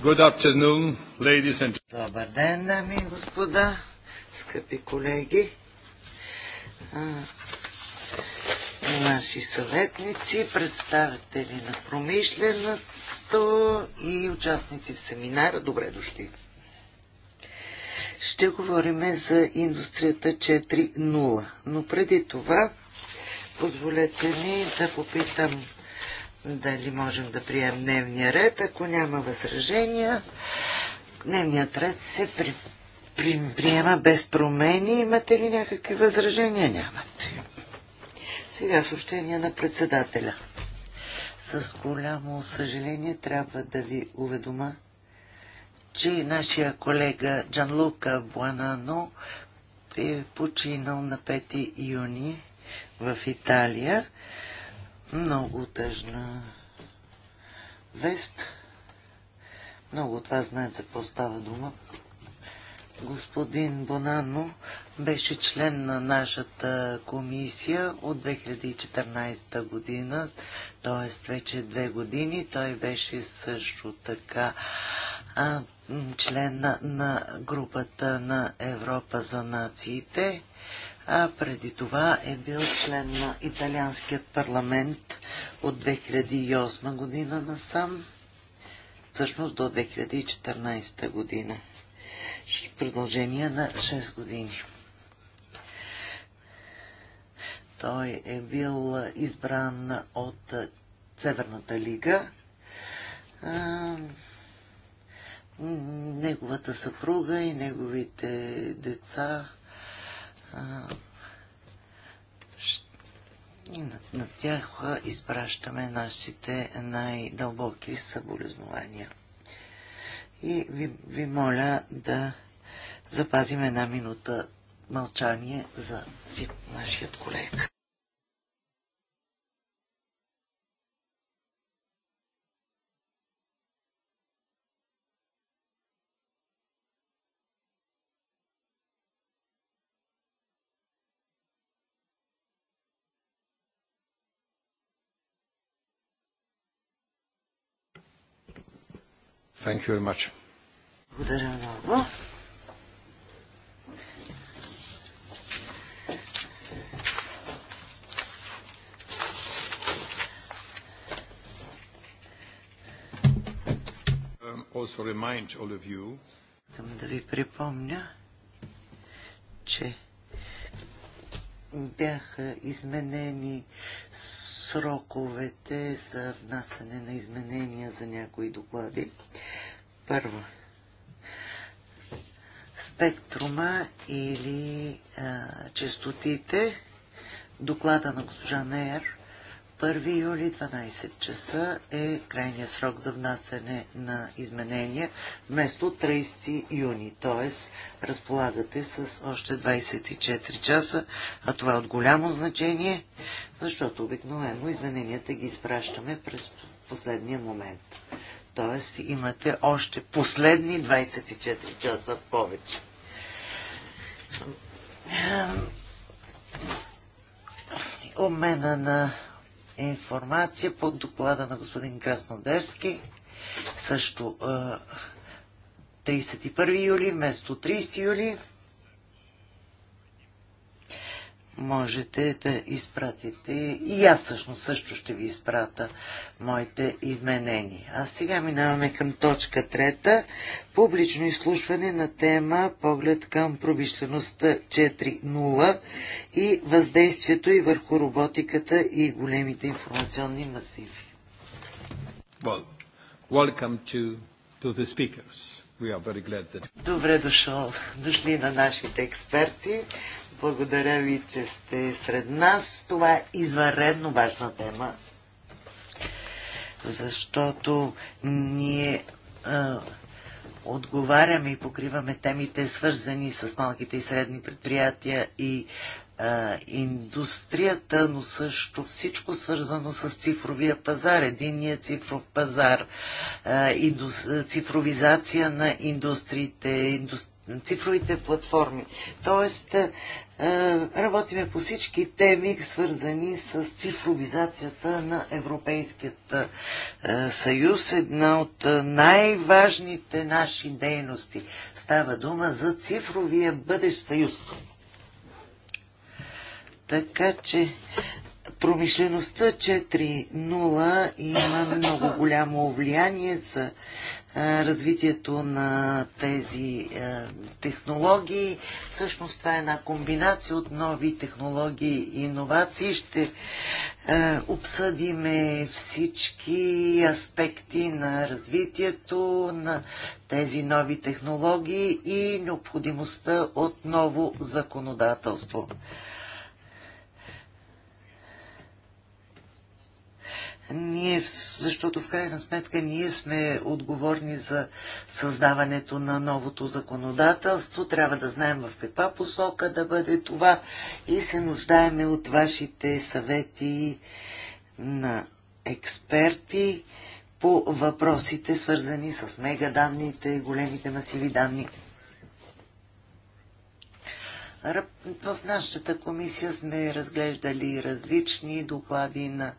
Good afternoon, ladies and Добър ден, дами и господа, скъпи колеги, наши съветници, представители на промишленото и участници в семинара. Добре дошли! Ще говорим за индустрията 4.0, но преди това позволете ми да попитам дали можем да прием дневния ред. Ако няма възражения, дневният ред се при, при, приема без промени. Имате ли някакви възражения? Нямате. Сега съобщение на председателя. С голямо съжаление трябва да ви уведома, че нашия колега Джанлука Буанано е починал на 5 юни в Италия много тъжна вест. Много от вас знаят за какво става дума. Господин Бонано беше член на нашата комисия от 2014 година, т.е. вече две години. Той беше също така а, член на, на групата на Европа за нациите а преди това е бил член на Италианският парламент от 2008 година насам, всъщност до 2014 година. Продължение на 6 години. Той е бил избран от Северната лига. Неговата съпруга и неговите деца и на, на тях изпращаме нашите най-дълбоки съболезнования. И ви, ви моля да запазим една минута мълчание за нашият колега. Thank you very much. Благодаря много. Um, also remind all of you Искам да ви припомня, че бяха изменени сроковете за внасяне на изменения за някои доклади. Първо, спектрума или а, частотите, доклада на госпожа Мейер, 1 юли 12 часа е крайния срок за внасяне на изменения, вместо 30 юни, т.е. разполагате с още 24 часа, а това е от голямо значение, защото обикновено измененията ги изпращаме през последния момент т.е. имате още последни 24 часа повече. Обмена на информация под доклада на господин Краснодерски също 31 е, юли вместо 30 юли можете да изпратите. И аз всъщност също ще ви изпрата моите изменения. А сега минаваме към точка трета. Публично изслушване на тема Поглед към промишлеността 4.0 и въздействието и върху роботиката и големите информационни масиви. Well, welcome to, to the speakers. That... Добре дошъл, дошли на нашите експерти. Благодаря ви, че сте сред нас. Това е извънредно важна тема, защото ние а, отговаряме и покриваме темите, свързани с малките и средни предприятия и а, индустрията, но също всичко свързано с цифровия пазар, единния цифров пазар, а, индус, цифровизация на индустриите, индустри цифровите платформи. Тоест, е, работиме по всички теми, свързани с цифровизацията на Европейският е, съюз. Една от е, най-важните наши дейности става дума за цифровия бъдещ съюз. Така че промишлеността 4.0 има много голямо влияние за развитието на тези технологии. Всъщност това е една комбинация от нови технологии и иновации. Ще обсъдиме всички аспекти на развитието на тези нови технологии и необходимостта от ново законодателство. ние, защото в крайна сметка ние сме отговорни за създаването на новото законодателство, трябва да знаем в каква посока да бъде това и се нуждаеме от вашите съвети на експерти по въпросите, свързани с мегаданните и големите масиви данни. В нашата комисия сме разглеждали различни доклади на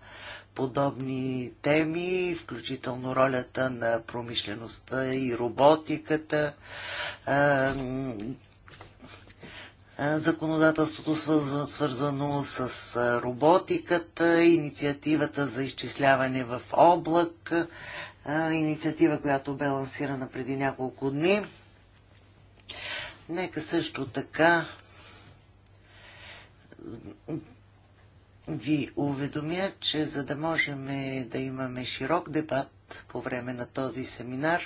подобни теми, включително ролята на промишлеността и роботиката, законодателството свързано с роботиката, инициативата за изчисляване в облак, инициатива, която бе лансирана преди няколко дни. Нека също така ви уведомя, че за да можем да имаме широк дебат по време на този семинар,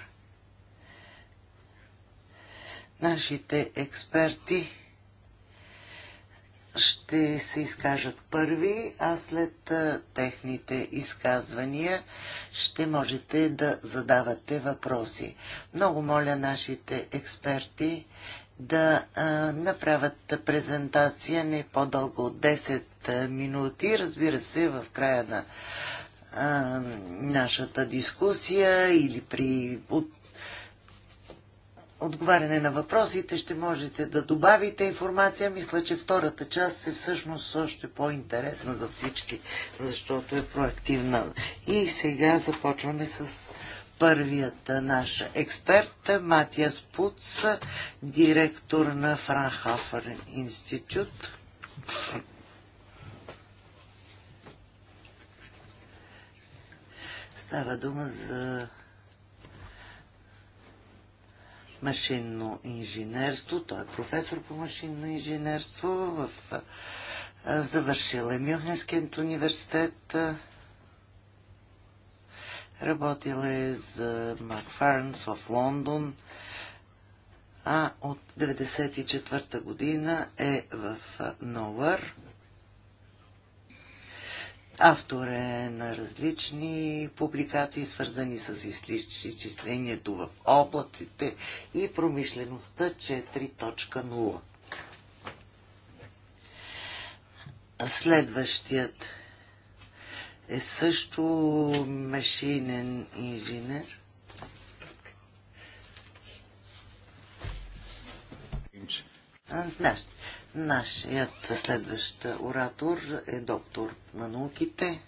нашите експерти ще се изкажат първи, а след техните изказвания ще можете да задавате въпроси. Много моля нашите експерти да а, направят презентация не по-дълго от 10 10 минути. Разбира се, в края на а, нашата дискусия или при от, отговаряне на въпросите ще можете да добавите информация. Мисля, че втората част е всъщност още по-интересна за всички, защото е проактивна. И сега започваме с първият наш експерт Матиас Пуц, директор на Франхафър институт. Става дума за машинно инженерство. Той е професор по машинно инженерство в завършил е Мюнхенският университет. Работил е за Макфарнс в Лондон. А от 1994 година е в Новър. Автор е на различни публикации, свързани с изчислението в облаците и промишлеността 4.0. Следващият е също машинен инженер. Знаеш, Нашият следващ оратор е доктор на науките.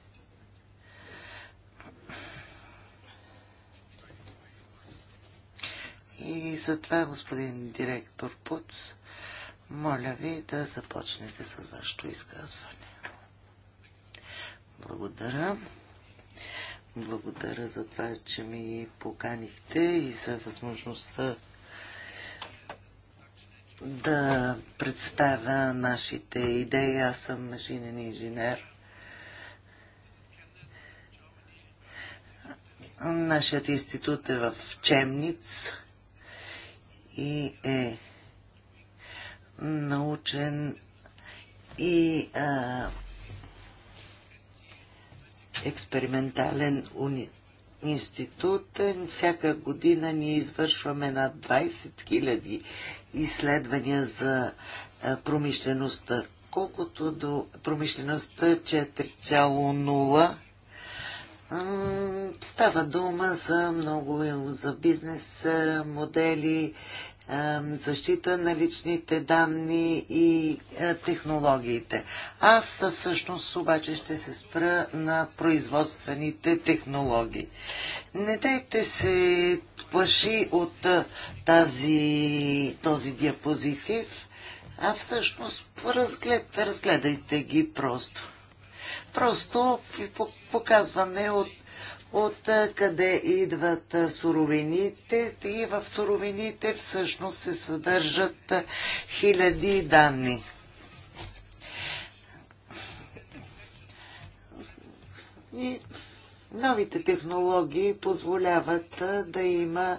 И затова, господин директор Пуц, моля ви да започнете с вашето изказване. Благодаря. Благодаря за това, че ми поканихте и за възможността да представя нашите идеи. Аз съм машинен инженер. Нашият институт е в Чемниц и е научен и а, експериментален уни... институт. Всяка година ние извършваме над 20 000 изследвания за промишлеността. Колкото до промишлеността 4.0, става дума за много за бизнес модели, защита на личните данни и технологиите. Аз всъщност обаче ще се спра на производствените технологии. Не дайте се плаши от тази, този диапозитив, а всъщност разглед, разгледайте ги просто. Просто показваме от от къде идват суровините и в суровините всъщност се съдържат хиляди данни. И новите технологии позволяват да има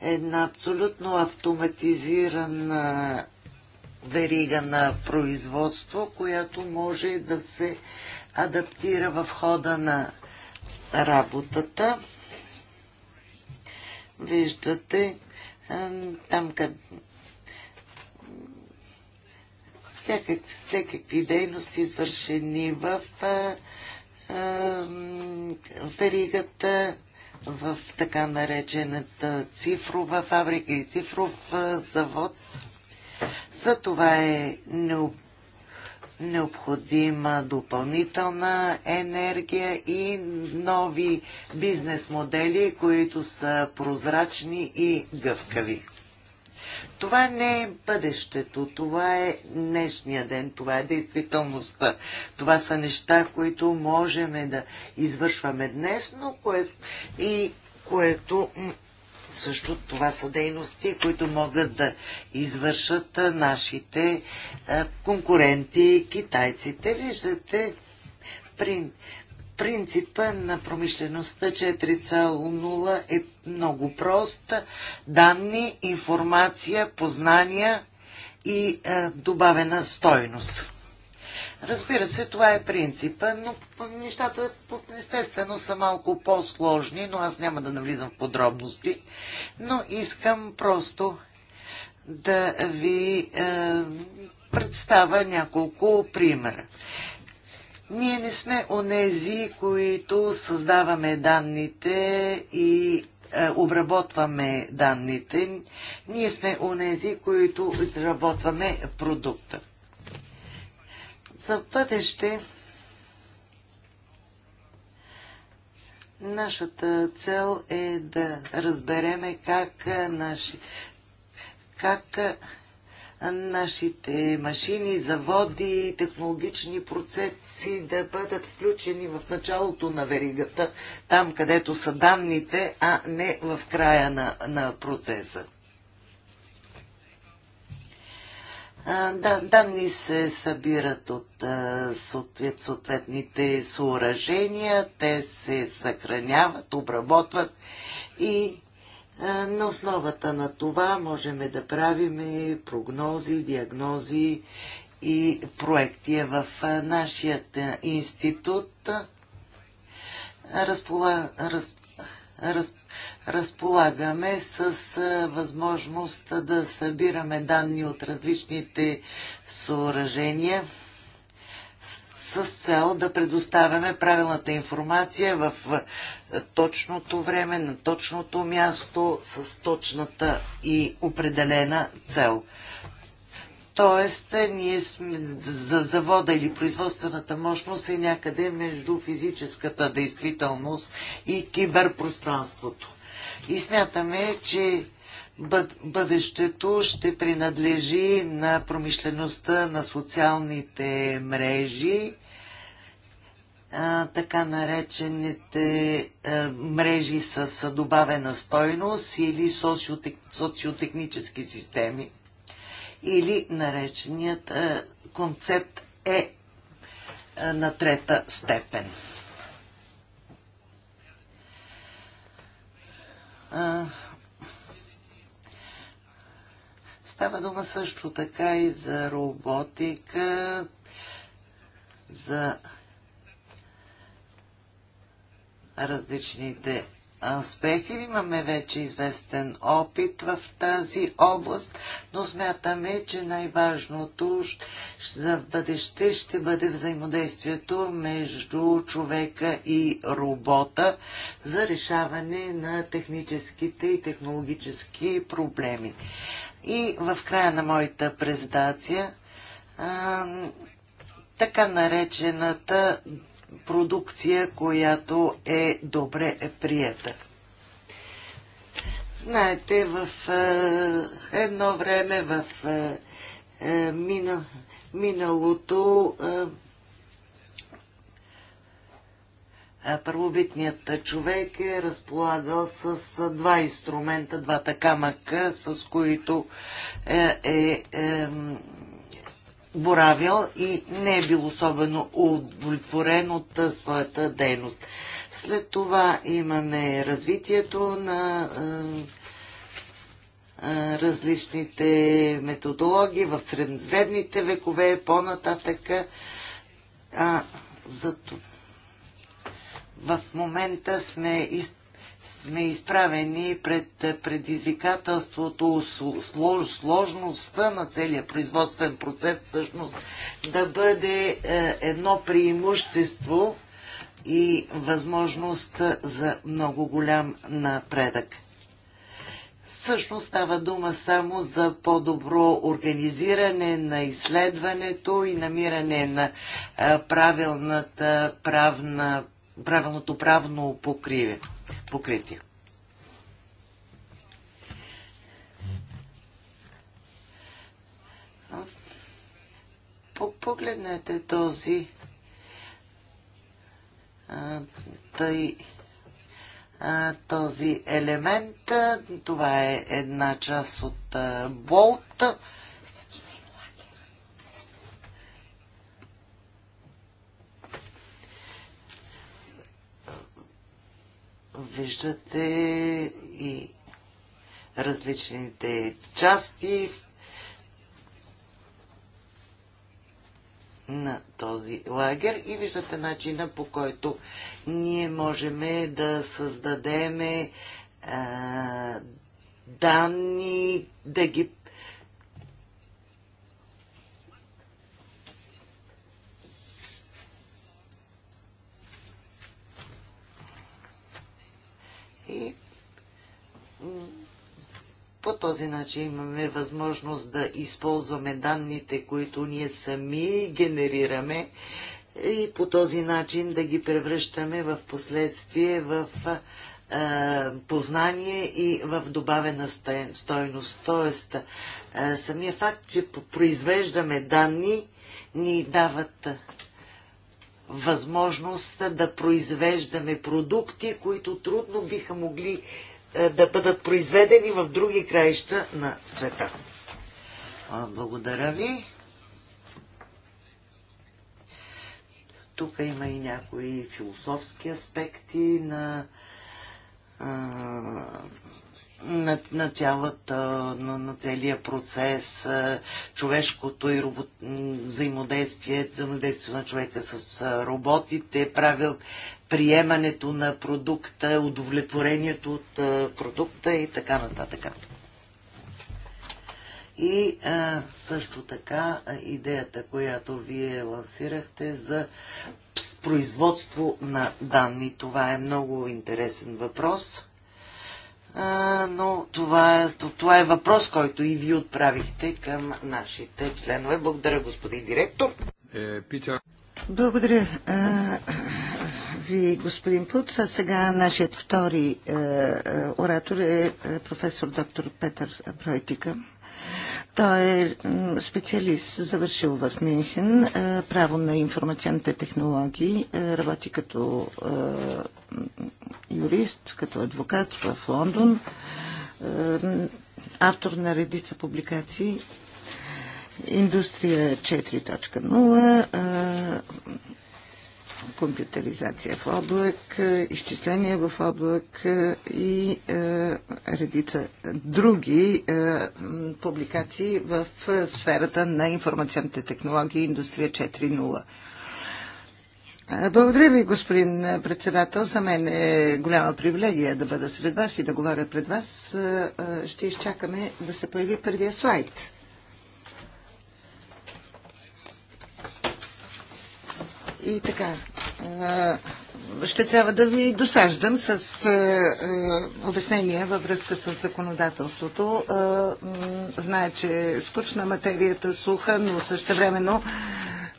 една абсолютно автоматизирана верига на производство, която може да се адаптира в хода на работата. Виждате, там къде всякакви, всякакви дейности, извършени в веригата, в така наречената цифрова фабрика и цифров завод. За това е необходимо необходима допълнителна енергия и нови бизнес модели, които са прозрачни и гъвкави. Това не е бъдещето, това е днешния ден, това е действителността. Това са неща, които можем да извършваме днес, но което, и което също това са дейности, които могат да извършат нашите конкуренти, китайците. Виждате прин, принципа на промишлеността 4.0 е много проста. Данни, информация, познания и добавена стойност. Разбира се, това е принципа, но нещата естествено са малко по-сложни, но аз няма да навлизам в подробности. Но искам просто да ви е, представя няколко примера. Ние не сме онези, които създаваме данните и е, обработваме данните. Ние сме онези, които изработваме продукта. За бъдеще нашата цел е да разбереме как наши как нашите машини, заводи, технологични процеси да бъдат включени в началото на веригата, там където са данните, а не в края на, на процеса. Да, данни се събират от съответ, съответните съоръжения, те се съхраняват, обработват и на основата на това можем да правим прогнози, диагнози и проекти в нашия институт раз, разполагаме с възможност да събираме данни от различните съоръжения с цел да предоставяме правилната информация в точното време, на точното място, с точната и определена цел. Тоест, е, ние сме, за завода или производствената мощност е някъде между физическата действителност и киберпространството. И смятаме, че бъдещето ще принадлежи на промишлеността на социалните мрежи, така наречените мрежи с добавена стойност или социотехнически системи или нареченият е, концепт е, е на трета степен. Става дума също така и за роботика, за различните аспект. Имаме вече известен опит в тази област, но смятаме, че най-важното за бъдеще ще бъде взаимодействието между човека и робота за решаване на техническите и технологически проблеми. И в края на моята презентация така наречената продукция, която е добре е Знаете, в е, едно време в е, е мина, миналото е, е, първобитният човек е разполагал с, е, два инструмента, двата камъка, с които е, е боравил и не е бил особено удовлетворен от своята дейност. След това имаме развитието на различните методологии в средните векове, по-нататък. А, зато в момента сме изпълнени сме изправени пред предизвикателството, сложността на целия производствен процес всъщност да бъде е, едно преимущество и възможност за много голям напредък. Всъщност става дума само за по-добро организиране на изследването и намиране на е, правилната правна, правилното правно покриве покритие. Погледнете този тъй този елемент. Това е една част от болт. Виждате и различните части на този лагер и виждате начина по който ние можем да създадеме данни, да ги По този начин имаме възможност да използваме данните, които ние сами генерираме и по този начин да ги превръщаме в последствие в познание и в добавена стойност. Тоест, самия факт, че произвеждаме данни, ни дават възможност да произвеждаме продукти, които трудно биха могли е, да бъдат произведени в други краища на света. Благодаря ви. Тук има и някои философски аспекти на а, на, на, цялата, на, на целия процес, човешкото и робот, взаимодействие, взаимодействието на човека с роботите, правил приемането на продукта, удовлетворението от продукта и така нататък. И а, също така идеята, която вие лансирахте за производство на данни. Това е много интересен въпрос а, но това е, това е въпрос, който и ви отправихте към нашите членове. Благодаря, господин директор. Е, Питър. Благодаря а, ви, господин Пуц. А сега нашият втори а, е, е, оратор е, е професор доктор Петър Бройтика. Той е специалист, завършил в Мюнхен, право на информационните технологии, работи като юрист, като адвокат в Лондон, е, автор на редица публикации. Индустрия 4.0, е, компютеризация в облак, е, изчисления в облак и редица други публикации в сферата на информационните технологии Индустрия 4.0. Благодаря ви, господин председател. За мен е голяма привилегия да бъда сред вас и да говоря пред вас. Ще изчакаме да се появи първия слайд. И така, ще трябва да ви досаждам с обяснения във връзка с законодателството. Знае, че е скучна материята, суха, но същевременно времено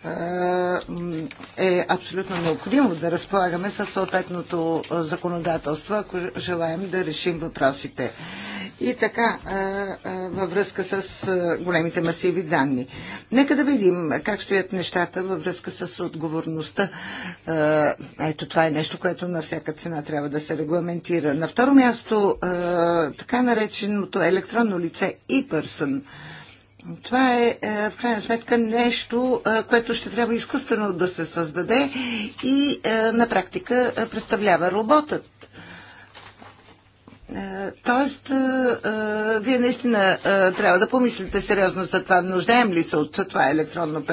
е, е абсолютно необходимо да разполагаме с съответното законодателство, ако желаем да решим въпросите. И така, във връзка с големите масиви данни. Нека да видим как стоят нещата във връзка с отговорността. Ето това е нещо, което на всяка цена трябва да се регламентира. На второ място, така нареченото електронно лице и e person това е, е в крайна сметка нещо, е, което ще трябва изкуствено да се създаде и е, на практика представлява роботът. Тоест, вие наистина трябва да помислите сериозно за това. Нуждаем ли се от това електронно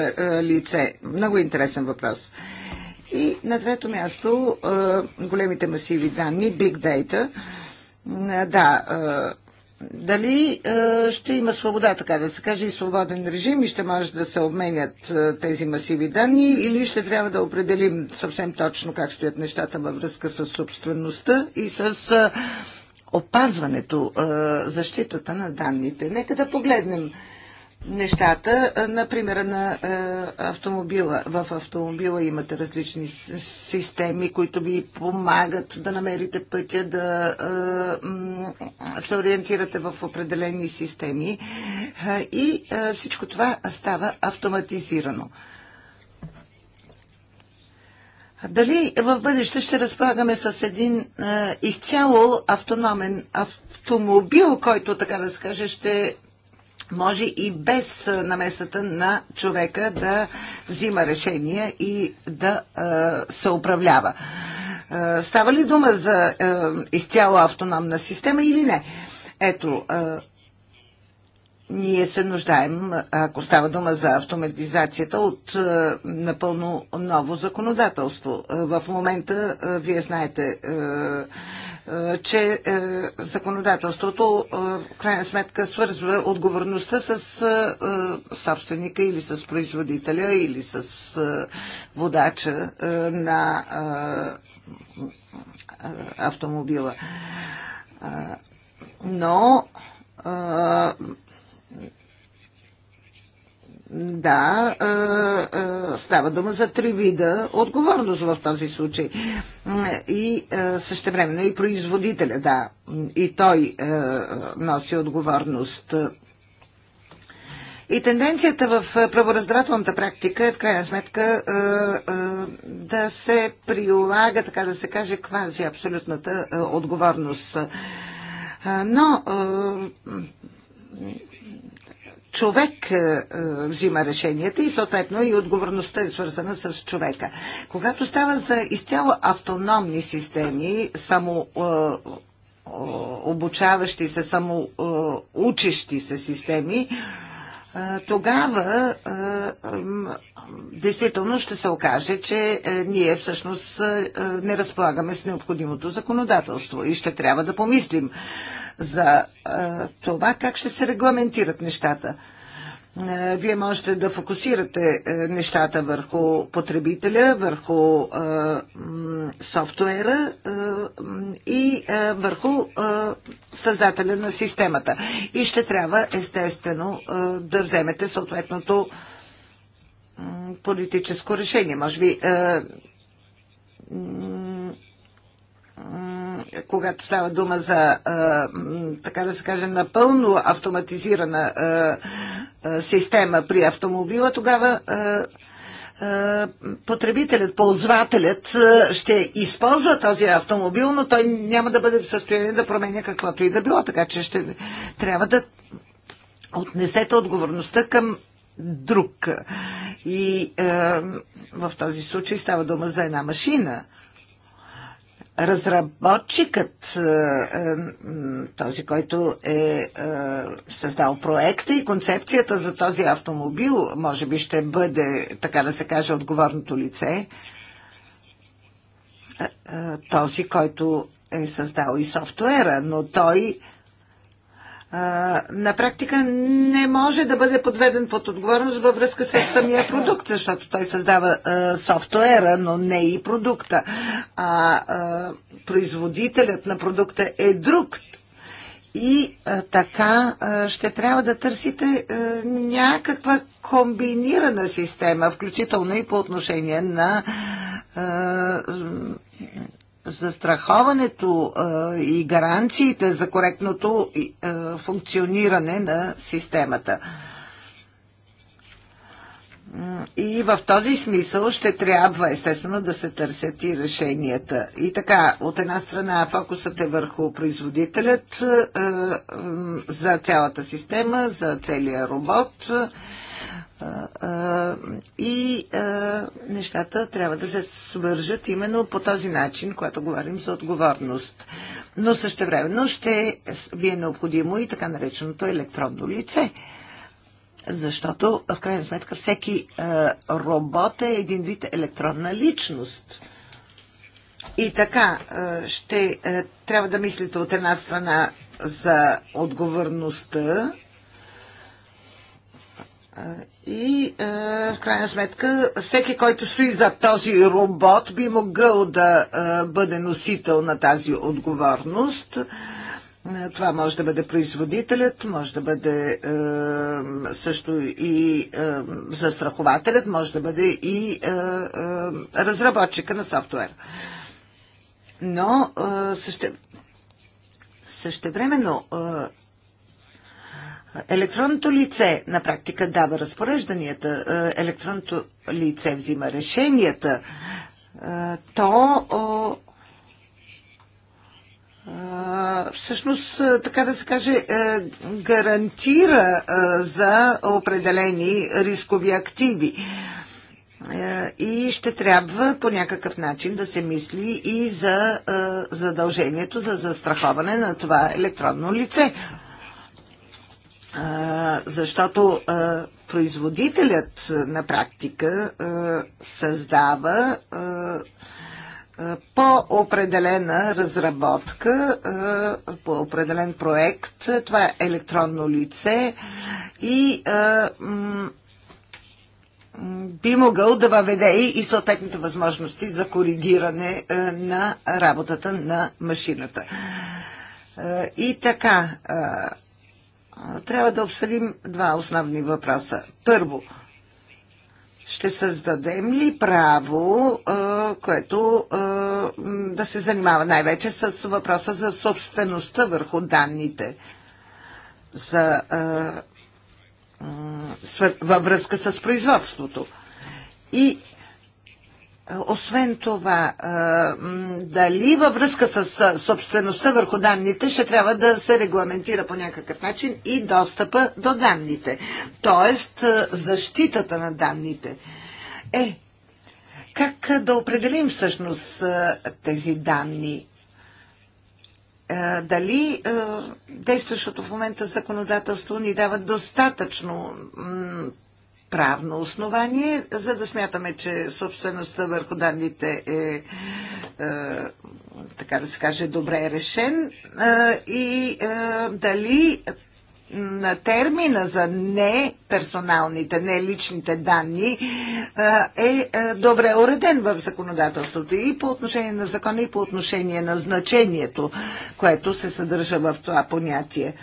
лице? Много интересен въпрос. И на трето място, големите масиви данни, Big Data. Да, дали е, ще има свобода, така да се каже, и свободен режим и ще може да се обменят е, тези масиви данни или ще трябва да определим съвсем точно как стоят нещата във връзка с собствеността и с е, опазването, е, защитата на данните. Нека да погледнем нещата. Например, на автомобила. В автомобила имате различни системи, които ви помагат да намерите пътя, да се ориентирате в определени системи. И всичко това става автоматизирано. Дали в бъдеще ще разполагаме с един изцяло автономен автомобил, който, така да се каже, ще може и без намесата на човека да взима решения и да се управлява. Става ли дума за изцяло автономна система или не? Ето, ние се нуждаем, ако става дума за автоматизацията, от напълно ново законодателство. В момента, вие знаете, е, че е, законодателството е, в крайна сметка свързва отговорността с собственика или с производителя или с водача на автомобила. Но да, става дума за три вида отговорност в този случай. И същевременно и производителя, да, и той носи отговорност. И тенденцията в правораздавателната практика е в крайна сметка да се прилага, така да се каже, квази абсолютната отговорност. Но човек е, е, взима решенията и съответно и отговорността е свързана с човека. Когато става за изцяло автономни системи, само е, обучаващи се, само учещи се системи, тогава действително ще се окаже, че е, ние всъщност е, е, не разполагаме с необходимото законодателство и ще трябва да помислим за това как ще се регламентират нещата. Е, вие можете да фокусирате е, нещата върху потребителя, върху е, софтуера и върху създателя на системата. И ще трябва, естествено, да вземете съответното политическо решение. Може би когато става дума за, така да се каже, напълно автоматизирана система при автомобила, тогава потребителят, ползвателят ще използва този автомобил, но той няма да бъде в състояние да променя каквото и да било, така че ще трябва да отнесете отговорността към друг. И е, в този случай става дума за една машина – разработчикът, е, е, този, който е, е създал проекта и концепцията за този автомобил, може би ще бъде, така да се каже, отговорното лице, този, който е създал и софтуера, но той на практика не може да бъде подведен под отговорност във връзка с самия продукт, защото той създава а, софтуера, но не и продукта. А, а производителят на продукта е друг. И а, така а, ще трябва да търсите а, някаква комбинирана система, включително и по отношение на а, застраховането и гаранциите за коректното функциониране на системата. И в този смисъл ще трябва, естествено, да се търсят и решенията. И така, от една страна фокусът е върху производителят за цялата система, за целия робот и нещата трябва да се свържат именно по този начин, когато говорим за отговорност. Но същевременно ще ви е необходимо и така нареченото електронно лице. Защото, в крайна сметка, всеки робот е един вид електронна личност. И така, ще трябва да мислите от една страна за отговорността и е, в крайна сметка, всеки, който стои за този робот, би могъл да е, бъде носител на тази отговорност. Е, това може да бъде производителят, може да бъде е, също и е, застрахователят, може да бъде и е, е, разработчика на софтуер. Но е, също, същевременно. Е, Електронното лице на практика дава разпорежданията, е, електронното лице взима решенията, е, то е, всъщност, така да се каже, гарантира за определени рискови активи. И ще трябва по някакъв начин да се мисли и за задължението за застраховане на това електронно лице защото производителят на практика създава по определена разработка, по определен проект. Това е електронно лице и би могъл да въведе и съответните възможности за коригиране на работата на машината. И така, трябва да обсъдим два основни въпроса. Първо, ще създадем ли право, което да се занимава най-вече с въпроса за собствеността върху данните, за, във връзка с производството? И освен това, дали във връзка с собствеността върху данните ще трябва да се регламентира по някакъв начин и достъпа до данните, т.е. защитата на данните. Е, как да определим всъщност тези данни? Е, дали действащото в момента законодателство ни дава достатъчно правно основание, за да смятаме, че собствеността върху данните е, е така да се каже, добре решен е, и е, дали на термина за не персоналните, не личните данни е, е, е добре уреден в законодателството и по отношение на закона, и по отношение на значението, което се съдържа в това понятие.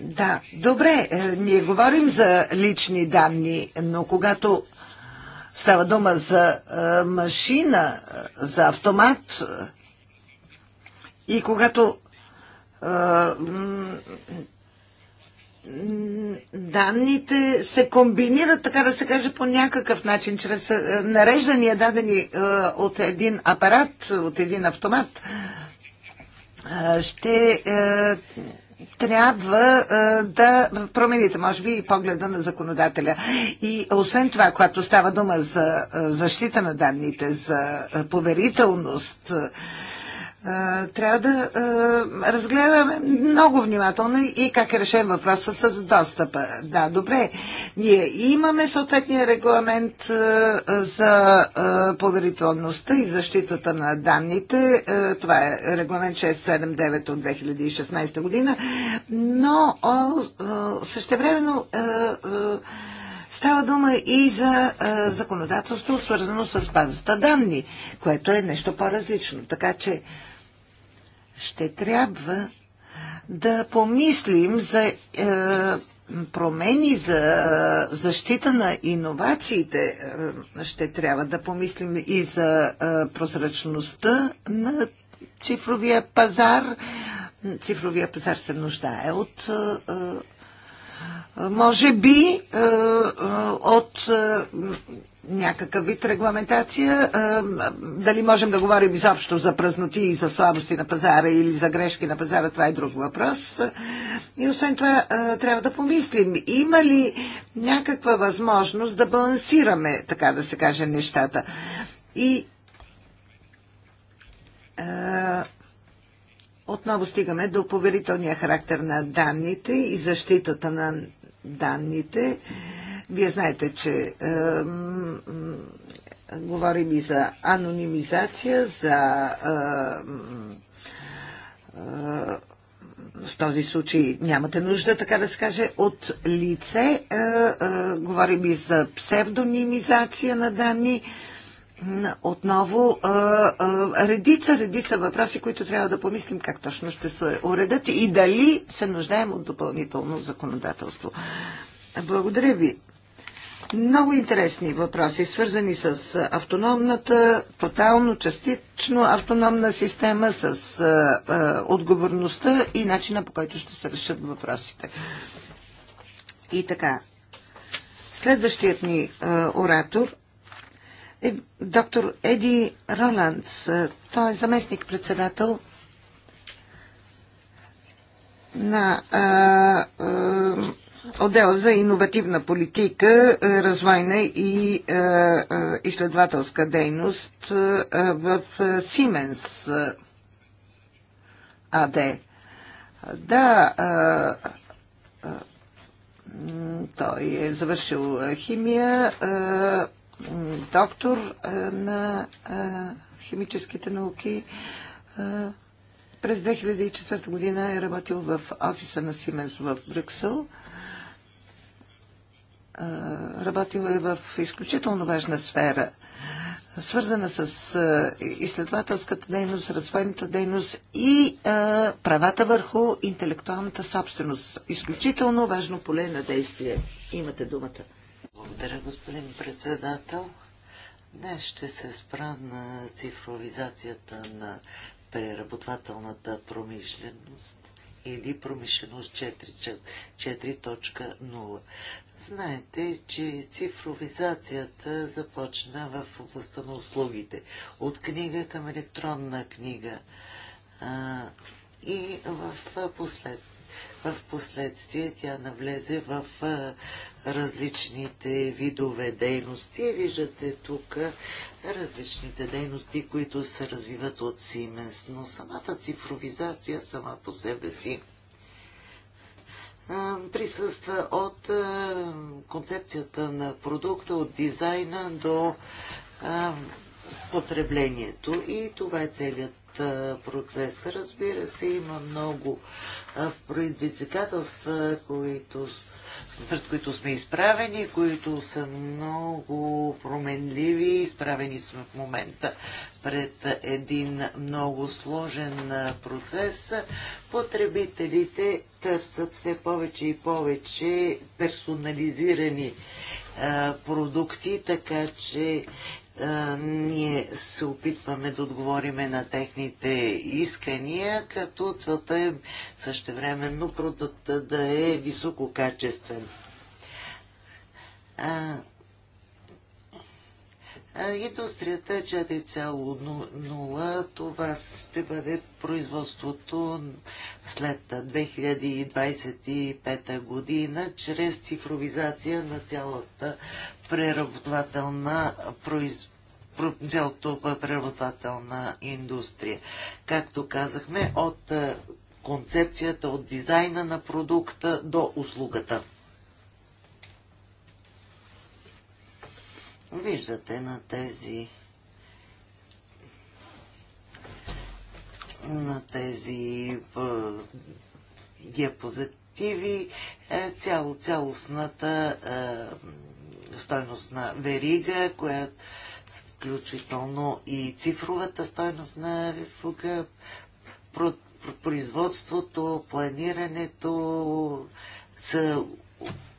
Да, добре, е, ние говорим за лични данни, но когато става дума за машина, за автомат и когато данните се комбинират, така да се каже, по някакъв начин, чрез нареждания дадени от един апарат, от един автомат, ще е, трябва да промените, може би, и погледа на законодателя. И освен това, когато става дума за защита на данните, за поверителност, трябва да а, разгледаме много внимателно и как е решен въпроса с достъпа. Да, добре. Ние имаме съответния регламент а, за а, поверителността и защитата на данните. А, това е регламент 679 от 2016 година. Но а, а, същевременно а, а, Става дума и за а, законодателство, свързано с базата данни, което е нещо по-различно. Така че а, ще трябва да помислим за е, промени за е, защита на иновациите. Е, ще трябва да помислим и за е, прозрачността на цифровия пазар. Цифровия пазар се нуждае от може би от някакъв вид регламентация. Е, дали можем да говорим изобщо за празноти и за слабости на пазара или за грешки на пазара, това е друг въпрос. И освен това е, трябва да помислим, има ли някаква възможност да балансираме, така да се каже, нещата. И е, отново стигаме до поверителния характер на данните и защитата на данните. Вие знаете, че е, говорим и за анонимизация, за е, е, в този случай нямате нужда, така да се каже, от лице. Е, е, говорим и за псевдонимизация на данни. Отново е, е, редица, редица въпроси, които трябва да помислим как точно ще се уредят и дали се нуждаем от допълнително законодателство. Благодаря ви много интересни въпроси, свързани с автономната, тотално, частично автономна система, с а, отговорността и начина по който ще се решат въпросите. И така, следващият ни а, оратор е доктор Еди Роландс. Той е заместник-председател на а, а, отдел за иновативна политика, е, развойна и е, е, изследователска дейност в Сименс АД. Да, той е завършил химия, доктор на химическите науки. През 2004 година е работил в офиса на Сименс в Брюксел – работила е в изключително важна сфера, свързана с изследователската дейност, развойната дейност и правата върху интелектуалната собственост. Изключително важно поле на действие. Имате думата. Благодаря, господин председател. Днес ще се спра на цифровизацията на преработвателната промишленост или промишленост 4.0. Знаете, че цифровизацията започна в областта на услугите. От книга към електронна книга. А, и в, послед, в последствие тя навлезе в а, различните видове дейности. Виждате тук различните дейности, които се развиват от Siemens, но самата цифровизация сама по себе си присъства от концепцията на продукта, от дизайна до потреблението. И това е целият процес. Разбира се, има много предизвикателства, които пред които сме изправени, които са много променливи. Изправени сме в момента пред един много сложен процес. Потребителите търсят все повече и повече персонализирани продукти, така че ние се опитваме да отговориме на техните искания, като целта е същевременно продукта да е висококачествен. Индустрията 4,0, е това ще бъде производството след 2025 година, чрез цифровизация на цялата преработвателна производство цялото преработвателна индустрия. Както казахме, от е, концепцията, от дизайна на продукта до услугата. Виждате на тези на тези е, диапозитиви е, цяло, цялостната стойност на верига, която включително и цифровата стойност на услуга, производството, планирането, с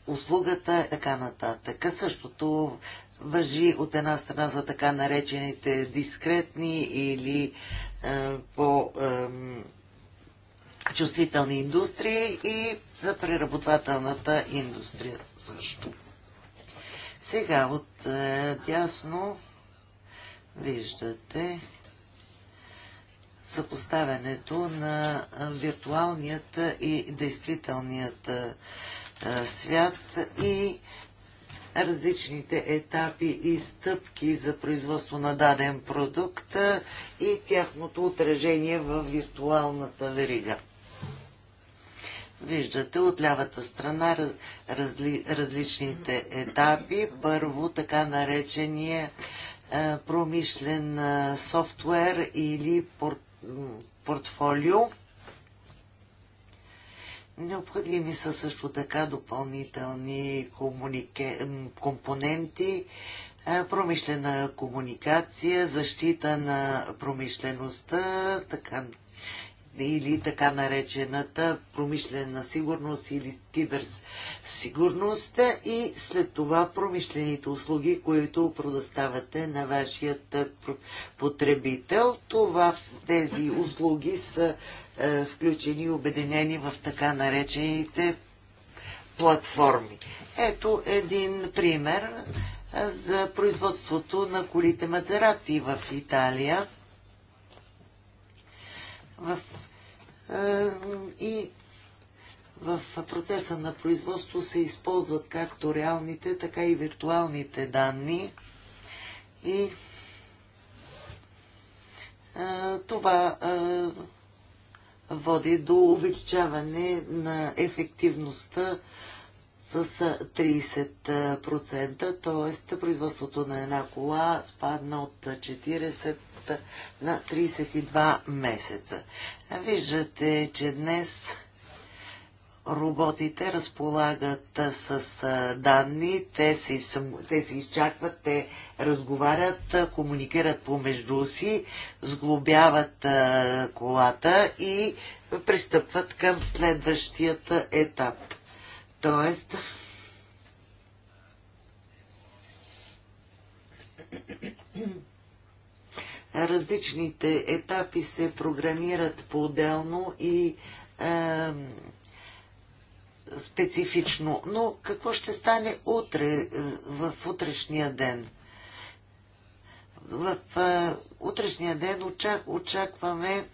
услугата и така нататък. Същото въжи от една страна за така наречените дискретни или е, по е, чувствителни индустрии и за преработвателната индустрия също. Сега от е, дясно виждате съпоставянето на виртуалният и действителният свят и различните етапи и стъпки за производство на даден продукт и тяхното отражение в виртуалната верига. Виждате от лявата страна разли, различните етапи. Първо така наречения е, промишлен е, софтуер или портфолио. Необходими са също така допълнителни комунике... компоненти, е, промишлена комуникация, защита на промишлеността, така или така наречената промишлена сигурност или сигурност и след това промишлените услуги, които предоставяте на вашият е, потребител. Това тези услуги са е, включени и обединени в така наречените платформи. Ето един пример е, за производството на колите Мазерати в Италия – в, а, и в процеса на производство се използват както реалните, така и виртуалните данни. И а, това а, води до увеличаване на ефективността с 30%, т.е. производството на една кола спадна от 40 срок на 32 месеца. Виждате, че днес роботите разполагат с данни, те се, те си изчакват, те разговарят, комуникират помежду си, сглобяват колата и пристъпват към следващият етап. Тоест, различните етапи се програмират по-отделно и е, специфично. Но какво ще стане утре, е, в утрешния ден? В е, утрешния ден очак, очакваме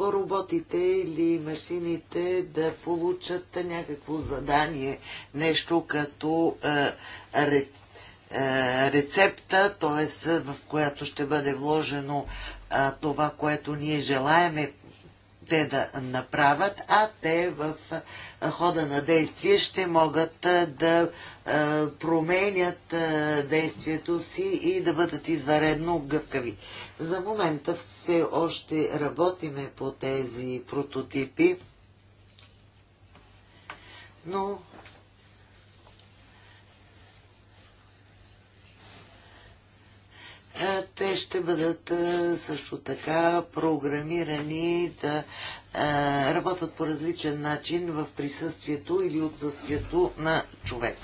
роботите или машините да получат някакво задание, нещо като рецепта, т.е. в която ще бъде вложено това, което ние желаеме те да направят, а те в хода на действие ще могат да променят действието си и да бъдат изваредно гъвкави. За момента все още работиме по тези прототипи, но те ще бъдат също така програмирани да работят по различен начин в присъствието или отсъствието на човек.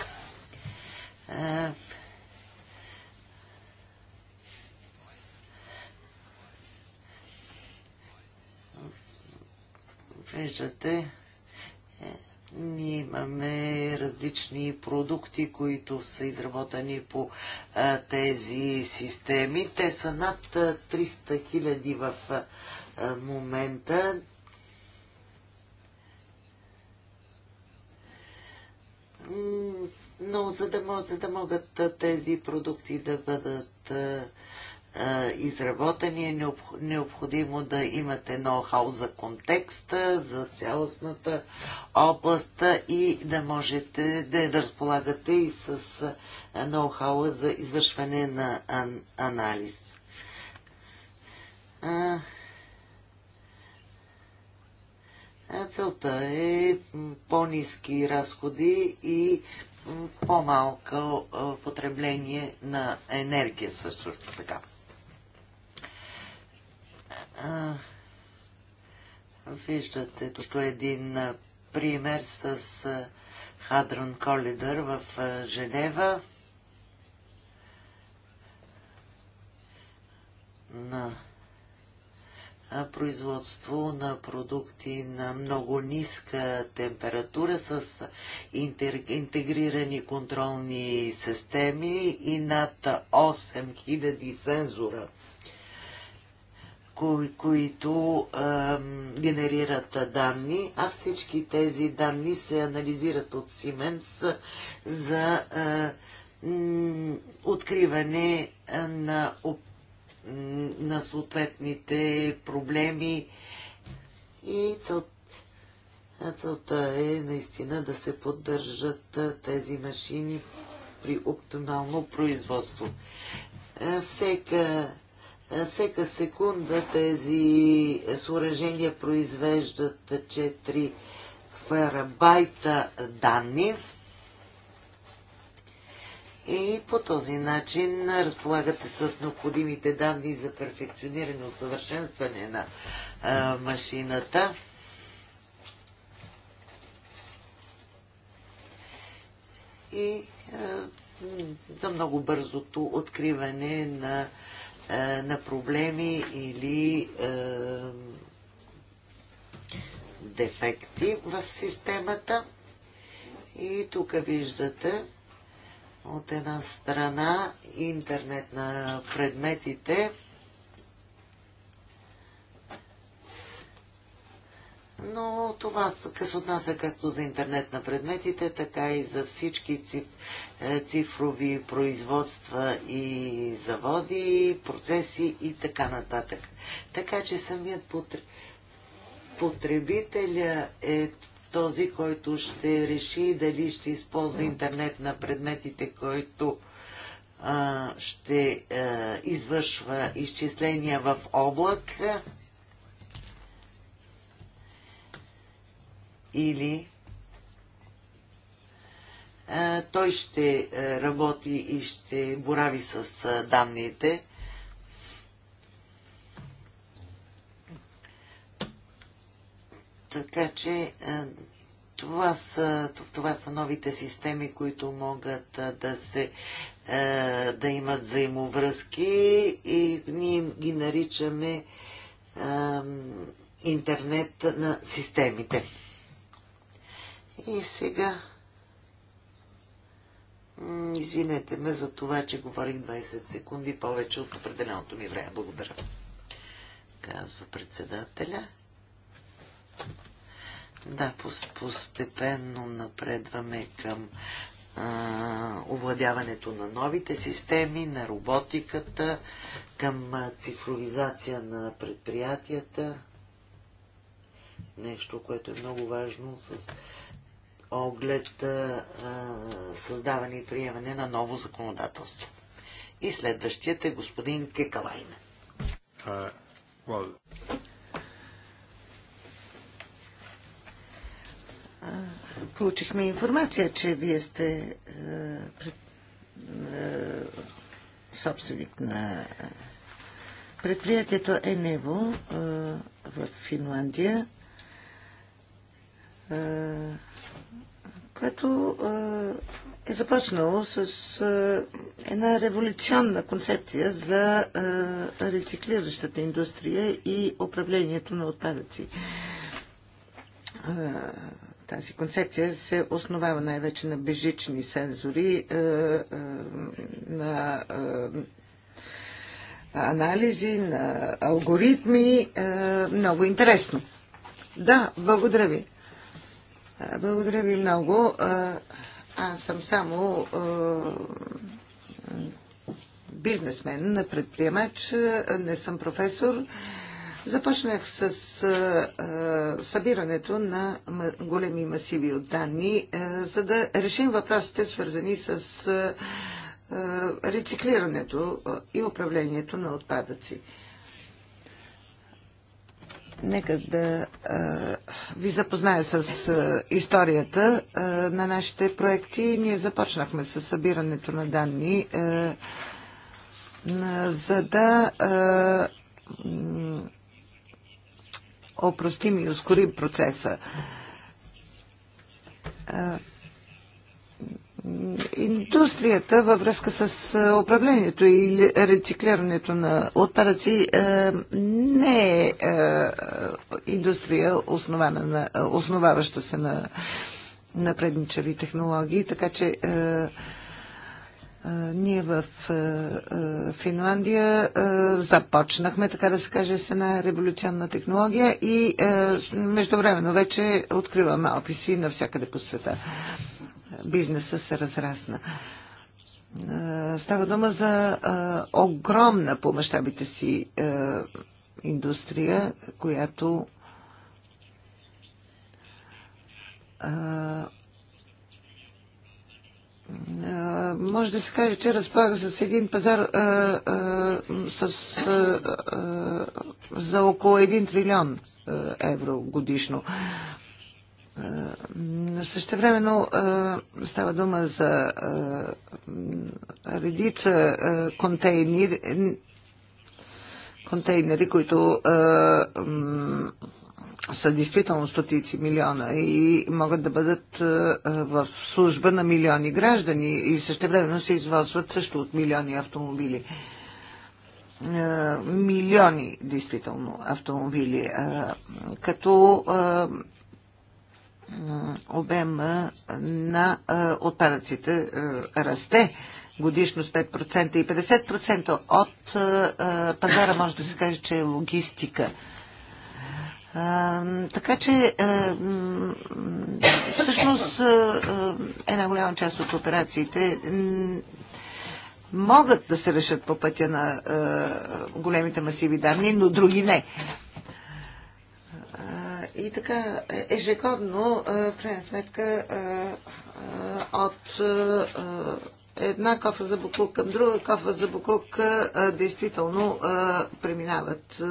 Виждате, е, ние имаме различни продукти, които са изработени по а, тези системи. Те са над 300 хиляди в а, момента. Но за да, могат, за да могат тези продукти да бъдат а, изработени, е необходимо да имате ноу-хау за контекста, за цялостната област и да можете да, да разполагате и с ноу-хау за извършване на анализ. Целта е по-низки разходи и по-малко потребление на енергия също така виждате точно един пример с Хадрон Колидър в Женева. на производство на продукти на много ниска температура с интегрирани контролни системи и над 8000 сензора кои, които а, генерират данни, а всички тези данни се анализират от Siemens за а, откриване на, на съответните проблеми и цел, Целта е наистина да се поддържат тези машини при оптимално производство. Всека Всека секунда тези съоръжения произвеждат 4 фарабайта данни и по този начин разполагате с необходимите данни за перфекциониране, и усъвършенстване на а, машината. И а, за много бързото откриване на е, на проблеми или е, дефекти в системата. И тук виждате от една страна интернет на предметите, но това се отнася както за интернет на предметите, така и за всички е, цифрови производства и заводи, процеси и така нататък. Така че самият потребителя е този, който ще реши дали ще използва интернет на предметите, който ще е, извършва изчисления в облак или той ще работи и ще борави с данните. Така че това са, това са новите системи, които могат да се да имат взаимовръзки и ние ги наричаме интернет на системите. И сега... Извинете ме за това, че говорих 20 секунди повече от определеното ми време. Благодаря. Казва председателя. Да, постепенно напредваме към овладяването на новите системи, на роботиката, към цифровизация на предприятията. Нещо, което е много важно с оглед а, създаване и приемане на ново законодателство. И следващият е господин Кекалайна. Uh, well. Получихме информация, че вие сте е, пред, е, собственик на предприятието Енево е, в Финландия. Е, което е, е започнало с е, една революционна концепция за е, рециклиращата индустрия и управлението на отпадъци. Тази концепция се основава най-вече на бежични сензори, на анализи, на алгоритми. Много интересно. Да, благодаря ви. Благодаря ви много. Аз съм само бизнесмен, предприемач, не съм професор. Започнах с събирането на големи масиви от данни, за да решим въпросите, свързани с рециклирането и управлението на отпадъци. Нека да а, ви запозная с а, историята а, на нашите проекти. Ние започнахме с събирането на данни, а, за да а, опростим и ускорим процеса. А, индустрията във връзка с е, управлението и рециклирането на отпадъци е, не е, е индустрия, основана на, основаваща се на предничави технологии, така че ние в Финландия започнахме, така да се каже, с една революционна технология и междувременно вече откриваме офиси навсякъде по света бизнеса се разрасна. Става дума за огромна по мащабите си индустрия, която може да се каже, че разполага с един пазар а, а, с, а, а, за около 1 трилион евро годишно. Е, но е, става дума за е, редица контейнери, контейнери които са действително стотици милиона и могат да бъдат в служба на милиони граждани и време се извозват също от милиони автомобили милиони, действително, автомобили. Като обема на отпадъците расте годишно с 5% и 50% от пазара може да се каже, че е логистика. Така че всъщност една голяма част от операциите могат да се решат по пътя на големите масиви данни, но други не. И така, е, ежегодно, е, в крайна сметка, е, от една кофа за буклук към друга кофа за буклук, действително преминават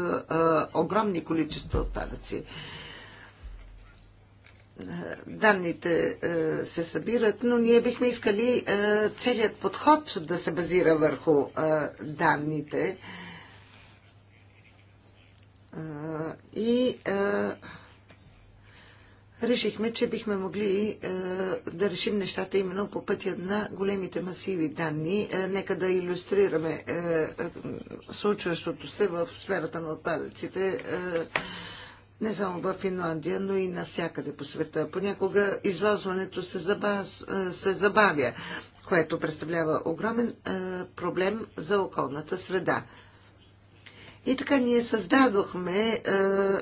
огромни количества отпадъци. Данните се събират, но ние бихме искали целият подход да се базира върху данните. И решихме, че бихме могли е, да решим нещата именно по пътя на големите масиви данни. Е, нека да иллюстрираме е, случващото се в сферата на отпадъците. не само в Финландия, но и навсякъде по света. Понякога извазването се, забаз, се забавя, което представлява огромен проблем за околната среда. И така ние създадохме е, е,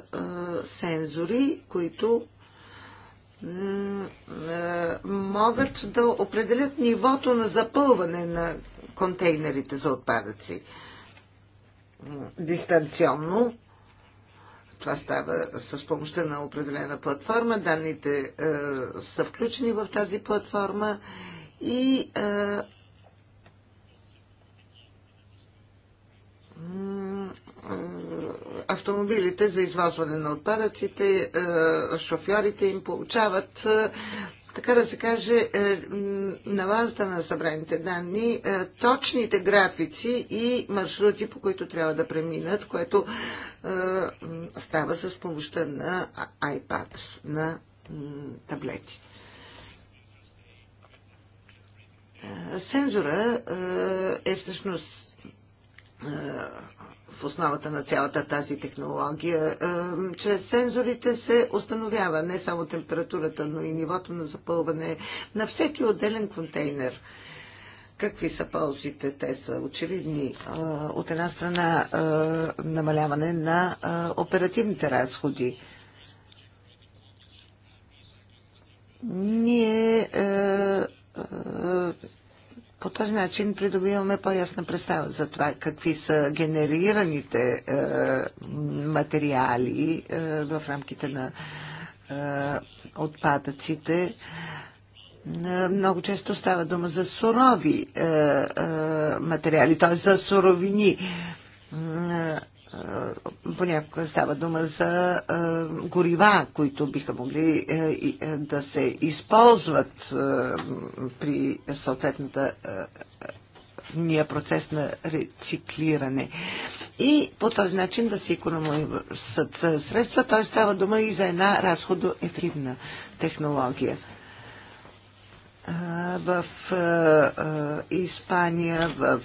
сензори, които могат да определят нивото на запълване на контейнерите за отпадъци дистанционно. Това става с помощта на определена платформа. Данните е, са включени в тази платформа и е, автомобилите за извозване на отпадъците, е, шофьорите им получават е, така да се каже, е, на базата на събраните данни, точните графици и маршрути, по които трябва да преминат, което става с помощта на iPad, на таблети. Сензора е всъщност в основата на цялата тази технология. Е, чрез сензорите се установява не само температурата, но и нивото на запълване на всеки отделен контейнер. Какви са ползите? Те са очевидни. Е, от една страна е, намаляване на оперативните разходи. Ние по този начин придобиваме по-ясна представа за това какви са генерираните е, материали е, в рамките на е, отпадъците. Е, много често става дума за сурови е, е, материали, т.е. за суровини е, понякога става дума за е, горива, които биха могли е, да се използват при съответната ния процес на рециклиране. И по този начин да се економисат средства, т.е. става дума и за една разходоефтивна технология в Испания, в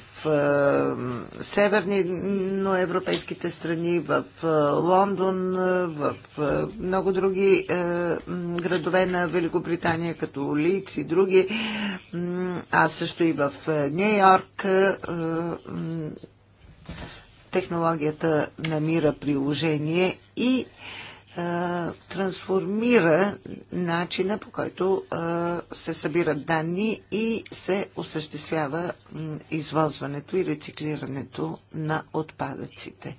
европейските страни, в Лондон, в много други градове на Великобритания, като Лиц и други, а също и в Нью-Йорк технологията намира приложение и а, трансформира начина по който се събират данни и се осъществява извозването и рециклирането на отпадъците.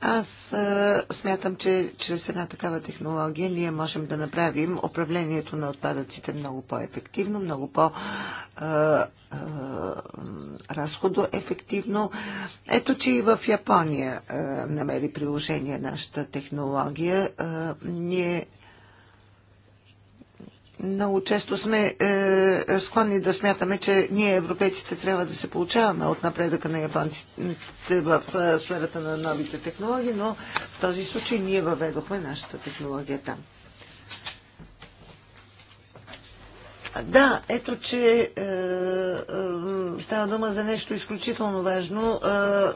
Аз а, смятам, че чрез една такава технология ние можем да направим управлението на отпадъците много по-ефективно, много по- разходоефективно. Ето, че и в Япония а, намери приложение нашата технология. А, ние много често сме е, е, склонни да смятаме, че ние, европейците, трябва да се получаваме от напредъка на японците в е, сферата на новите технологии, но в този случай ние въведохме нашата технология там. Да, ето, че е, е, става дума за нещо изключително важно. Е,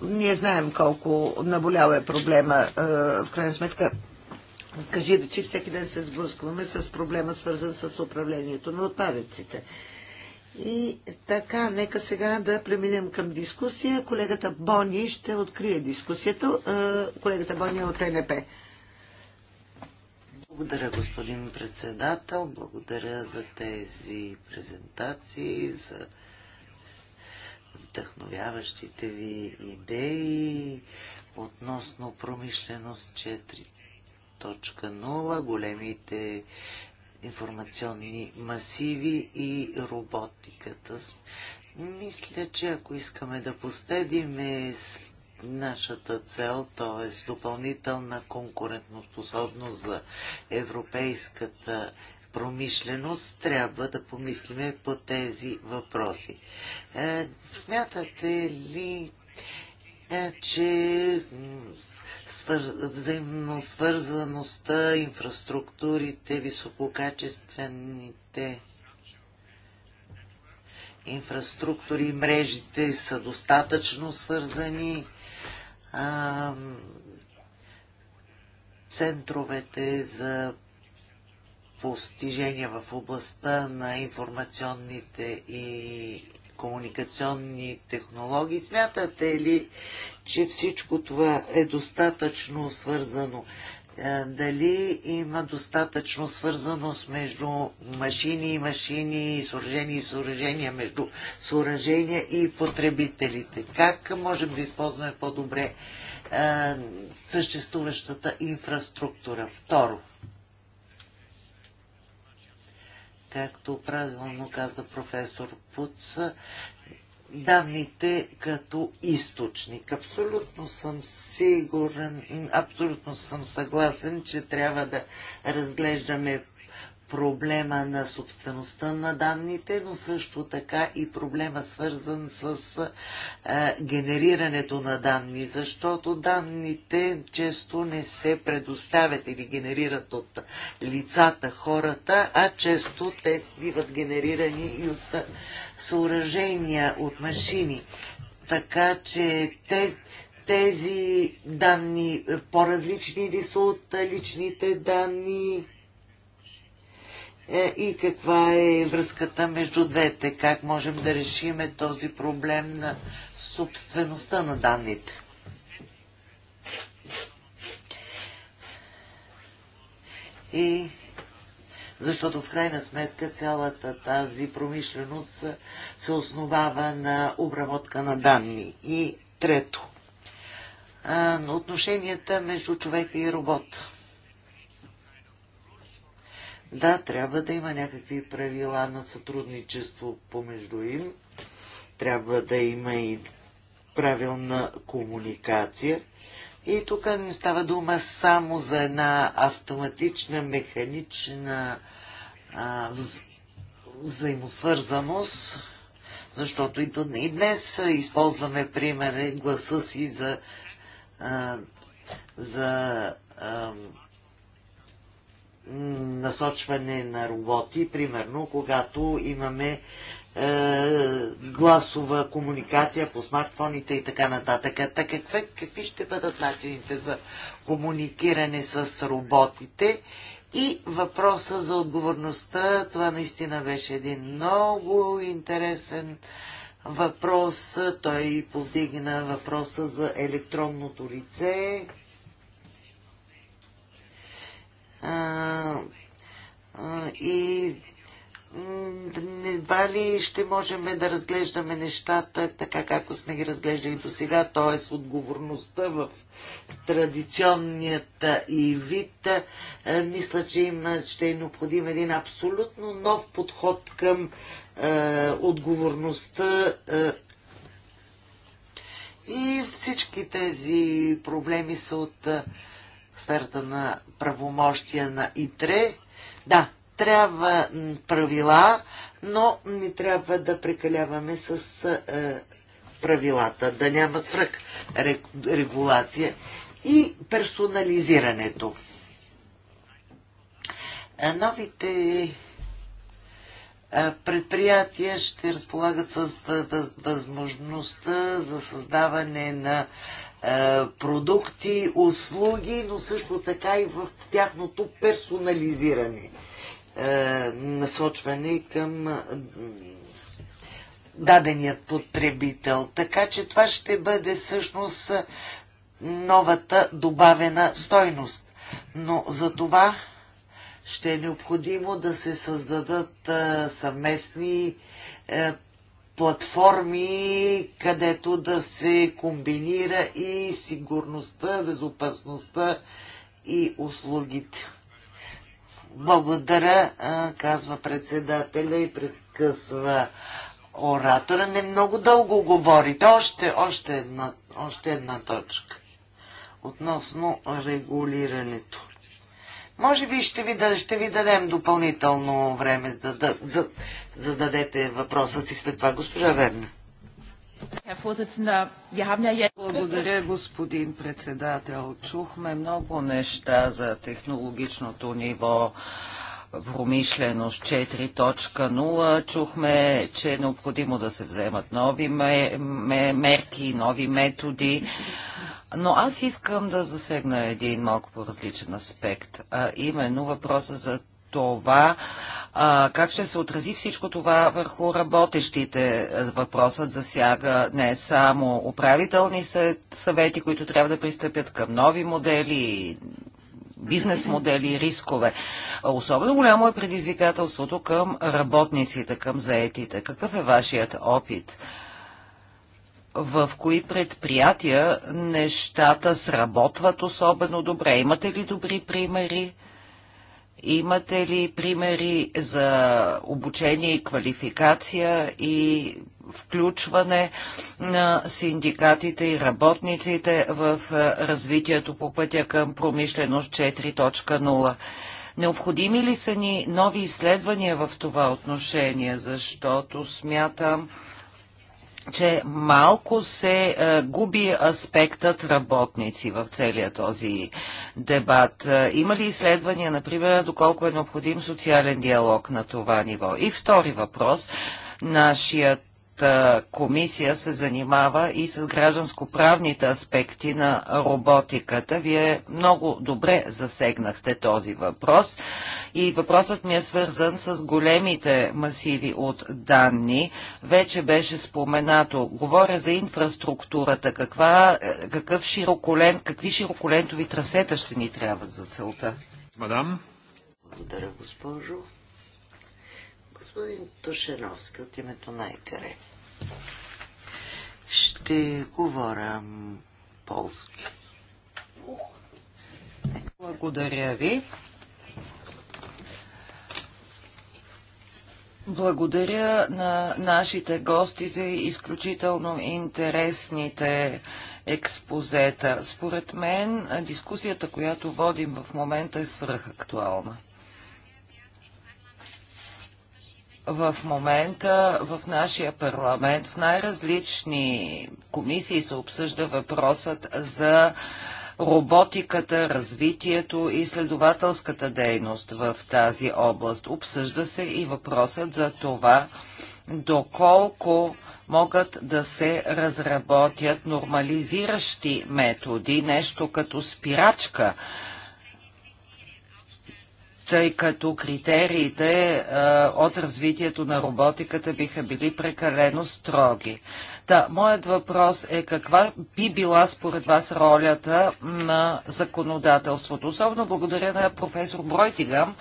ние знаем колко наболява е проблема, е, в крайна сметка кажи да, че всеки ден се сблъскваме с проблема, свързан с управлението на отпадъците. И така, нека сега да преминем към дискусия. Колегата Бони ще открие дискусията. Колегата Бони е от НП. Благодаря, господин председател. Благодаря за тези презентации, за вдъхновяващите ви идеи относно промишленост 2.0, големите информационни масиви и роботиката. Мисля, че ако искаме да постедиме нашата цел, т.е. допълнителна конкурентоспособност за европейската промишленост, трябва да помислиме по тези въпроси. Е, смятате ли, е, че свър... взаимно свързаността, инфраструктурите, висококачествените инфраструктури, мрежите са достатъчно свързани. А, центровете за постижения в областта на информационните и комуникационни технологии. Смятате ли, че всичко това е достатъчно свързано? Е, дали има достатъчно свързаност между машини и машини, съоръжения и съоръжения, между съоръжения и потребителите? Как можем да използваме по-добре е, съществуващата инфраструктура? Второ, както правилно каза професор Пуц, данните като източник. Абсолютно съм сигурен, абсолютно съм съгласен, че трябва да разглеждаме проблема на собствеността на данните, но също така и проблема свързан с а, е, генерирането на данни, защото данните често не се предоставят или генерират от лицата, хората, а често те биват генерирани и от е, съоръжения, от машини. Така че те, тези данни е, по-различни ли са от личните данни? Е, и каква е връзката между двете, как можем да решиме този проблем на собствеността на данните. И защото в крайна сметка цялата тази промишленост се основава на обработка на данни. И трето, отношенията между човека и робота. Да, трябва да има някакви правила на сътрудничество помежду им. Трябва да има и правилна комуникация. И тук не става дума само за една автоматична, механична а, вз... взаимосвързаност, защото и, и днес използваме пример гласа си за, а, за а, насочване на роботи, примерно когато имаме е, гласова комуникация по смартфоните и така нататък. Така какви, какви ще бъдат начините за комуникиране с роботите? И въпроса за отговорността, това наистина беше един много интересен въпрос. Той повдигна въпроса за електронното лице а, и едва ли ще можем да разглеждаме нещата така, както сме ги разглеждали до сега, т.е. отговорността в традиционният и вид. Мисля, че им ще е необходим един абсолютно нов подход към е, отговорността е, и всички тези проблеми са от е, сферата на правомощия на ИТРЕ. Да, трябва правила, но не трябва да прекаляваме с е, правилата, да няма свръх регулация и персонализирането. Е, новите е, предприятия ще разполагат с възможността за създаване на е, продукти, услуги, но също така и в тяхното персонализиране, е, насочване към е, дадения потребител. Така че това ще бъде всъщност новата добавена стойност. Но за това ще е необходимо да се създадат съвместни платформи, където да се комбинира и сигурността, безопасността и услугите. Благодаря, казва председателя и прекъсва оратора. Не много дълго говорите. Още, още, една, още една точка. Относно регулирането. Може би ще ви, ще ви дадем допълнително време, за да, за, зададете въпроса си след това. Госпожа Верна. Благодаря, господин председател. Чухме много неща за технологичното ниво промишленост 4.0. Чухме, че е необходимо да се вземат нови мерки, нови методи. Но аз искам да засегна един малко по-различен аспект, а именно въпроса за това а, как ще се отрази всичко това върху работещите? Въпросът засяга не само управителни съвети, които трябва да пристъпят към нови модели, бизнес модели, рискове. Особено голямо е предизвикателството към работниците, към заетите. Какъв е вашият опит? в кои предприятия нещата сработват особено добре? Имате ли добри примери? Имате ли примери за обучение и квалификация и включване на синдикатите и работниците в развитието по пътя към промишленост 4.0? Необходими ли са ни нови изследвания в това отношение, защото смятам, че малко се е, губи аспектът работници в целия този дебат. Е, има ли изследвания, например, доколко е необходим социален диалог на това ниво? И втори въпрос. Нашият комисия се занимава и с гражданско-правните аспекти на роботиката. Вие много добре засегнахте този въпрос и въпросът ми е свързан с големите масиви от данни. Вече беше споменато. Говоря за инфраструктурата. Каква, е, какъв широколен, какви широколентови трасета ще ни трябват за целта? Мадам. Благодаря, госпожо господин Тушеновски от името на Екаре. Ще говоря полски. Благодаря ви. Благодаря на нашите гости за изключително интересните експозета. Според мен дискусията, която водим в момента е свръхактуална. в момента в нашия парламент в най-различни комисии се обсъжда въпросът за роботиката, развитието и следователската дейност в тази област. Обсъжда се и въпросът за това, доколко могат да се разработят нормализиращи методи, нещо като спирачка тъй като критериите а, е, от развитието на роботиката биха били прекалено строги. Та, моят въпрос е каква би била според вас ролята на законодателството? Особено благодаря на професор Бройтигам,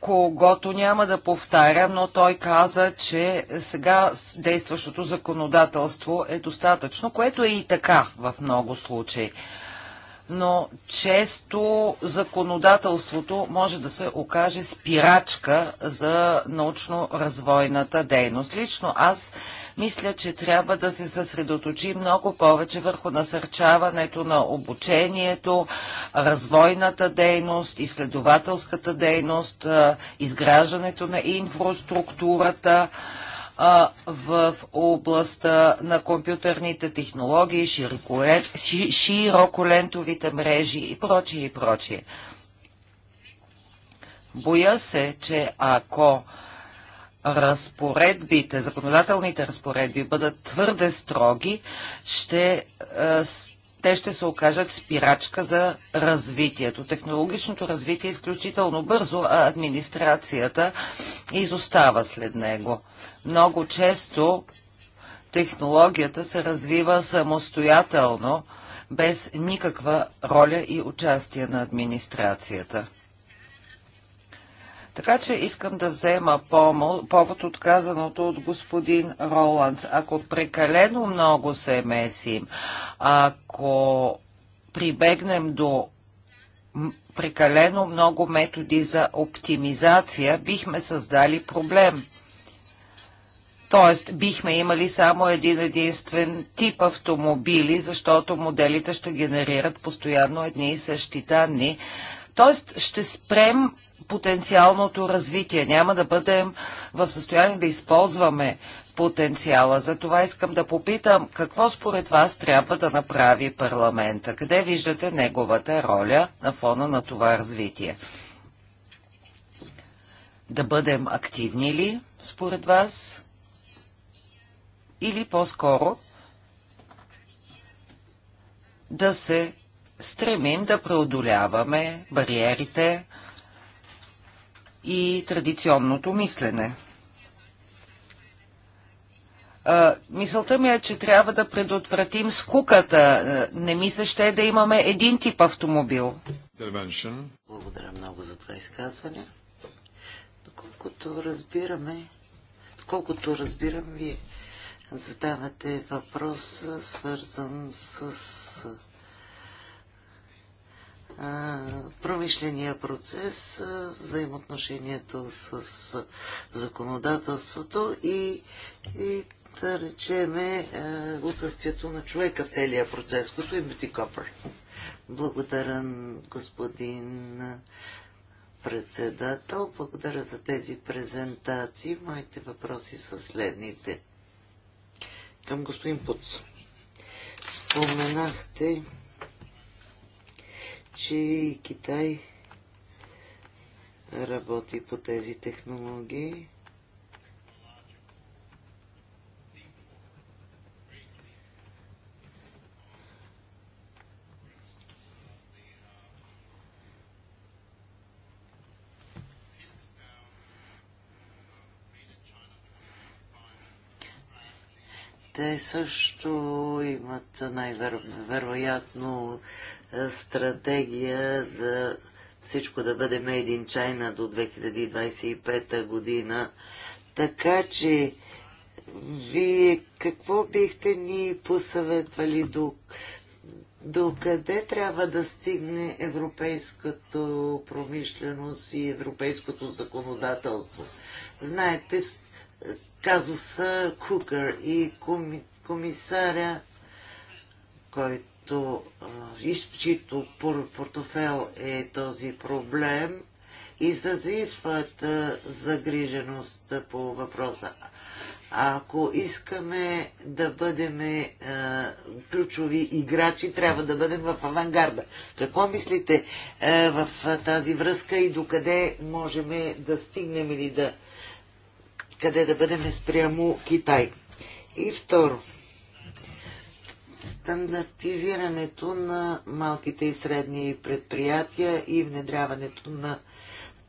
когото няма да повтарям, но той каза, че сега действащото законодателство е достатъчно, което е и така в много случаи но често законодателството може да се окаже спирачка за научно-развойната дейност. Лично аз мисля, че трябва да се съсредоточи много повече върху насърчаването на обучението, развойната дейност, изследователската дейност, изграждането на инфраструктурата, а, в областта на компютърните технологии, широколентовите мрежи и прочие и прочие. Боя се, че ако разпоредбите, законодателните разпоредби бъдат твърде строги, ще е, те ще се окажат спирачка за развитието. Технологичното развитие е изключително бързо, а администрацията изостава след него. Много често технологията се развива самостоятелно, без никаква роля и участие на администрацията. Така че искам да взема повод от казаното от господин Роландс. Ако прекалено много се месим, ако прибегнем до прекалено много методи за оптимизация, бихме създали проблем. Тоест, бихме имали само един единствен тип автомобили, защото моделите ще генерират постоянно едни и същи данни. Тоест, ще спрем потенциалното развитие. Няма да бъдем в състояние да използваме потенциала. Затова искам да попитам, какво според вас трябва да направи парламента? Къде виждате неговата роля на фона на това развитие? Да бъдем активни ли, според вас? Или по-скоро да се стремим да преодоляваме бариерите, и традиционното мислене. Мисълта ми е, че трябва да предотвратим скуката. Не ми се ще да имаме един тип автомобил. Благодаря много за това изказване. Доколкото разбираме, доколкото разбирам, вие задавате въпрос, свързан с промишления процес, взаимоотношението с законодателството и, и да речеме отсъствието на човека в целия процес, като е Бюти Копър. Благодарен господин председател. Благодаря за тези презентации. Моите въпроси са следните. Към господин Пуц. Споменахте че и Китай работи по тези технологии. те също имат най-вероятно стратегия за всичко да бъде Made in China до 2025 година. Така че, вие какво бихте ни посъветвали до, до къде трябва да стигне европейското промишленост и европейското законодателство? Знаете, казуса Кукър и комисаря, който които, чието портофел е този проблем, изразисват загриженост по въпроса. Ако искаме да бъдем ключови играчи, трябва да бъдем в авангарда. Какво мислите в тази връзка и докъде можем да стигнем или да къде да бъдем спрямо Китай? И второ, стандартизирането на малките и средни предприятия и внедряването на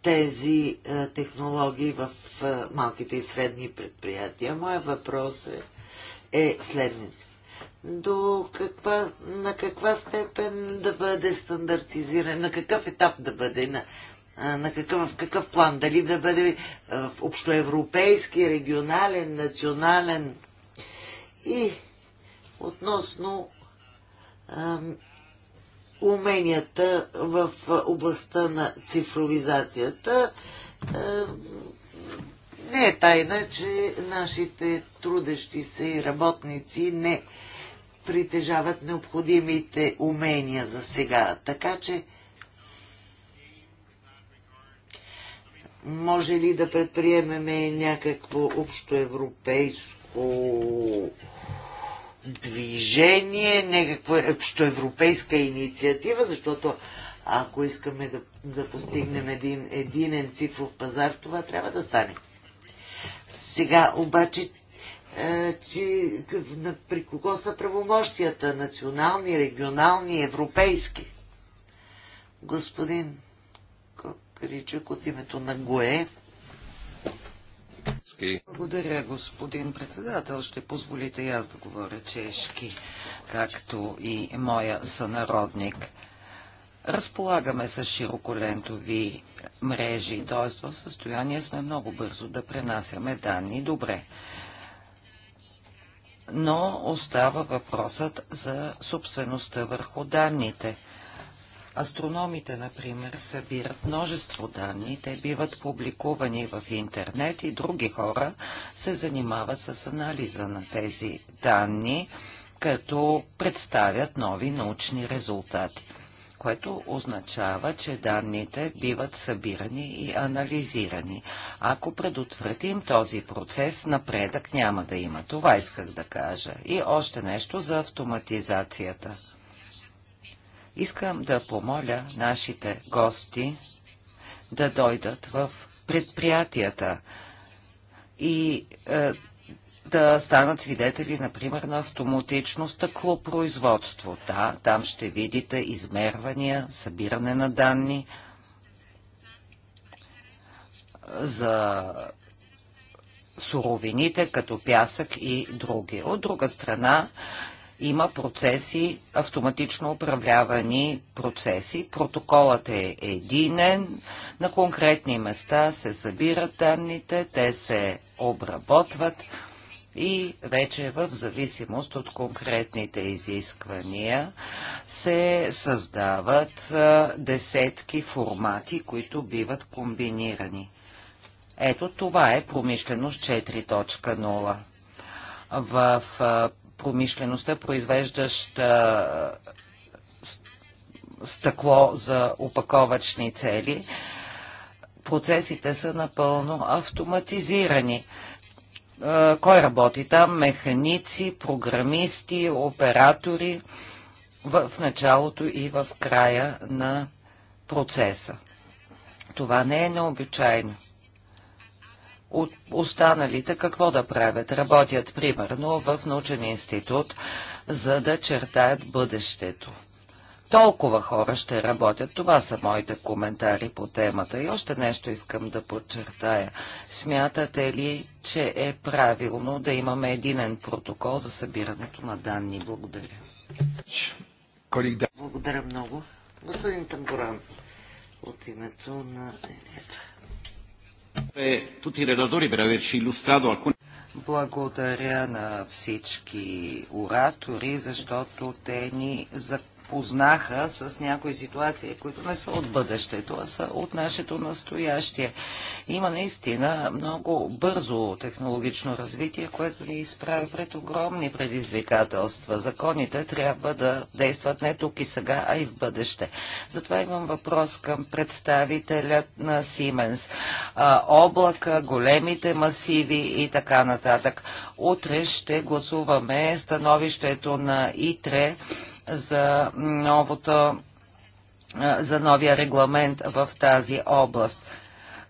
тези е, технологии в е, малките и средни предприятия. Моя въпрос е, е следният. До каква, на каква степен да бъде стандартизиран, на какъв етап да бъде, на, на какъв, в какъв план, дали да бъде е, в общоевропейски, регионален, национален и относно уменията в областта на цифровизацията. Не е тайна, че нашите трудещи се и работници не притежават необходимите умения за сега. Така че може ли да предприемеме някакво общоевропейско движение, някаква общоевропейска инициатива, защото ако искаме да, да постигнем един единен цифров пазар, това трябва да стане. Сега обаче, е, че, при кого са правомощията? Национални, регионални, европейски? Господин Кричък от името на ГОЕ чешки. Благодаря, господин председател. Ще позволите и аз да говоря чешки, както и моя сънародник. Разполагаме с широколентови мрежи, т.е. в състояние сме много бързо да пренасяме данни добре. Но остава въпросът за собствеността върху данните – Астрономите, например, събират множество данни, те биват публикувани в интернет и други хора се занимават с анализа на тези данни, като представят нови научни резултати което означава, че данните биват събирани и анализирани. Ако предотвратим този процес, напредък няма да има. Това исках да кажа. И още нещо за автоматизацията. Искам да помоля нашите гости да дойдат в предприятията и е, да станат свидетели, например, на автоматично стъклопроизводство. Да, там ще видите измервания, събиране на данни за суровините, като пясък и други. От друга страна, има процеси, автоматично управлявани процеси. Протоколът е единен. На конкретни места се събират данните, те се обработват и вече в зависимост от конкретните изисквания се създават десетки формати, които биват комбинирани. Ето това е промишленост 4.0. В промишлеността, произвеждаща стъкло за опаковачни цели, процесите са напълно автоматизирани. Кой работи там? Механици, програмисти, оператори в началото и в края на процеса. Това не е необичайно от останалите какво да правят? Работят примерно в научен институт, за да чертаят бъдещето. Толкова хора ще работят. Това са моите коментари по темата. И още нещо искам да подчертая. Смятате ли, че е правилно да имаме единен протокол за събирането на данни? Благодаря. Благодаря много. Господин Тамбуран, от името на Енева. Благодаря на всички оратори, защото те ни за запознаха с някои ситуации, които не са от бъдещето, а са от нашето настоящие. Има наистина много бързо технологично развитие, което ни изправи пред огромни предизвикателства. Законите трябва да действат не тук и сега, а и в бъдеще. Затова имам въпрос към представителят на Сименс. Облака, големите масиви и така нататък. Утре ще гласуваме становището на ИТРЕ за новото за новия регламент в тази област.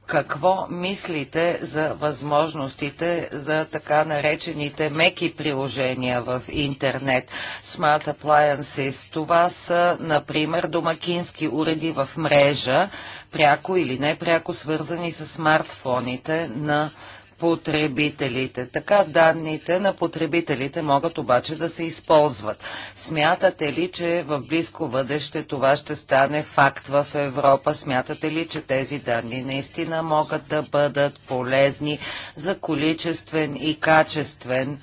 Какво мислите за възможностите за така наречените меки приложения в интернет? Smart Appliances. Това са, например, домакински уреди в мрежа, пряко или непряко свързани с смартфоните на потребителите. Така данните на потребителите могат обаче да се използват. Смятате ли, че в близко бъдеще това ще стане факт в Европа? Смятате ли, че тези данни наистина могат да бъдат полезни за количествен и качествен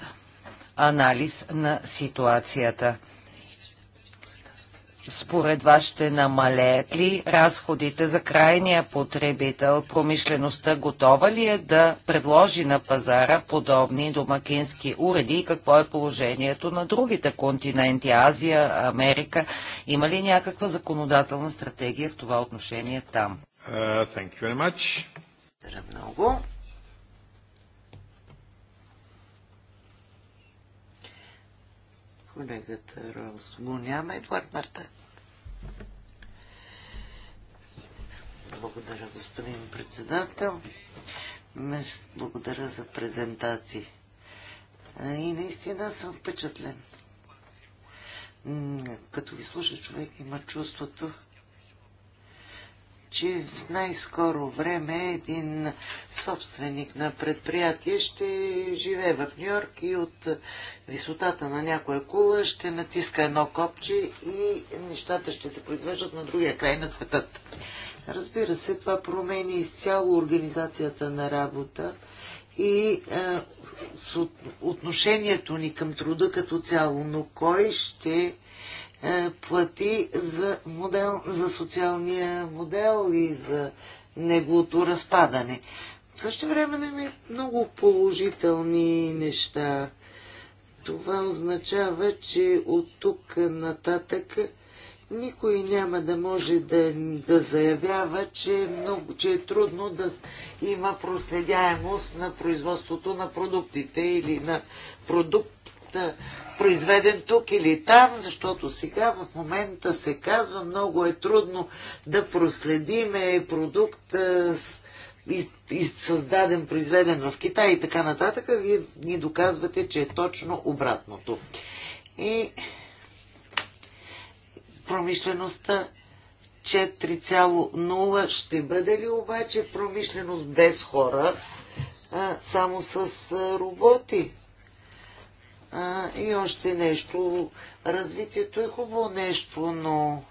анализ на ситуацията? според вас ще намалеят ли разходите за крайния потребител? Промишлеността готова ли е да предложи на пазара подобни домакински уреди? Какво е положението на другите континенти? Азия, Америка? Има ли някаква законодателна стратегия в това отношение там? Uh, много. колегата Ролс го няма. Едуард Марта. Благодаря, господин председател. Благодаря за презентации. И наистина съм впечатлен. Като ви слуша човек, има чувството, че в най-скоро време един собственик на предприятие ще живее в Нью Йорк и от висотата на някоя кула ще натиска едно копче и нещата ще се произвеждат на другия край на света. Разбира се, това промени изцяло организацията на работа и е, с отношението ни към труда като цяло, но кой ще е, плати за, модел, за социалния модел и за неговото разпадане. В също време има много положителни неща. Това означава, че от тук нататък никой няма да може да, да заявява, че е, много, че е трудно да има проследяемост на производството на продуктите или на продукта произведен тук или там, защото сега в момента се казва, много е трудно да проследиме продукт с създаден, произведен в Китай и така нататък, вие ни доказвате, че е точно обратното. И промишлеността 4,0 ще бъде ли обаче промишленост без хора, а само с роботи? А, и още нещо. Развитието е хубаво нещо, но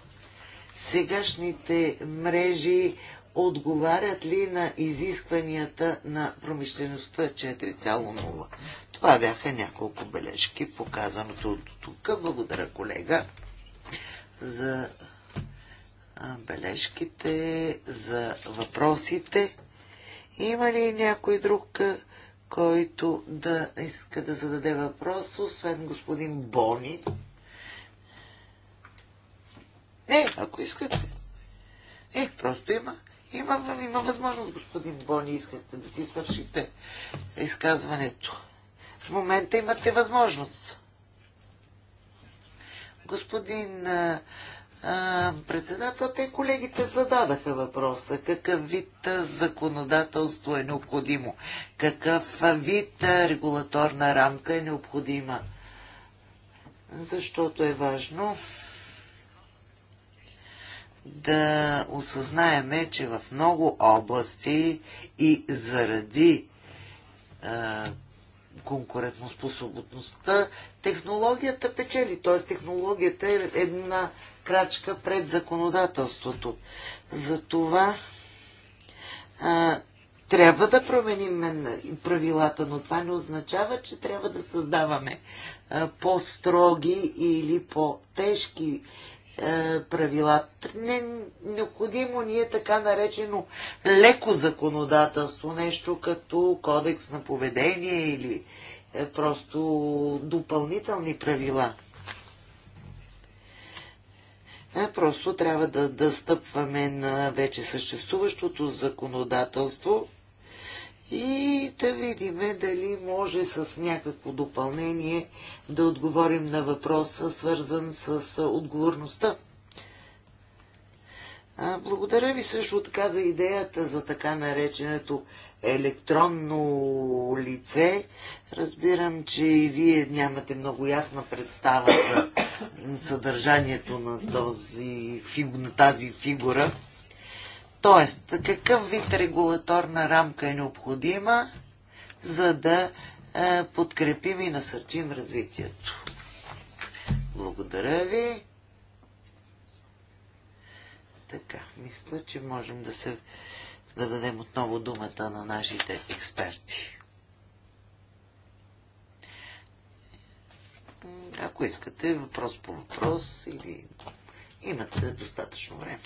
сегашните мрежи отговарят ли на изискванията на промишлеността 4.0? Това бяха няколко бележки, показаното от тук. Благодаря, колега, за бележките, за въпросите. Има ли някой друг, който да иска да зададе въпрос, освен господин Бони. Не, ако искате. Е, просто има. Има, има възможност, господин Бони, искате да си свършите изказването. В момента имате възможност. Господин председател, те колегите зададаха въпроса какъв вид законодателство е необходимо, какъв вид регулаторна рамка е необходима, защото е важно да осъзнаеме, че в много области и заради конкурентноспособността конкурентоспособността технологията печели, т.е. технологията е една крачка пред законодателството. Затова а, трябва да променим правилата, но това не означава, че трябва да създаваме по-строги или по-тежки правила. Не, необходимо ни е така наречено леко законодателство, нещо като кодекс на поведение или просто допълнителни правила. Просто трябва да, да стъпваме на вече съществуващото законодателство и да видим дали може с някакво допълнение да отговорим на въпроса, свързан с отговорността благодаря ви също така за идеята за така нареченето електронно лице. Разбирам, че и вие нямате много ясна представа за съдържанието на, този, на тази фигура. Тоест, какъв вид регулаторна рамка е необходима, за да е, подкрепим и насърчим развитието? Благодаря ви. Така, мисля, че можем да се да дадем отново думата на нашите експерти. Ако искате, въпрос по въпрос или имате достатъчно време.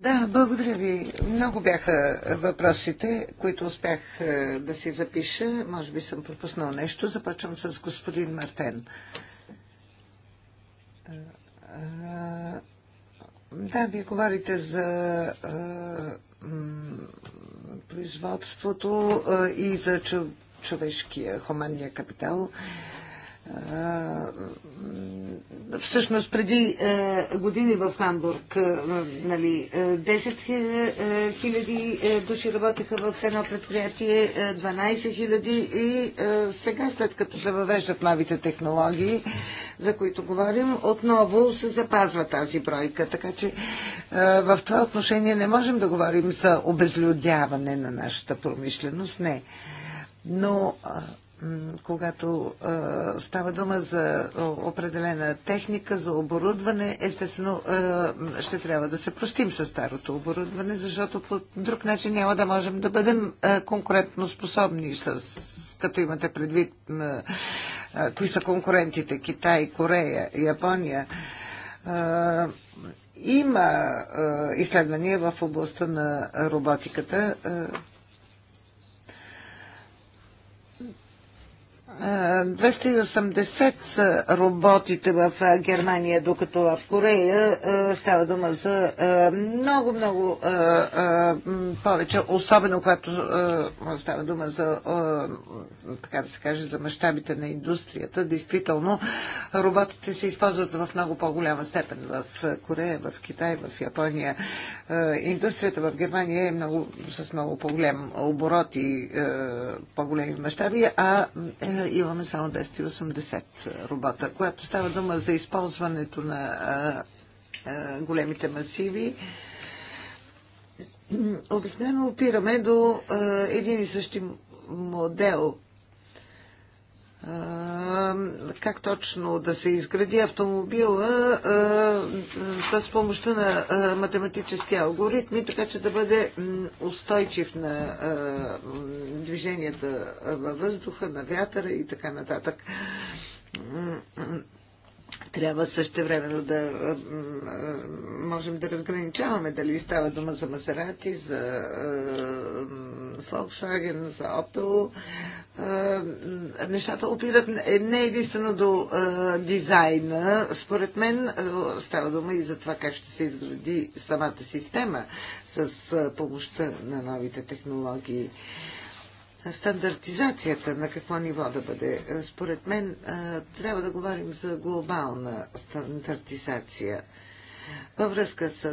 Да, благодаря ви. Много бяха въпросите, които успях е, да си запиша. Може би съм пропуснал нещо. Започвам с господин Мартен. Да, вие говорите за производството и за човешкия хуманния капитал всъщност преди е, години в Хамбург е, нали, 10 е, хиляди души работеха в едно предприятие, 12 хиляди и сега след като се въвеждат новите технологии, за които говорим, отново се запазва тази бройка. Така че в това отношение не можем да говорим за обезлюдяване на нашата промишленост. Не. Но когато а, става дума за определена техника, за оборудване, естествено а, ще трябва да се простим с старото оборудване, защото по друг начин няма да можем да бъдем а, конкурентно способни, с, като имате предвид а, а, кои са конкурентите Китай, Корея, Япония. А, има а, изследвания в областта на роботиката. А, 280 са роботите в Германия, докато в Корея става дума за много-много повече, особено когато става дума за, така да се каже, за мащабите на индустрията. Действително, роботите се използват в много по-голяма степен в Корея, в Китай, в Япония. Индустрията в Германия е много, с много по-голям оборот и по-големи мащаби, а имаме само 280 робота. Когато става дума за използването на големите масиви, обикновено опираме до един и същи модел как точно да се изгради автомобила а, а, с помощта на а, математически алгоритми, така че да бъде устойчив на движенията във въздуха, на вятъра и така нататък трябва също времено да можем да разграничаваме дали става дума за Масерати, за Volkswagen, за Opel. Нещата опират не единствено до дизайна. Според мен става дума и за това как ще се изгради самата система с помощта на новите технологии стандартизацията на какво ниво да бъде. Според мен трябва да говорим за глобална стандартизация във връзка с,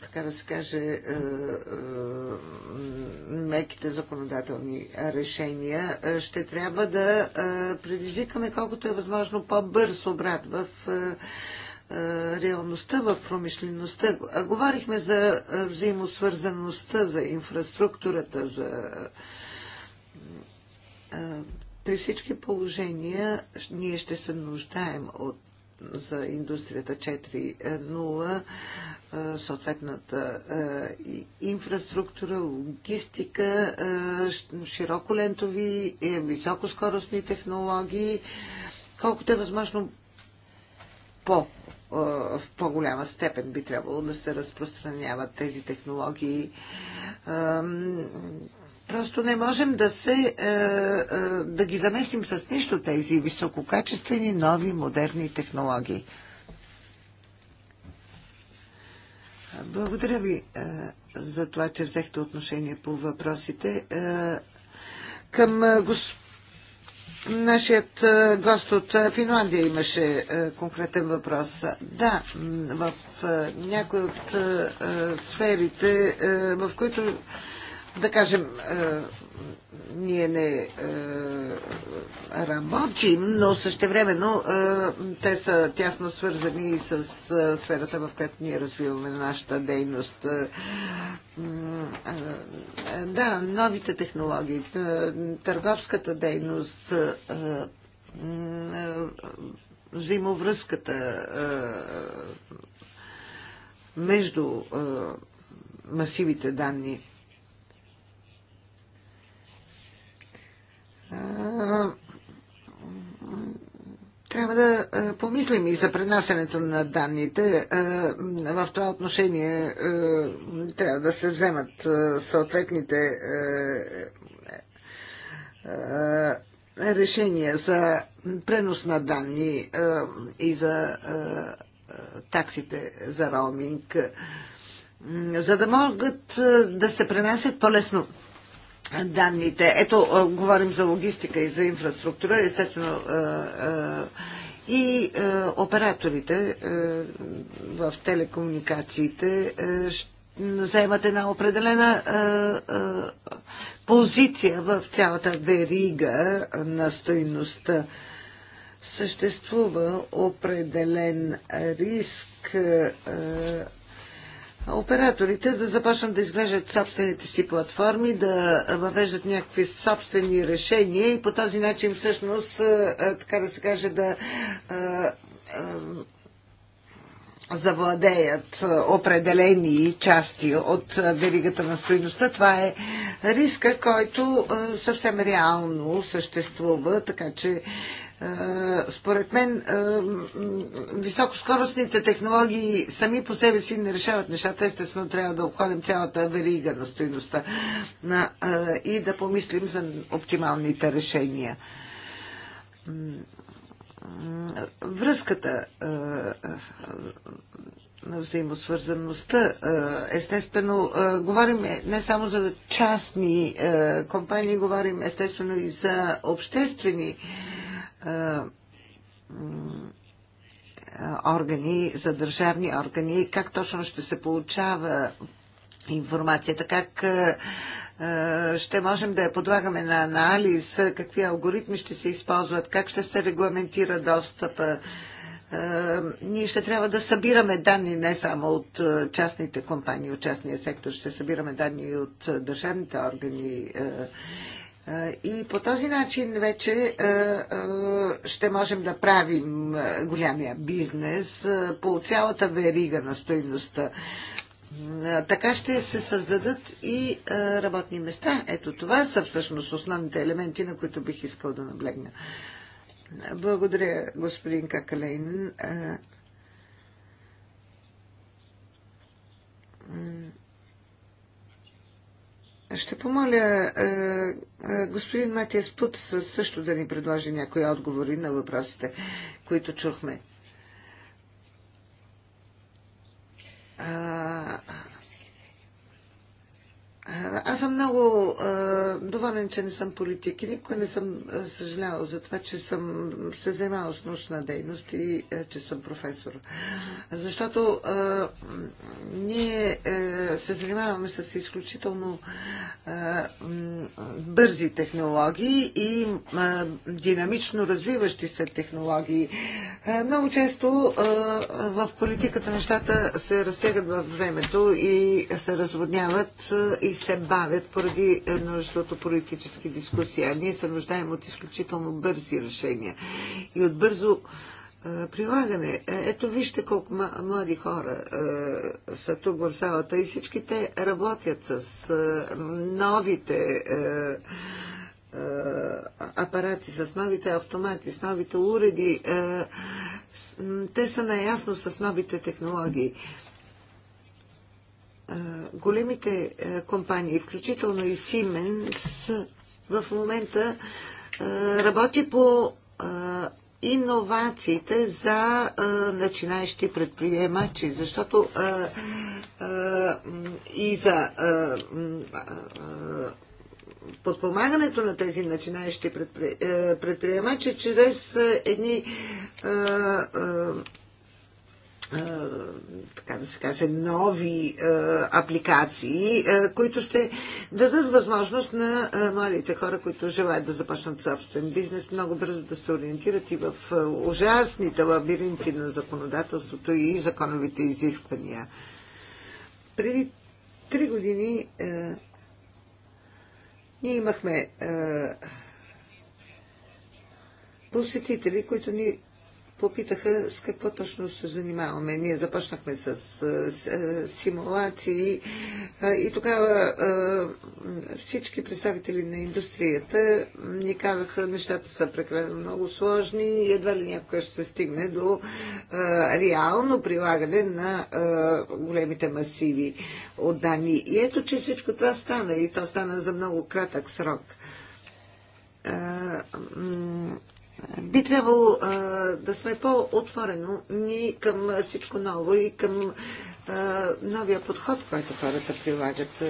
така да се каже, меките законодателни решения, ще трябва да предизвикаме колкото е възможно по-бърз обрат в е, реалността в промишлеността. Говорихме за е, взаимосвързаността, за инфраструктурата, за е, при всички положения ние ще се нуждаем от за индустрията 4.0, съответната инфраструктура, логистика, широколентови, високоскоростни технологии, колкото е възможно по в по-голяма степен би трябвало да се разпространяват тези технологии. Просто не можем да, се, да ги заместим с нищо тези висококачествени, нови, модерни технологии. Благодаря ви за това, че взехте отношение по въпросите. Към господин Нашият е, гост от е, Финландия имаше е, конкретен въпрос. Да, в някои от сферите, в които, да кажем, ние не е, работим, но същевременно е, те са тясно свързани и с е, сферата, в която ние развиваме нашата дейност. Е, е, да, новите технологии, е, търговската дейност, взаимовръзката между масивите данни. трябва да помислим и за пренасенето на данните. В това отношение трябва да се вземат съответните решения за пренос на данни и за таксите за роуминг, за да могат да се пренасят по-лесно данните. Ето, говорим за логистика и за инфраструктура. Естествено, и операторите в телекомуникациите ще заемат една определена позиция в цялата верига на стоиността. съществува определен риск операторите да започнат да изглеждат собствените си платформи, да въвеждат някакви собствени решения и по този начин всъщност, така да се каже, да завладеят определени части от веригата на стоиността. Това е риска, който съвсем реално съществува, така че е, според мен е, високоскоростните технологии сами по себе си не решават нещата. Естествено трябва да обходим цялата верига на стоиността е, и да помислим за оптималните решения. Връзката на взаимосвързаността. Естествено, говорим не само за частни компании, говорим естествено и за обществени органи, за държавни органи, как точно ще се получава информацията, как ще можем да я подлагаме на анализ, какви алгоритми ще се използват, как ще се регламентира достъпа. Ние ще трябва да събираме данни не само от частните компании, от частния сектор, ще събираме данни и от държавните органи и по този начин вече е, е, ще можем да правим е, голямия бизнес по цялата верига на стоиността. Така ще се създадат и работни места. Ето това са всъщност основните елементи, на които бих искал да наблегна. Благодаря, господин Какалейн. Ще помоля е, е, господин Матиас Пут също да ни предложи някои отговори на въпросите, които чухме. А, аз съм много а, доволен, че не съм политик и никой не съм съжалявал за това, че съм се занимавал с научна дейност и а, че съм професор. Защото а, ние а, се занимаваме с изключително а, бързи технологии и а, динамично развиващи се технологии. А, много често а, в политиката нещата се разтегат във времето и се разводняват и се бавят поради множеството политически дискусии, а ние се нуждаем от изключително бързи решения и от бързо е, прилагане. Е, ето вижте колко млади хора е, са тук в залата и всички те работят с новите апарати, с новите автомати, с новите уреди. Те са наясно с новите технологии големите компании, включително и Siemens, в момента работи по иновациите за начинаещи предприемачи, защото и за подпомагането на тези начинаещи предприемачи чрез едни така да се каже, нови апликации, които ще дадат възможност на младите хора, които желаят да започнат собствен бизнес, много бързо да се ориентират и в ужасните лабиринти на законодателството и законовите изисквания. Преди три години е, ние имахме е, посетители, които ни попитаха с какво точно се занимаваме. Ние започнахме с, с симулации и тогава всички представители на индустрията ни казаха, нещата са прекалено много сложни и едва ли някога ще се стигне до реално прилагане на големите масиви от данни. И ето, че всичко това стана и то стана за много кратък срок би трябвало а, да сме по-отворено ни към всичко ново и към а, новия подход, който хората прилагат.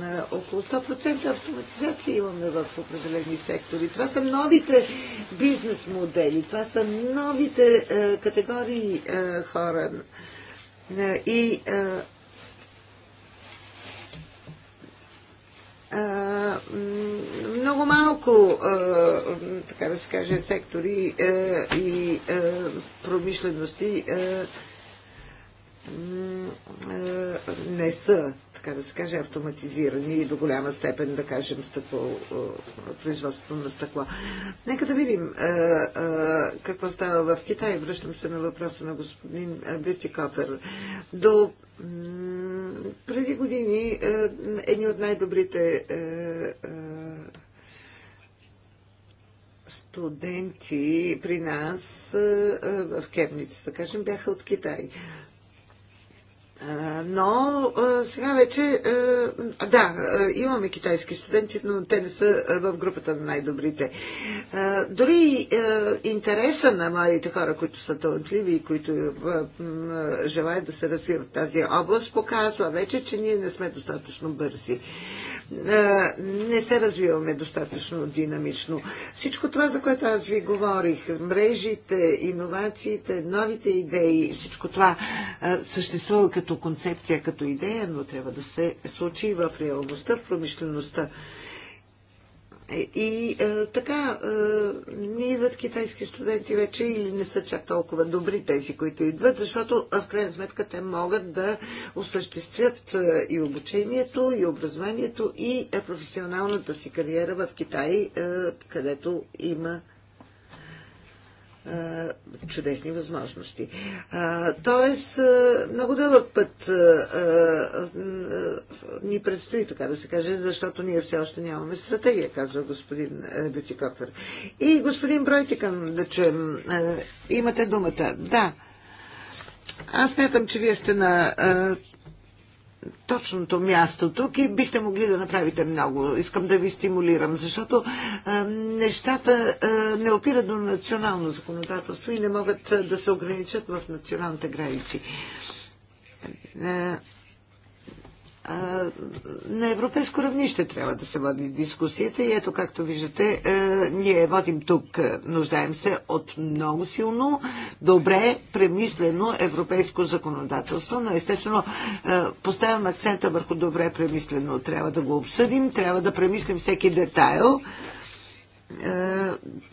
На около 100% автоматизация имаме в определени сектори. Това са новите бизнес модели, това са новите а, категории а, хора. И а, много малко, така да се каже, сектори и промишлености не са така да се каже, автоматизирани и до голяма степен, да кажем, стъкло, производството на стъкло. Нека да видим какво става в Китай. Връщам се на въпроса на господин Бюти Кофер. До преди години едни от най-добрите студенти при нас в Кемниц, да кажем, бяха от Китай. Но сега вече, да, имаме китайски студенти, но те не са в групата на най-добрите. Дори интереса на младите хора, които са талантливи и които желаят да се развиват в тази област, показва вече, че ние не сме достатъчно бързи. Е, не се развиваме достатъчно динамично. Всичко това, за което аз ви говорих, мрежите, иновациите, новите идеи, всичко това е, съществува като концепция, като идея, но трябва да се случи в реалността, в промишлеността. И е, така, е, не идват китайски студенти вече или не са чак толкова добри тези, които идват, защото в крайна сметка те могат да осъществят е, и обучението, и образованието, и е, професионалната си кариера в Китай, е, където има е, чудесни възможности. Тоест, е, много дълъг път е, ни предстои, така да се каже, защото ние все още нямаме стратегия, казва господин Бютикофер. И господин Бройтикан, да чуем, имате думата. Да. Аз мятам, че вие сте на точното място тук и бихте могли да направите много. Искам да ви стимулирам, защото а, е, нещата а, е, не опират до национално законодателство и не могат а, е, да се ограничат в националните граници. А, на европейско равнище трябва да се води дискусията и ето както виждате, е, ние водим тук, е, нуждаем се от много силно, добре премислено европейско законодателство, но естествено е, поставям акцента върху добре премислено. Трябва да го обсъдим, трябва да премислим всеки детайл е,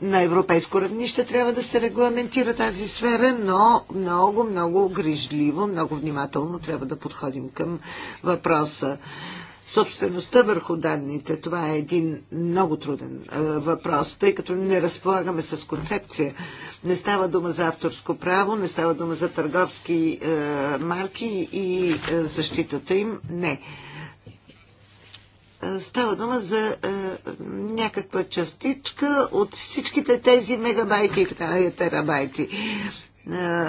на европейско равнище трябва да се регламентира тази сфера, но много, много грижливо, много внимателно трябва да подходим към въпроса. Собствеността върху данните, това е един много труден е, въпрос, тъй като не разполагаме с концепция. Не става дума за авторско право, не става дума за търговски е, марки и е, защитата им. Не. Е, Става дума за е, някаква частичка от всичките тези мегабайти и така терабайти. Е,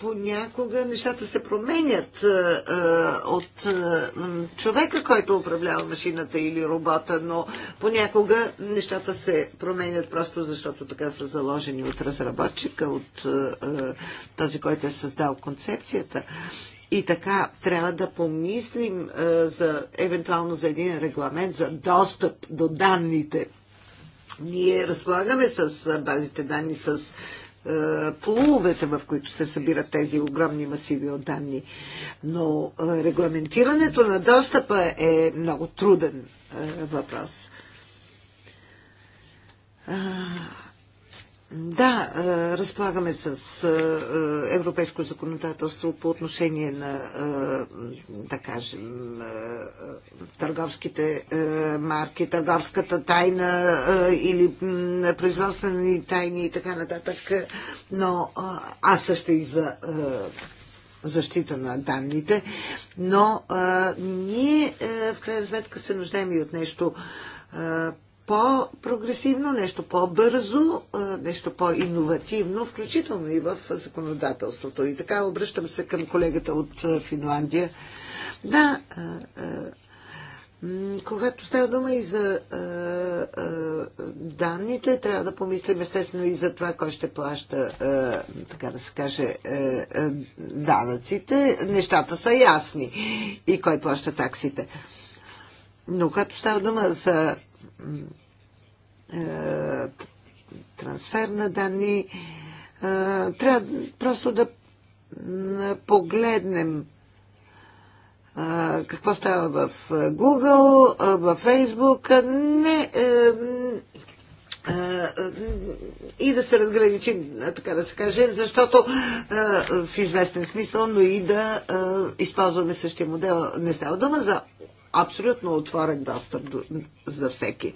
понякога нещата се променят е, е, от е, човека, който управлява машината или робота, но понякога нещата се променят просто защото така са заложени от разработчика, от е, е този, който е създал концепцията. И така трябва да помислим е, за, евентуално за един регламент за достъп до данните. Ние разполагаме с е, базите данни, с е, половете, в които се събират тези огромни масиви от данни. Но регламентирането на достъпа е много труден въпрос. Да, разполагаме с европейско законодателство по отношение на, да кажем, търговските марки, търговската тайна или производствени тайни и така нататък, но аз също и за защита на данните, но ние в крайна сметка се нуждаем и от нещо по-прогресивно, нещо по-бързо, нещо по-инновативно, включително и в законодателството. И така обръщам се към колегата от Финландия. Да, когато става дума и за данните, трябва да помислим естествено и за това, кой ще плаща, така да се каже, данъците. Нещата са ясни и кой плаща таксите. Но когато става дума за е, трансфер на данни. Е, трябва просто да погледнем е, какво става в Google, в Facebook. Не, и да се разграничи, така да се каже, защото в известен смисъл, но и да използваме същия модел. Не става дума за абсолютно отворен достъп за всеки.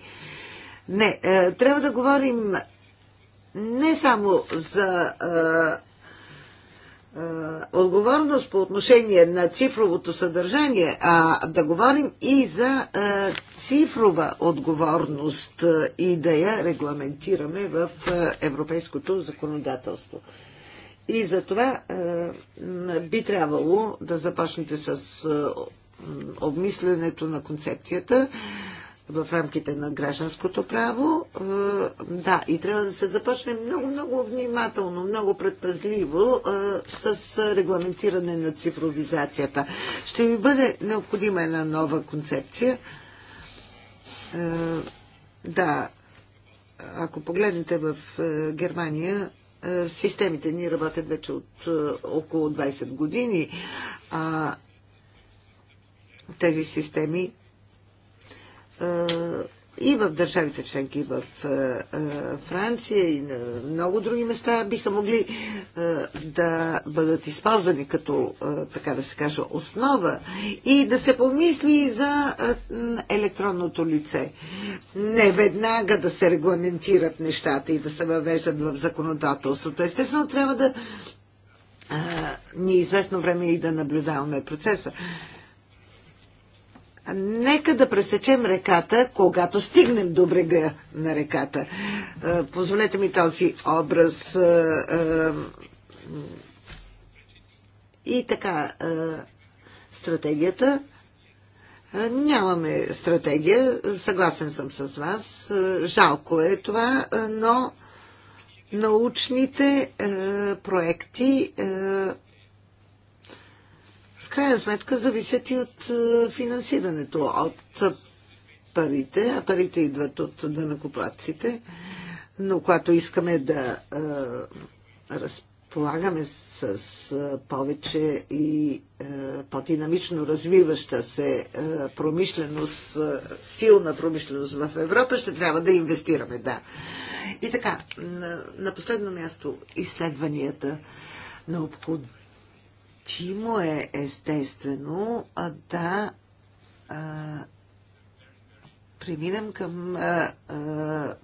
Не, е, трябва да говорим не само за е, е, отговорност по отношение на цифровото съдържание, а да говорим и за цифрова отговорност и да я регламентираме в европейското законодателство. И за това би трябвало да започнете с обмислянето на концепцията в рамките на гражданското право. Е, да, и трябва да се започне много, много внимателно, много предпазливо е, с регламентиране на цифровизацията. Ще ви бъде необходима една нова концепция. Е, да, ако погледнете в Германия, системите ни работят вече от около 20 години, а тези системи е, и в държавите членки, и в е, е, Франция, и на много други места биха могли да бъдат използвани като, така да се каже, основа и да се помисли за електронното лице. Не веднага да се регламентират нещата и да се въвеждат в законодателството. Естествено, трябва да ни известно време и да наблюдаваме процеса. Нека да пресечем реката, когато стигнем до брега на реката. Е, позволете ми този образ. Е, е, и така, стратегията. Нямаме стратегия, съгласен съм с вас. Жалко е това, но научните проекти крайна сметка зависят и от е, финансирането, от парите, а парите идват от дънакоплатците, Но когато искаме да а, е, разполагаме с, а, е, повече и по-динамично развиваща се а, промишленост, а, силна промишленост в Европа, ще трябва да инвестираме, да. И така, на, на последно място изследванията. Необходимо му е, естествено, да а, преминем към а, а,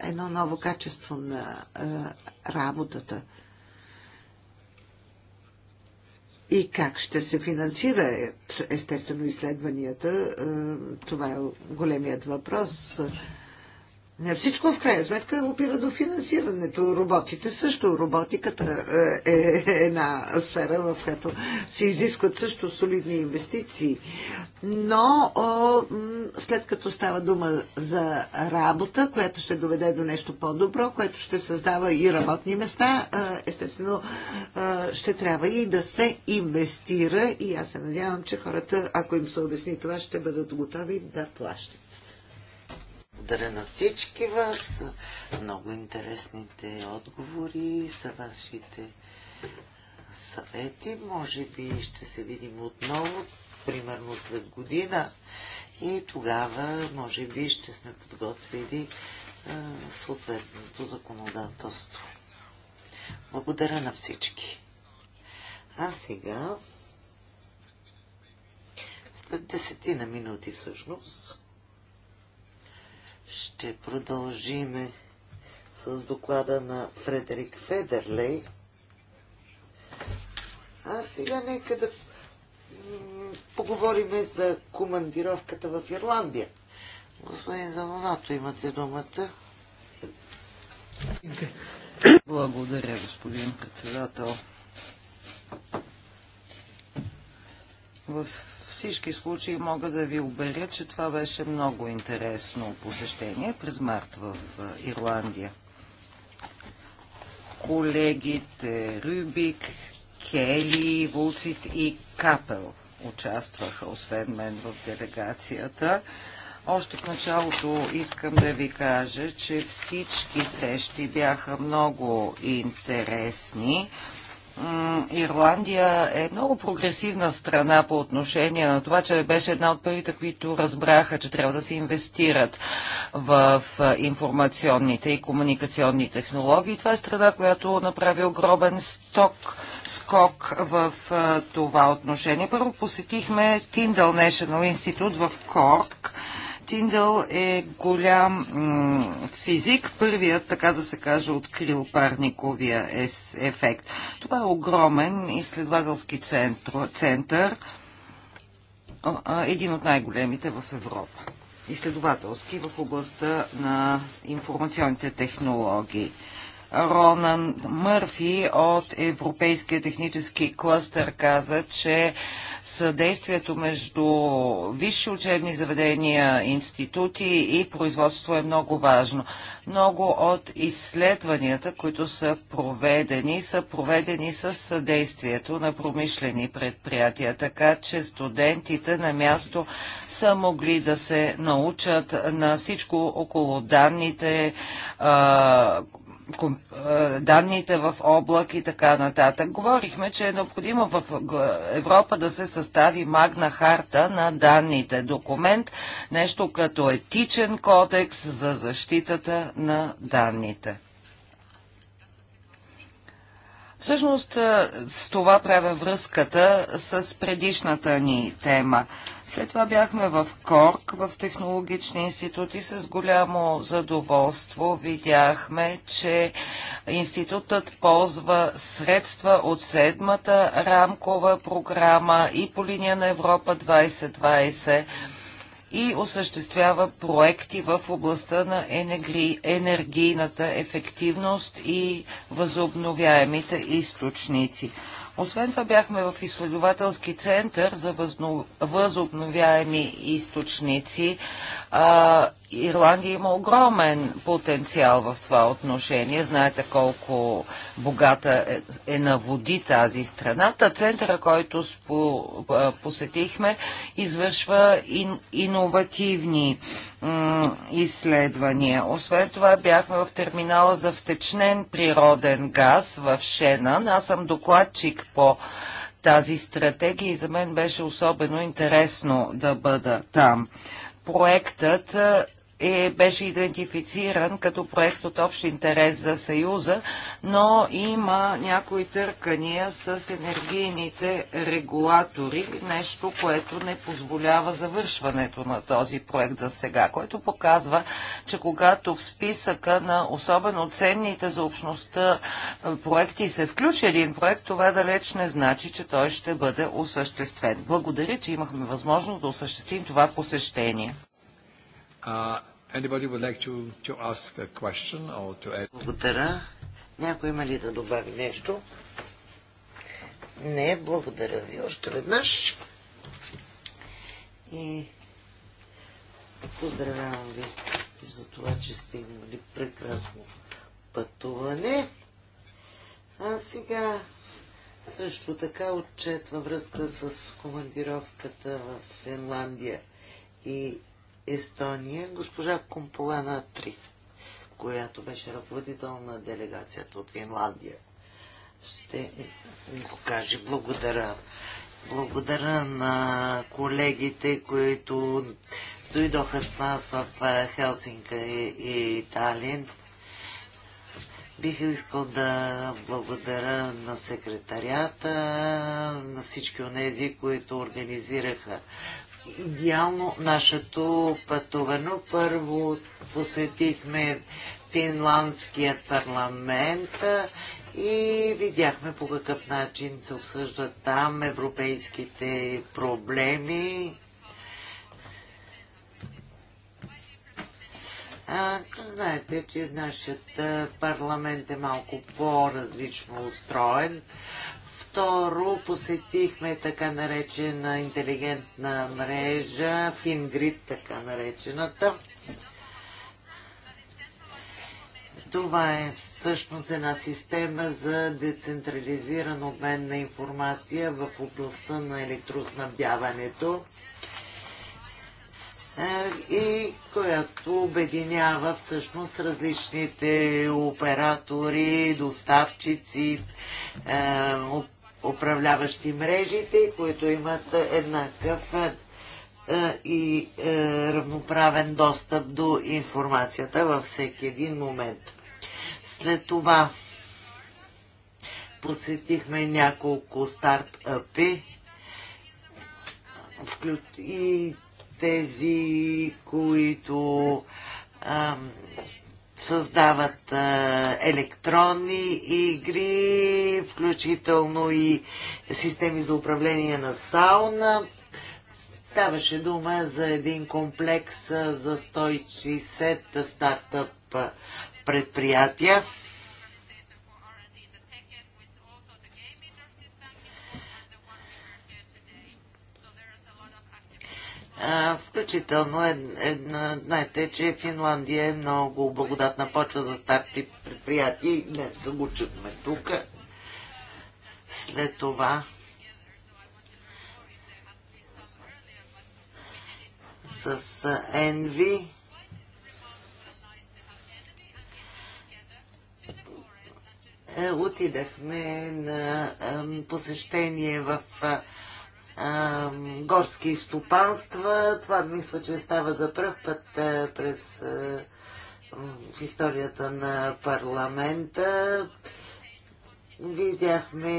едно ново качество на а, работата. И как ще се финансират, естествено, изследванията, а, това е големият въпрос. А, не всичко в крайна сметка опира до финансирането. Роботите също. Роботиката е, е, е една сфера, в която се изискват също солидни инвестиции. Но след като става дума за работа, която ще доведе до нещо по-добро, което ще създава и работни места, е, естествено ще трябва и да се инвестира. И аз се надявам, че хората, ако им се обясни това, ще бъдат готови да плащат. Благодаря на всички вас. Много интересните отговори за вашите съвети. Може би ще се видим отново, примерно след година. И тогава, може би, ще сме подготвили съответното законодателство. Благодаря на всички. А сега, след десетина минути всъщност, ще продължиме с доклада на Фредерик Федерлей. А сега нека да поговорим за командировката в Ирландия. Господин Занонато, имате думата. Благодаря, господин председател. В всички случаи мога да ви уверя, че това беше много интересно посещение през март в е, Ирландия. Колегите Рюбик, Кели, Вулцит и Капел участваха, освен мен, в делегацията. Още в началото искам да ви кажа, че всички срещи бяха много интересни. Ирландия е много прогресивна страна по отношение на това, че беше една от първите, които разбраха, че трябва да се инвестират в информационните и комуникационни технологии. Това е страна, която направи огромен сток, скок в това отношение. Първо посетихме Tyndall National Institute в Корк Тиндъл е голям физик, първият, така да се каже, открил парниковия ефект. Това е огромен изследователски център, център един от най-големите в Европа. Изследователски в областта на информационните технологии. Ронан Мърфи от Европейския технически клъстър каза, че съдействието между висши учебни заведения, институти и производство е много важно. Много от изследванията, които са проведени, са проведени с съдействието на промишлени предприятия, така че студентите на място са могли да се научат на всичко около данните, данните в облак и така нататък. Говорихме, че е необходимо в Европа да се състави магна харта на данните. Документ, нещо като етичен кодекс за защитата на данните. Всъщност с това правя връзката с предишната ни тема. След това бяхме в Корк, в технологични институти. С голямо задоволство видяхме, че институтът ползва средства от седмата рамкова програма и по линия на Европа 2020 и осъществява проекти в областта на енергийната ефективност и възобновяемите източници. Освен това бяхме в изследователски център за възобновяеми източници а, Ирландия има огромен потенциал в това отношение. Знаете колко богата е, е на води тази страна. Та центъра, който спо, посетихме, извършва ин, иновативни изследвания. Освен това бяхме в терминала за втечнен природен газ в Шенан. Аз съм докладчик по тази стратегия и за мен беше особено интересно да бъда там проектът е, беше идентифициран като проект от общ интерес за Съюза, но има някои търкания с енергийните регулатори, нещо, което не позволява завършването на този проект за сега, което показва, че когато в списъка на особено ценните за общността проекти се включи един проект, това далеч не значи, че той ще бъде осъществен. Благодаря, че имахме възможност да осъществим това посещение. А, Anybody would like to, to ask a question or to add? Благодаря. Някой има ли да добави нещо? Не, благодаря ви още веднъж. И поздравявам ви за това, че сте имали прекрасно пътуване. А сега също така отчет във връзка с командировката в Финландия и Естония, госпожа Комполена Три, която беше ръководител на делегацията от Финландия. Ще го кажа Благодаря. Благодаря на колегите, които дойдоха с нас в е, Хелсинка и Талин. Бих искал да благодаря на секретарията, на всички онези, които организираха идеално нашето пътуване. Първо посетихме финландският парламент и видяхме по какъв начин се обсъждат там европейските проблеми. А, знаете, че нашият парламент е малко по-различно устроен. Второ, посетихме така наречена интелигентна мрежа, Фингрид така наречената. Това е всъщност една система за децентрализиран обмен на информация в областта на електроснабдяването е, и която обединява всъщност различните оператори, доставчици, е, управляващи мрежите, които имат е, еднакъв е, е, и равноправен достъп до информацията във всеки един момент. След това посетихме няколко стартъпи и тези, които създават а, електронни игри, включително и системи за управление на сауна. Ставаше дума за един комплекс а, за 160 стартъп предприятия. Включително, една, е, знаете, че Финландия е много благодатна почва за старти предприятия и днес го чухме тук. След това с Енви. Отидахме на посещение в горски стопанства. Това мисля, че става за пръв път през в историята на парламента. Видяхме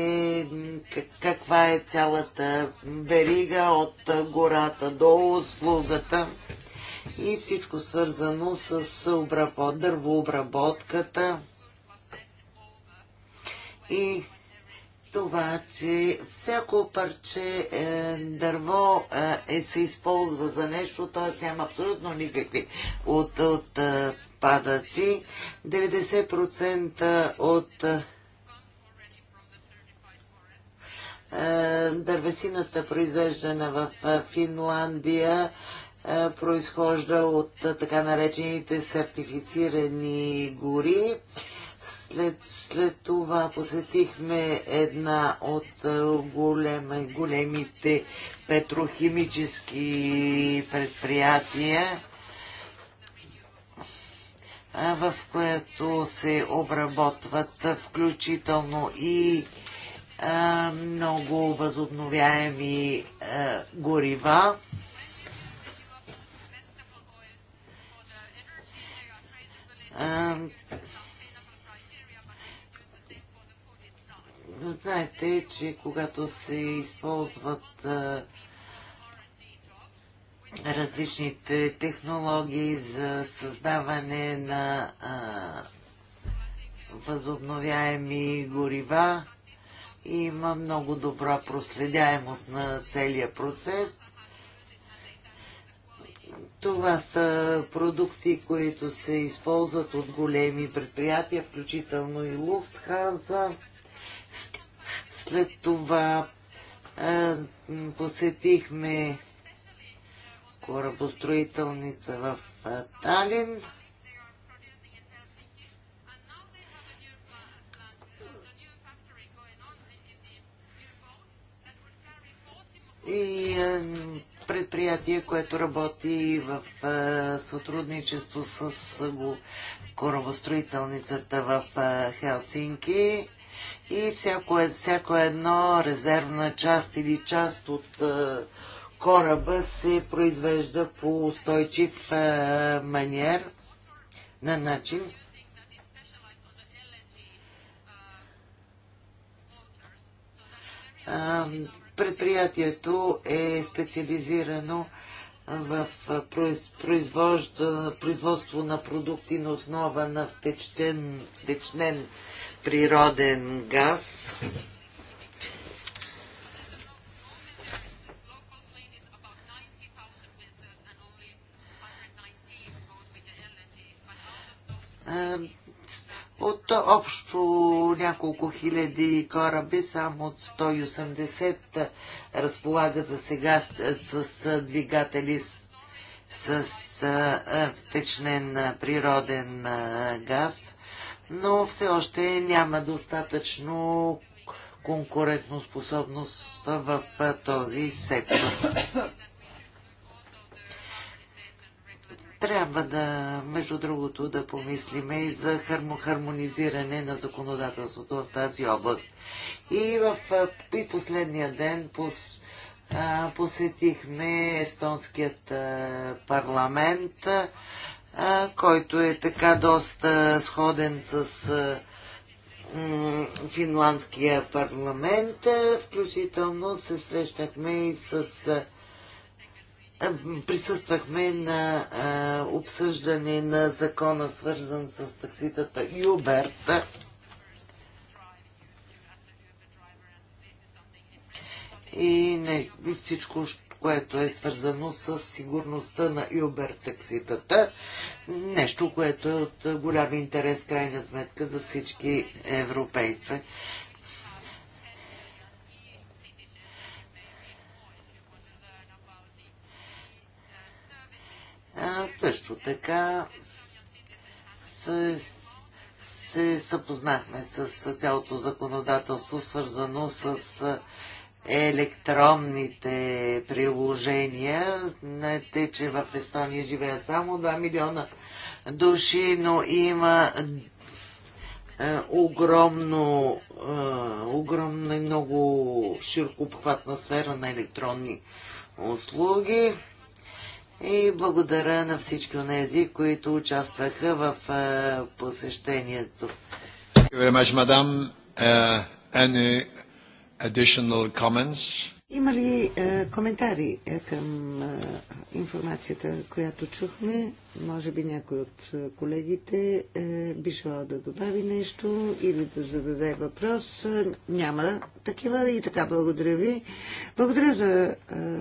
каква е цялата верига от гората до услугата и всичко свързано с дървообработката и това, че всяко парче е, дърво е, е, се използва за нещо, т.е. няма абсолютно никакви от, от е, падъци. 90% от е, дървесината, произвеждана в е, Финландия, е, произхожда от така наречените сертифицирани гори. След, след това посетихме една от е, голема, големите петрохимически предприятия, в което се обработват включително и а, много възобновяеми а, горива. А, знаете, че когато се използват различните технологии за създаване на възобновяеми горива, има много добра проследяемост на целия процес. Това са продукти, които се използват от големи предприятия, включително и Луфтханза. След това а, посетихме корабостроителница в Талин. И предприятие, което работи в сътрудничество с корабостроителницата в Хелсинки и всяко, е- всяко едно резервна част или част от е, кораба се произвежда по устойчив е, маниер на начин. Предприятието е специализирано в производство на продукти на основа на втечнен, втечнен природен газ. От общо няколко хиляди кораби, само от 180 разполагат за сега с двигатели с, с втечнен природен газ но все още няма достатъчно конкурентоспособност в този сектор. Трябва да, между другото, да помислиме и за хармонизиране на законодателството в тази област. И в и последния ден пос, а, посетихме естонският а, парламент който е така доста сходен с финландския парламент. Включително се срещнахме и с присъствахме на обсъждане на закона, свързан с такситата Юберт. И не, всичко, което е свързано с сигурността на Uber такситата. Нещо, което е от голям интерес, крайна сметка, за всички европейства. А, също така се, се съпознахме с цялото законодателство, свързано с електронните приложения. Знаете, че в Естония живеят само 2 милиона души, но има е, огромно, е, огромно и много широко обхватна сфера на електронни услуги. И благодаря на всички от тези, които участваха в е, посещението. Благодаря, мадам additional comments? Има ли е, коментари е, към е, информацията, която чухме? Може би някой от е, колегите е, би желал да добави нещо или да зададе въпрос. Няма такива и така благодаря ви. Благодаря за е,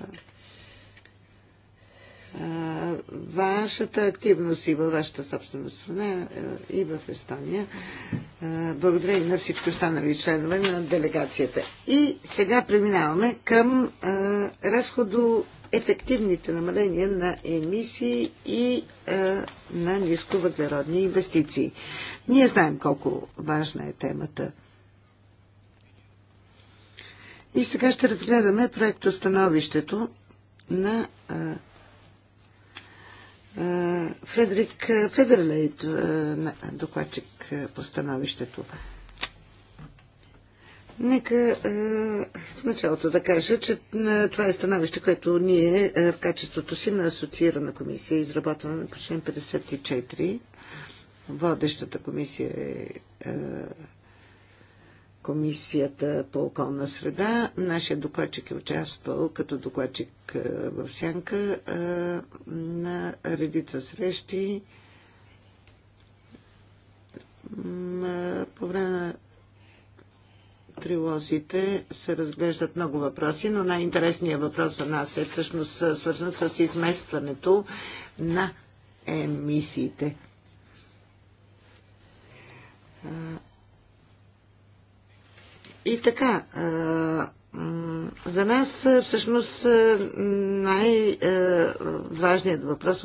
вашата активност и във вашата собствена страна е, и в Естония. Благодаря и на всички останали членове на делегацията. И сега преминаваме към разходо ефективните намаления на емисии и на на нисковъглеродни инвестиции. Ние знаем колко важна е темата. И сега ще разгледаме проектостановището на Фредерик Федерлейт, докладчик по становището. Нека в началото да кажа, че това е становище, което ние в качеството си на асоциирана комисия изработваме по член 54. Водещата комисия е Комисията по околна среда. Нашия докладчик е участвал като докладчик е, в Сянка е, на редица срещи е, по време на трилозите се разглеждат много въпроси, но най-интересният въпрос за нас е всъщност свързан с изместването на емисиите. И така, за нас всъщност най-важният въпрос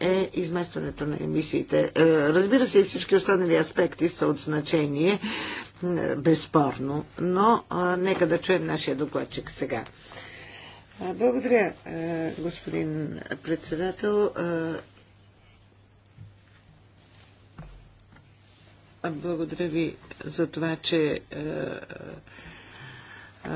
е изместването на емисиите. Разбира се, и всички останали аспекти са от значение, безспорно, но нека да чуем нашия докладчик сега. Благодаря, господин председател. Благодаря ви за това, че е, е, е,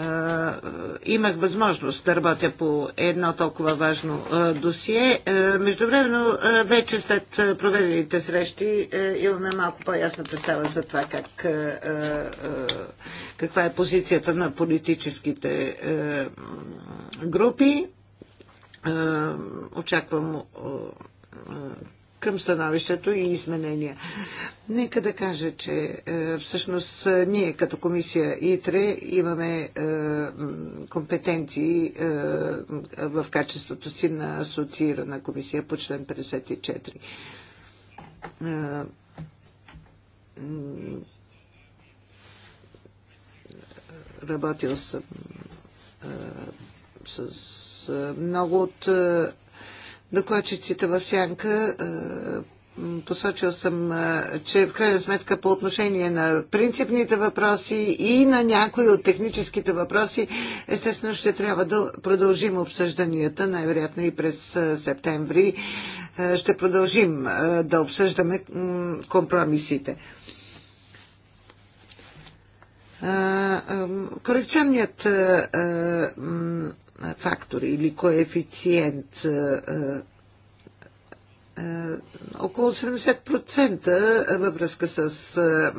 имах възможност да работя по едно толкова важно е, досие. Е, Междувременно, е, вече след е, проведените срещи, е, имаме малко по-ясна представа за това как, е, е, е каква е позицията на политическите е, групи. Е, очаквам. Е, към становището и изменения. Нека да кажа, че е, всъщност ние като комисия ИТРЕ имаме е, компетенции е, в качеството си на асоциирана комисия по член 54 работил съм с, много от докладчиците в сянка е, посочил съм, е, че в крайна сметка по отношение на принципните въпроси и на някои от техническите въпроси, естествено ще трябва да продължим обсъжданията, най-вероятно и през е, септември ще продължим да обсъждаме компромисите. Корекционният фактор или коефициент около 70% във връзка с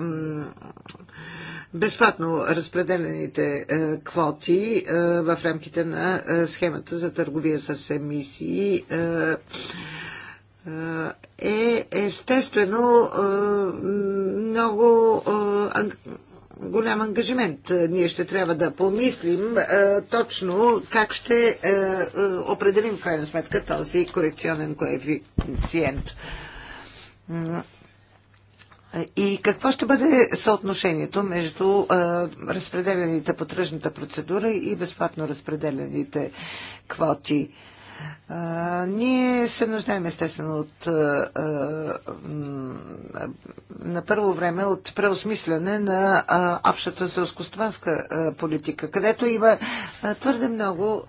безплатно разпределените квоти в рамките на схемата за търговия с емисии е естествено много голям ангажимент. Ние ще трябва да помислим а, е, точно как ще а, е, е, определим в крайна сметка този корекционен коефициент. И какво ще бъде съотношението между а, разпределените по тръжната процедура и безплатно разпределените квоти? А, ние се нуждаем естествено от на първо време от преосмислене на общата селскостопанска политика, където има твърде много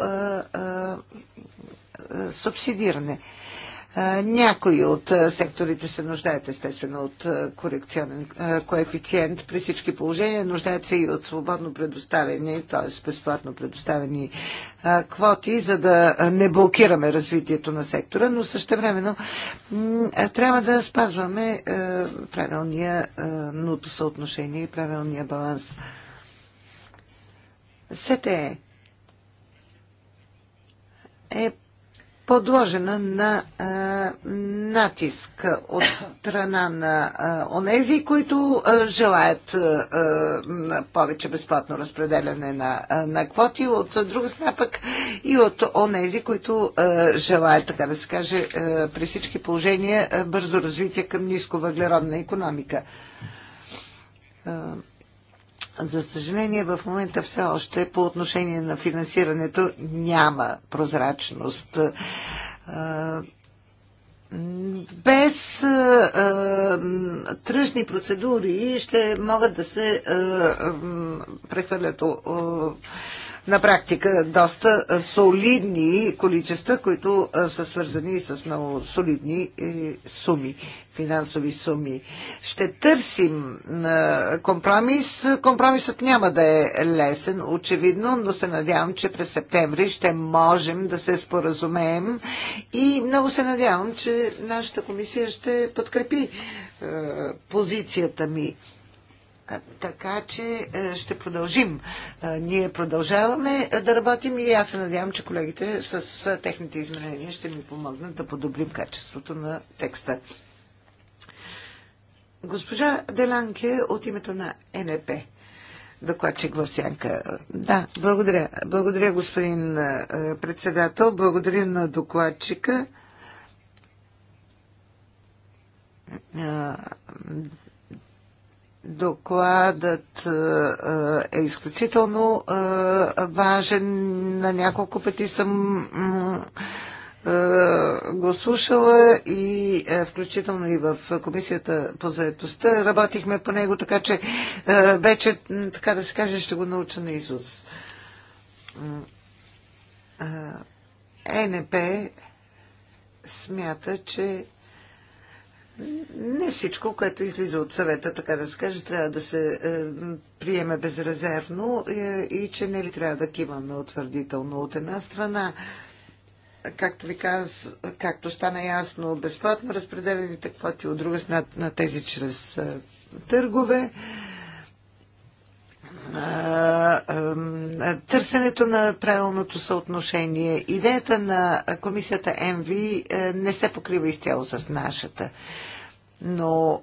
субсидиране. Някои от секторите се нуждаят естествено от корекционен коефициент при всички положения, нуждаят се и от свободно предоставени, т.е. безплатно предоставени квоти, за да не блокираме развитието на сектора, но същевременно трябва да спазваме правилния нуто съотношение и правилния баланс. СТЕ е, е подложена на а, натиск от страна на а, онези, които а, желаят а, повече безплатно разпределяне на, а, на квоти, от друга страна пък и от онези, които а, желаят, така да се каже, а, при всички положения а, бързо развитие към ниско въглеродна економика. А, за съжаление, в момента все още по отношение на финансирането няма прозрачност. Без тръжни процедури ще могат да се прехвърлят на практика доста солидни количества, които са свързани с много солидни е, суми, финансови суми. Ще търсим компромис. Компромисът няма да е лесен, очевидно, но се надявам, че през септември ще можем да се споразумеем и много се надявам, че нашата комисия ще подкрепи позицията ми така че е, ще продължим. Ние продължаваме е, да работим и аз се надявам, че колегите с е, техните изменения ще ни помогнат да подобрим качеството на текста. Госпожа Деланке от името на НП. Докладчик в сянка. Да, благодаря. Благодаря, господин председател. Благодаря на докладчика Докладът е, е, е изключително е, важен. На няколко пъти съм го слушала и включително и в комисията по заедостта работихме по него, така че вече, така да се каже, ще го науча на Исус. ЕНП смята, че не всичко, което излиза от съвета, така да се каже, трябва да се е, приеме безрезервно е, и че не ли трябва да киваме утвърдително от една страна. Както ви каз, както стана ясно, безплатно разпределените квоти от друга страна на тези чрез е, търгове. Е, е, е, търсенето на правилното съотношение. Идеята на комисията МВ е, не се покрива изцяло с нашата. Но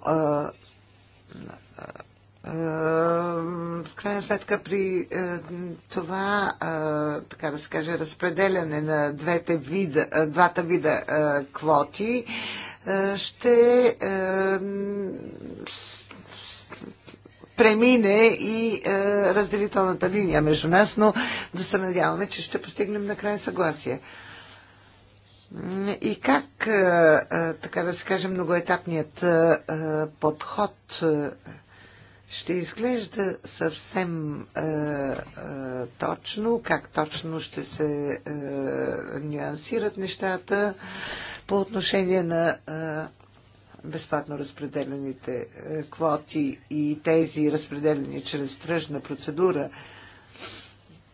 в крайна сметка при това, така да се каже, разпределяне на двете вида, двата вида квоти ще премине и е, разделителната линия между нас, но да се надяваме, че ще постигнем накрая съгласие. И как, е, е, така да се каже, многоетапният е, подход ще изглежда съвсем е, е, точно, как точно ще се е, нюансират нещата по отношение на е, безплатно разпределените е, квоти и тези разпределени чрез тръжна процедура.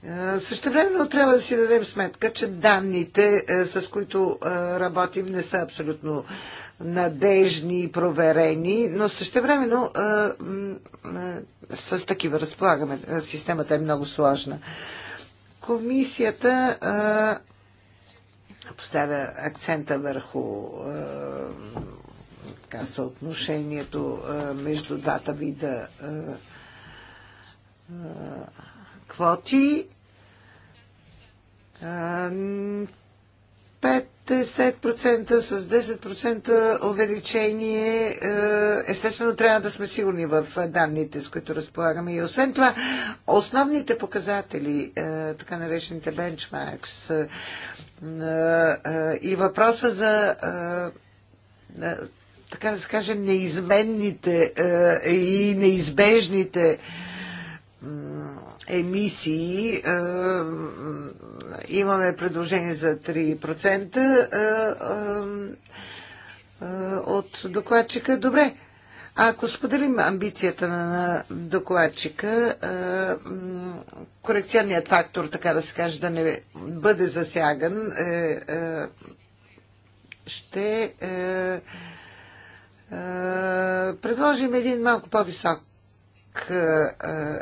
Е, времено трябва да си дадем сметка, че данните, е, с които работим, не са абсолютно надежни и проверени, но времено с такива разполагаме. Системата е много сложна. Комисията поставя акцента върху така съотношението между двата вида квоти. 50% с 10% увеличение, естествено трябва да сме сигурни в данните, с които разполагаме. И освен това, основните показатели, така наречените бенчмаркс и въпроса за така да се каже, неизменните е, и неизбежните емисии. Е, имаме предложение за 3% е, от докладчика. Добре, ако споделим амбицията на докладчика, корекционният фактор, така да се каже, да не бъде засяган, ще е, предложим един малко по-висок, е, е,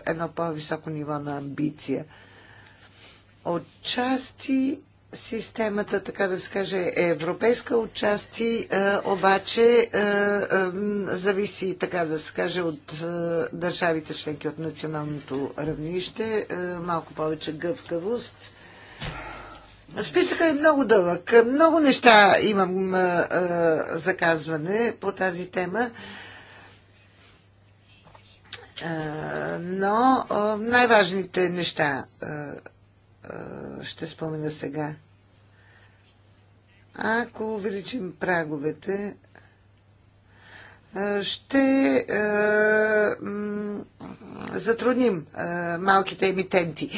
едно по-високо ниво на амбиция. Отчасти системата, така да се каже, е европейска, отчасти обаче зависи, така да се каже, от държавите членки, от националното равнище, малко повече гъвкавост Списъка е много дълъг. Много неща имам а, а, заказване по тази тема. А, но най-важните неща а, а, ще спомена сега. Ако увеличим праговете, е, ще е, затрудним е, малките емитенти.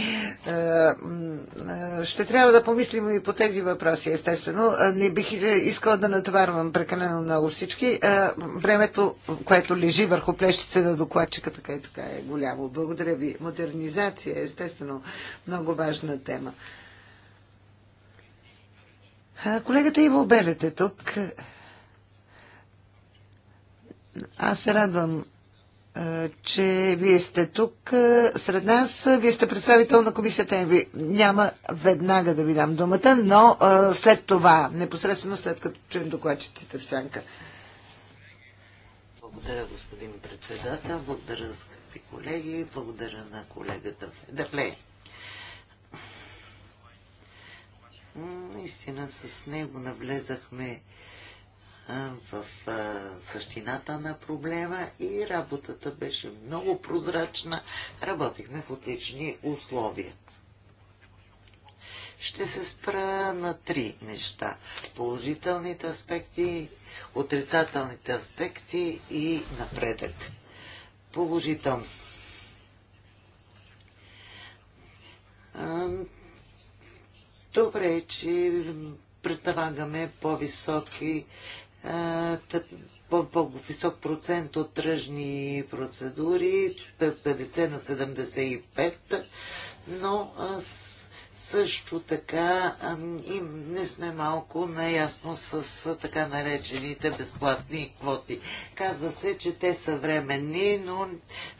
Ще трябва да помислим и по тези въпроси, естествено. Не бих искала да натоварвам прекалено много всички. Времето, което лежи върху плещите на докладчика, така и така е голямо. Благодаря ви. Модернизация е естествено много важна тема. Колегата Иво Белет е тук. Аз се радвам, че вие сте тук сред нас. Вие сте представител на комисията МВ. Няма веднага да ви дам думата, но след това, непосредствено след като чуем докладчиците в сянка. Благодаря, господин председател. Благодаря, скъпи колеги. Благодаря на колегата Федерле. Наистина с него навлезахме в същината на проблема и работата беше много прозрачна. Работихме в отлични условия. Ще се спра на три неща. Положителните аспекти, отрицателните аспекти и напредък. Положително. Добре, че предлагаме по-високи по-висок -по процент от тръжни процедури, 50 на 75, но също така и не сме малко наясно с така наречените безплатни квоти. Казва се, че те са временни, но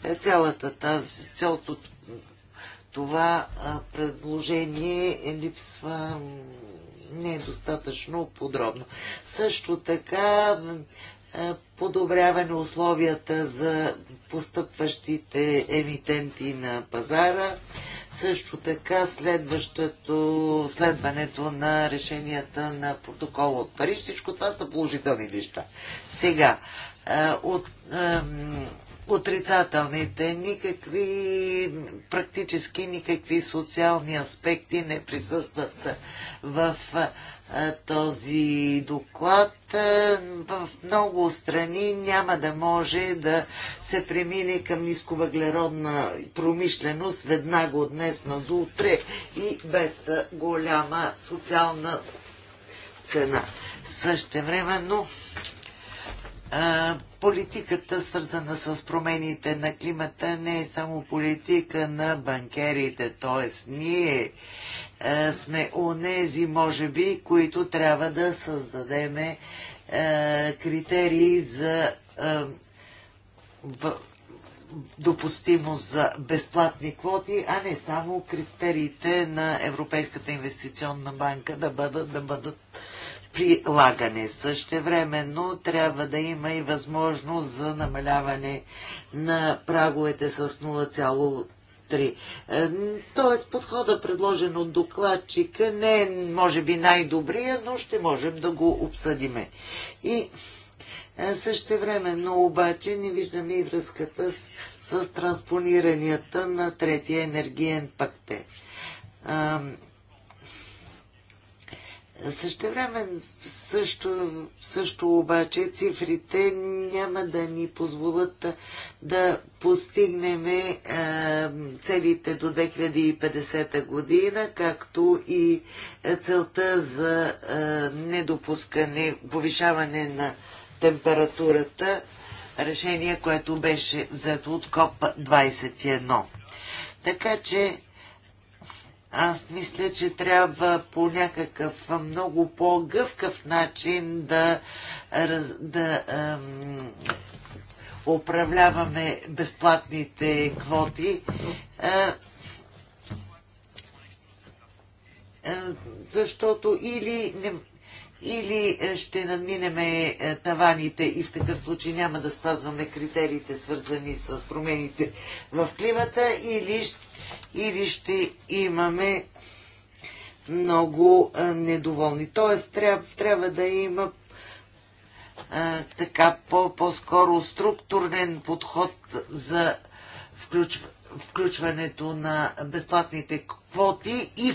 е, цялата тази, цялото това предложение е липсва не е достатъчно подробно. Също така е, подобряване условията за постъпващите емитенти на пазара, също така следващото, следването на решенията на протокола от Париж. Всичко това са положителни неща. Сега, е, от, отрицателните, никакви, практически никакви социални аспекти не присъстват в този доклад. В много страни няма да може да се премине към нисковъглеродна промишленост веднага от днес на утре и без голяма социална цена. Същевременно политиката, свързана с промените на климата, не е само политика на банкерите, т.е. ние е, сме онези, може би, които трябва да създадеме е, критерии за е, в, допустимост за безплатни квоти, а не само критериите на Европейската инвестиционна банка да бъдат, да бъдат прилагане. Същевременно трябва да има и възможност за намаляване на праговете с 0,3. Е, тоест подхода, предложен от докладчика, не е, може би, най-добрия, но ще можем да го обсъдиме. И е, същевременно обаче не виждаме и връзката с, с транспониранията на третия енергиен пакте време, също, също обаче цифрите няма да ни позволят да постигнем е, целите до 2050 година, както и е, целта за е, недопускане, повишаване на температурата, решение, което беше взето от КОП 21. Така че аз мисля, че трябва по някакъв много по-гъвкав начин да, да ам, управляваме безплатните квоти. А, а, защото или не, или е, ще надминеме е, таваните и в такъв случай няма да спазваме критериите, свързани с промените в климата, или, или ще имаме много е, недоволни. Тоест, трябва, трябва да има така по-скоро -по структурен подход за включване включването на безплатните квоти и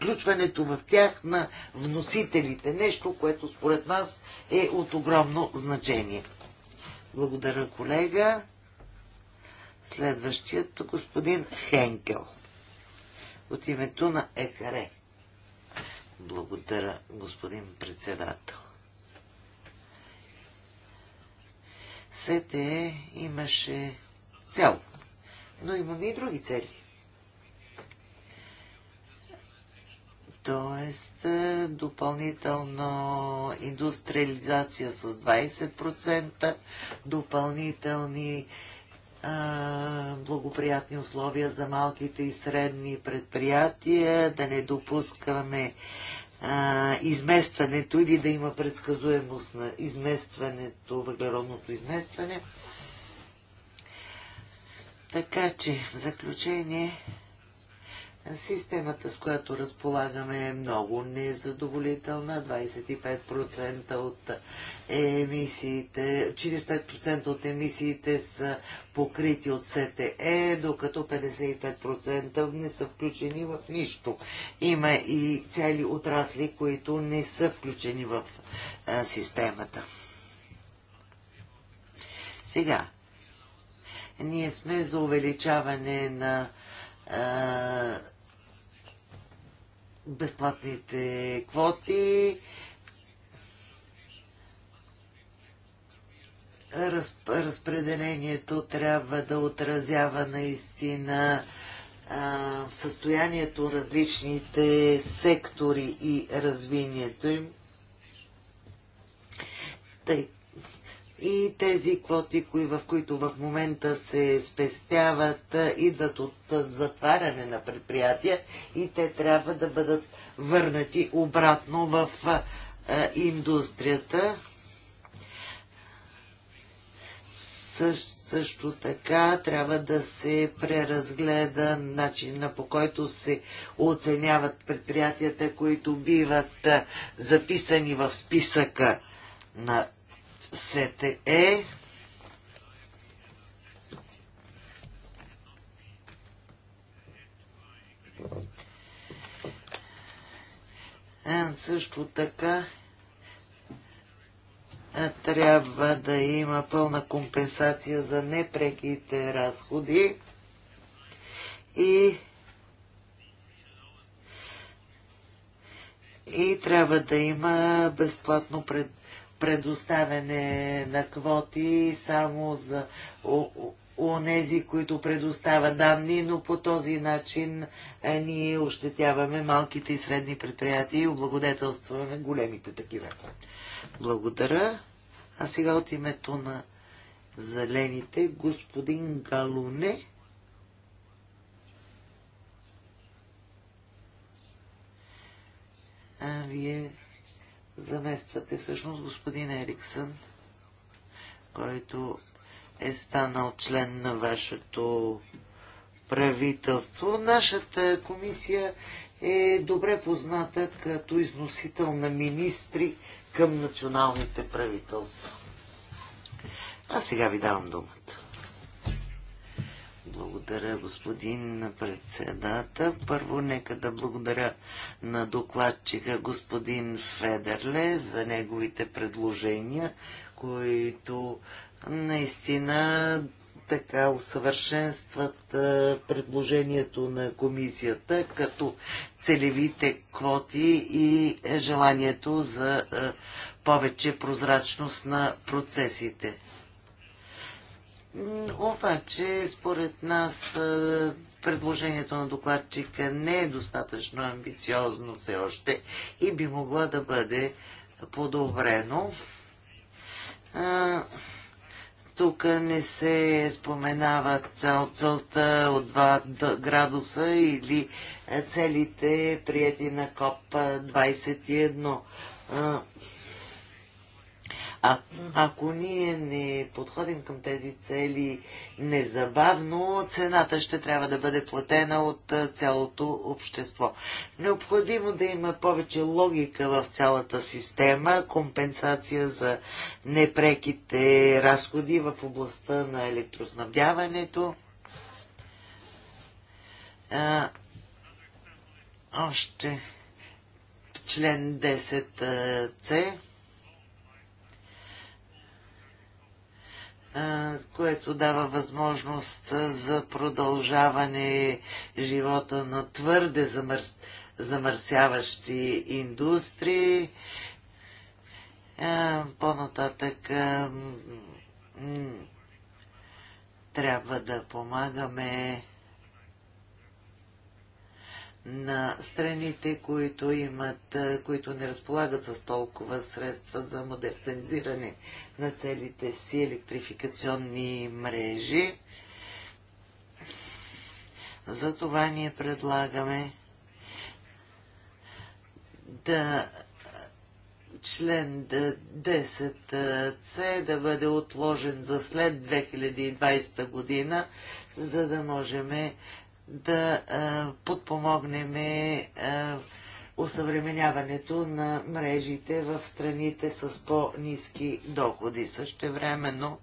включването в тях на вносителите. Нещо, което според нас е от огромно значение. Благодаря, колега. Следващият господин Хенкел от името на ЕКАРЕ. Благодаря, господин председател. Сете имаше цел но имаме и други цели. Тоест, е, допълнително индустриализация с 20%, допълнителни е, благоприятни условия за малките и средни предприятия, да не допускаме а, е, изместването или да има предсказуемост на изместването, въглеродното изместване. Така че, в заключение, Системата, с която разполагаме е много незадоволителна. 25% от емисиите, 45% от емисиите са покрити от СТЕ, докато 55% не са включени в нищо. Има и цели отрасли, които не са включени в системата. Сега, ние сме за увеличаване на а, безплатните квоти, разпределението трябва да отразява наистина а, състоянието различните сектори и развинието им, тъй и тези квоти, кои, в които в момента се спестяват, идват от затваряне на предприятия и те трябва да бъдат върнати обратно в индустрията. Също, също така трябва да се преразгледа начина по който се оценяват предприятията, които биват записани в списъка на CTE е. също така трябва да има пълна компенсация за непреките разходи и и трябва да има безплатно пред, предоставяне на квоти само за онези, които предоставят данни, но по този начин е, ние ощетяваме малките и средни предприятия и облагодетелстваме големите такива. Благодаря. А сега от името на зелените, господин Галуне. А, вие замествате всъщност господин Ериксън, който е станал член на вашето правителство. Нашата комисия е добре позната като износител на министри към националните правителства. А сега ви давам думата. Благодаря, господин председател. Първо, нека да благодаря на докладчика господин Федерле за неговите предложения, които наистина така усъвършенстват предложението на комисията, като целевите квоти и желанието за повече прозрачност на процесите. Обаче, според нас, предложението на докладчика не е достатъчно амбициозно все още и би могла да бъде подобрено. Тук не се споменава цел, целта от 2 градуса или целите прияти на КОП 21. А, ако ние не подходим към тези цели незабавно, цената ще трябва да бъде платена от цялото общество. Необходимо да има повече логика в цялата система, компенсация за непреките разходи в областта на електроснабдяването. А, още член 10c което дава възможност за продължаване живота на твърде замър... замърсяващи индустрии. По-нататък трябва да помагаме на страните, които имат, които не разполагат с толкова средства за модернизиране на целите си електрификационни мрежи. За това ние предлагаме да член 10c да бъде отложен за след 2020 година, за да можем да подпомогнем осъвременяването на мрежите в страните с по-низки доходи. Същевременно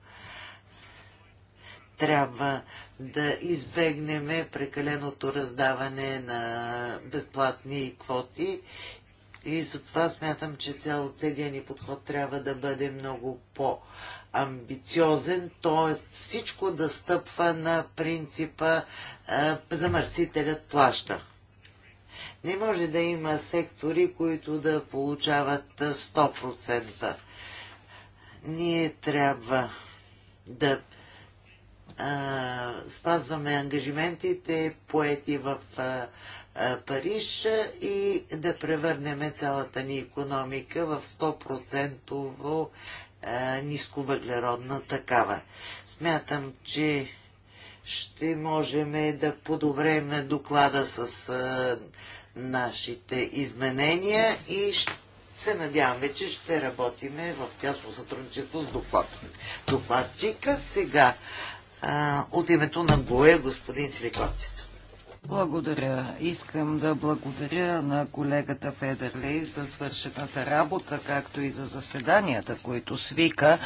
трябва да избегнем прекаленото раздаване на безплатни квоти и затова смятам, че цял целият ни подход трябва да бъде много по- амбициозен, т.е. всичко да стъпва на принципа замърсителят плаща. Не може да има сектори, които да получават 100%. Ние трябва да а, спазваме ангажиментите, поети в а, а, Париж и да превърнем цялата ни економика в 100% е, нисковъглеродна такава. Смятам, че ще можем да подобрем доклада с а, е, нашите изменения и се надяваме, че ще работиме в тясно сътрудничество с доклад. докладчика. Сега а, е, от името на ГОЕ господин Силикотис. Благодаря. Искам да благодаря на колегата Федерли за свършената работа, както и за заседанията, които свика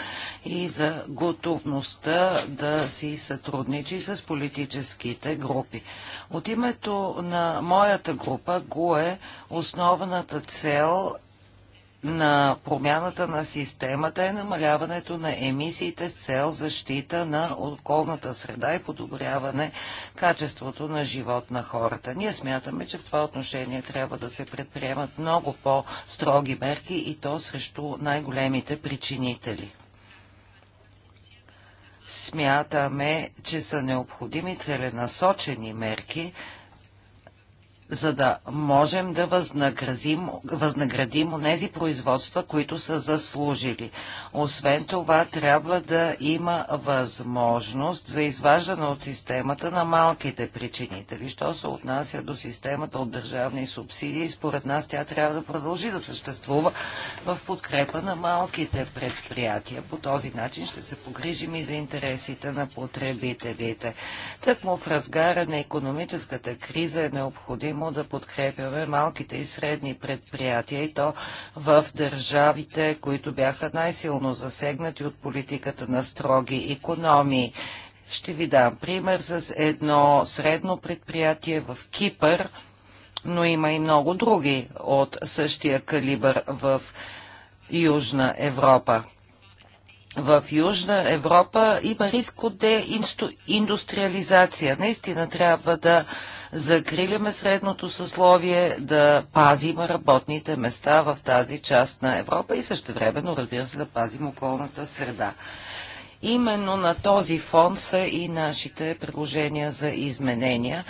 и за готовността да си сътрудничи с политическите групи. От името на моята група ГУЕ основната цел на промяната на системата е намаляването на емисиите с цел защита на околната среда и подобряване качеството на живот на хората. Ние смятаме, че в това отношение трябва да се предприемат много по-строги мерки и то срещу най-големите причинители. Смятаме, че са необходими целенасочени мерки, за да можем да възнаградим, възнаградим онези производства, които са заслужили. Освен това, трябва да има възможност за изваждане от системата на малките причинители. Що се отнася до системата от държавни субсидии, според нас тя трябва да продължи да съществува в подкрепа на малките предприятия. По този начин ще се погрижим и за интересите на потребителите. Тъкмо в разгара на економическата криза е необходимо необходимо да подкрепяме малките и средни предприятия и то в държавите, които бяха най-силно засегнати от политиката на строги економии. Ще ви дам пример с едно средно предприятие в Кипър, но има и много други от същия калибър в Южна Европа. В Южна Европа има риск от деиндустриализация. Наистина трябва да закриляме средното съсловие, да пазим работните места в тази част на Европа и също времено, разбира се, да пазим околната среда. Именно на този фон са и нашите предложения за изменения.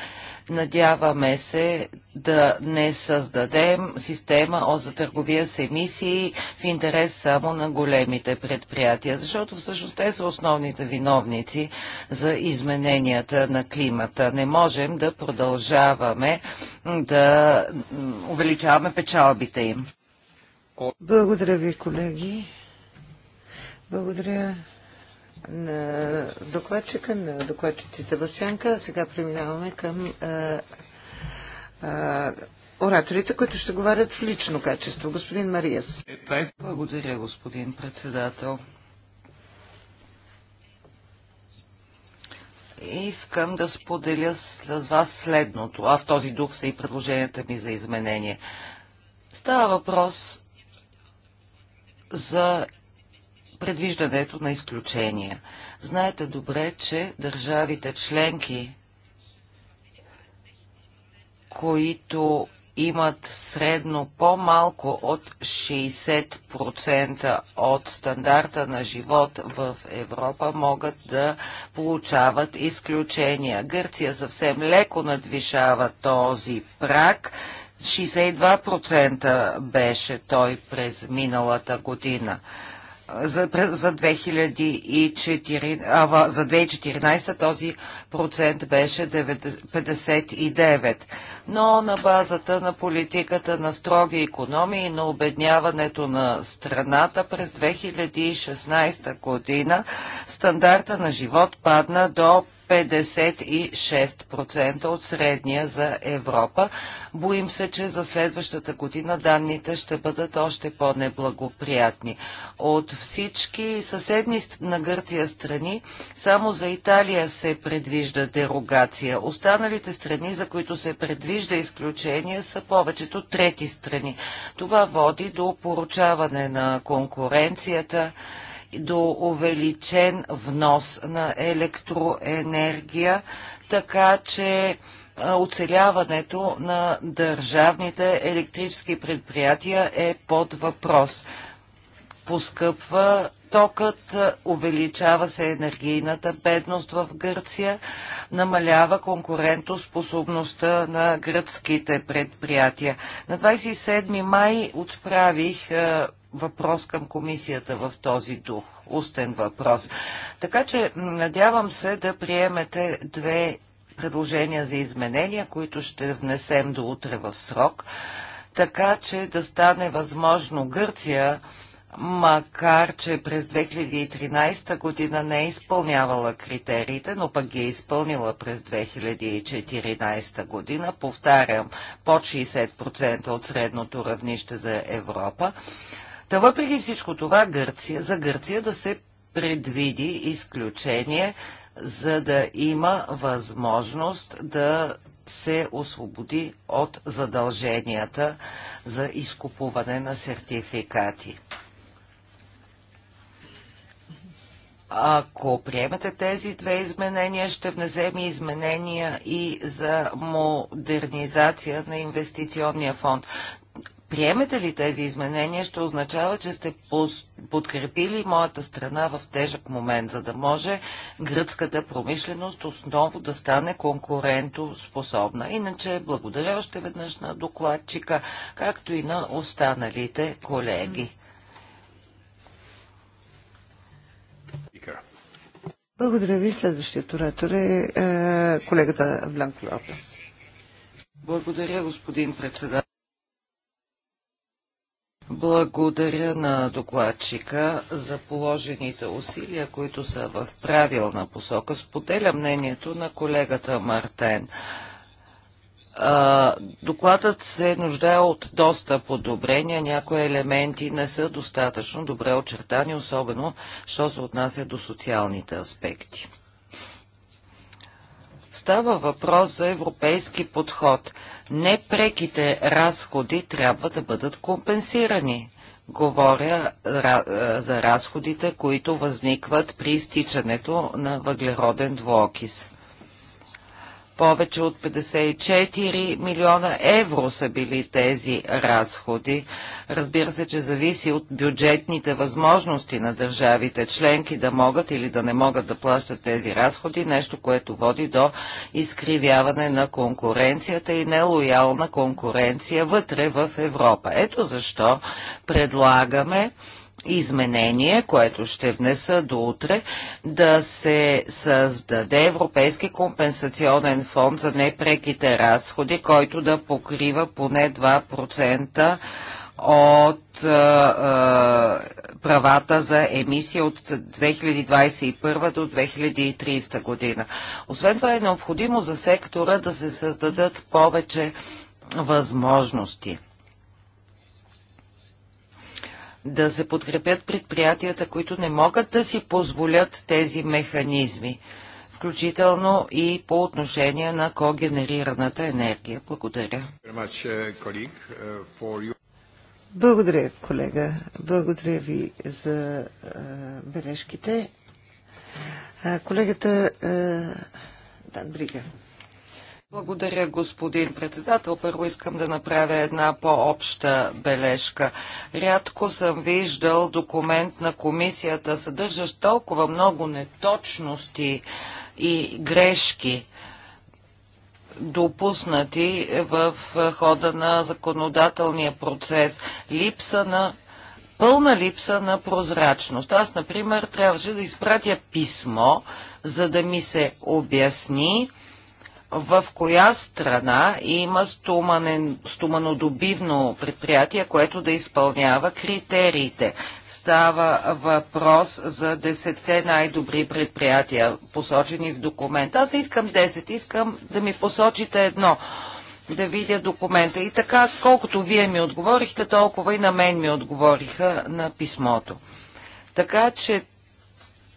Надяваме се да не създадем система за търговия с емисии в интерес само на големите предприятия, защото всъщност те са основните виновници за измененията на климата. Не можем да продължаваме да увеличаваме печалбите им. Благодаря ви, колеги. Благодаря на докладчика, на докладчиците в Сега преминаваме към а, а, ораторите, които ще говорят в лично качество. Господин Мариес. Благодаря, господин председател. Искам да споделя с вас следното, а в този дух са и предложенията ми за изменение. Става въпрос за предвиждането на изключения. Знаете добре, че държавите членки, които имат средно по-малко от 60% от стандарта на живот в Европа могат да получават изключения. Гърция съвсем леко надвишава този прак. 62% беше той през миналата година за, за 2014, а, за 2014 този процент беше 59. Но на базата на политиката на строги економии и на обедняването на страната през 2016 година стандарта на живот падна до 56% от средния за Европа. Боим се, че за следващата година данните ще бъдат още по-неблагоприятни. От всички съседни на Гърция страни, само за Италия се предвижда предвижда дерогация. Останалите страни, за които се предвижда изключение, са повечето трети страни. Това води до поручаване на конкуренцията, до увеличен внос на електроенергия, така че оцеляването на държавните електрически предприятия е под въпрос. Поскъпва токът, е, увеличава се енергийната бедност в Гърция, намалява конкурентоспособността на гръцките предприятия. На 27 май отправих е, въпрос към комисията в този дух, устен въпрос. Така че надявам се да приемете две предложения за изменения, които ще внесем до утре в срок, така че да стане възможно Гърция макар че през 2013 година не е изпълнявала критериите, но пък ги е изпълнила през 2014 година. Повтарям, под 60% от средното равнище за Европа. Та въпреки всичко това, Гърция, за Гърция да се предвиди изключение, за да има възможност да се освободи от задълженията за изкупуване на сертификати. Ако приемете тези две изменения, ще внесем и изменения и за модернизация на инвестиционния фонд. Приемете ли тези изменения, ще означава, че сте подкрепили моята страна в тежък момент, за да може гръцката промишленост отново да стане конкурентоспособна. Иначе благодаря още веднъж на докладчика, както и на останалите колеги. Благодаря ви. Следващият оратор е, е колегата Бланко Лопес. Благодаря, господин председател. Благодаря на докладчика за положените усилия, които са в правилна посока. Споделя мнението на колегата Мартен. Докладът се нуждае от доста подобрения. Някои елементи не са достатъчно добре очертани, особено, що се отнася до социалните аспекти. Става въпрос за европейски подход. Непреките разходи трябва да бъдат компенсирани. Говоря за разходите, които възникват при изтичането на въглероден двуокис. Повече от 54 милиона евро са били тези разходи. Разбира се, че зависи от бюджетните възможности на държавите членки да могат или да не могат да плащат тези разходи, нещо, което води до изкривяване на конкуренцията и нелоялна конкуренция вътре в Европа. Ето защо предлагаме изменение, което ще внеса до утре, да се създаде Европейски компенсационен фонд за непреките разходи, който да покрива поне 2% от а, а, правата за емисия от 2021 до 2030 година. Освен това е необходимо за сектора да се създадат повече възможности – да се подкрепят предприятията, които не могат да си позволят тези механизми, включително и по отношение на когенерираната енергия. Благодаря. Благодаря, колега. Благодаря ви за а, бележките. А, колегата а, Дан Брига. Благодаря, господин председател. Първо искам да направя една по-обща бележка. Рядко съм виждал документ на комисията, съдържащ толкова много неточности и грешки допуснати в хода на законодателния процес. Липса на пълна липса на прозрачност. Аз, например, трябваше да изпратя писмо, за да ми се обясни в коя страна има стуманен, стоманодобивно предприятие, което да изпълнява критериите. Става въпрос за 10 най-добри предприятия, посочени в документа. Аз не искам 10, искам да ми посочите едно да видя документа. И така, колкото вие ми отговорихте, толкова и на мен ми отговориха на писмото. Така че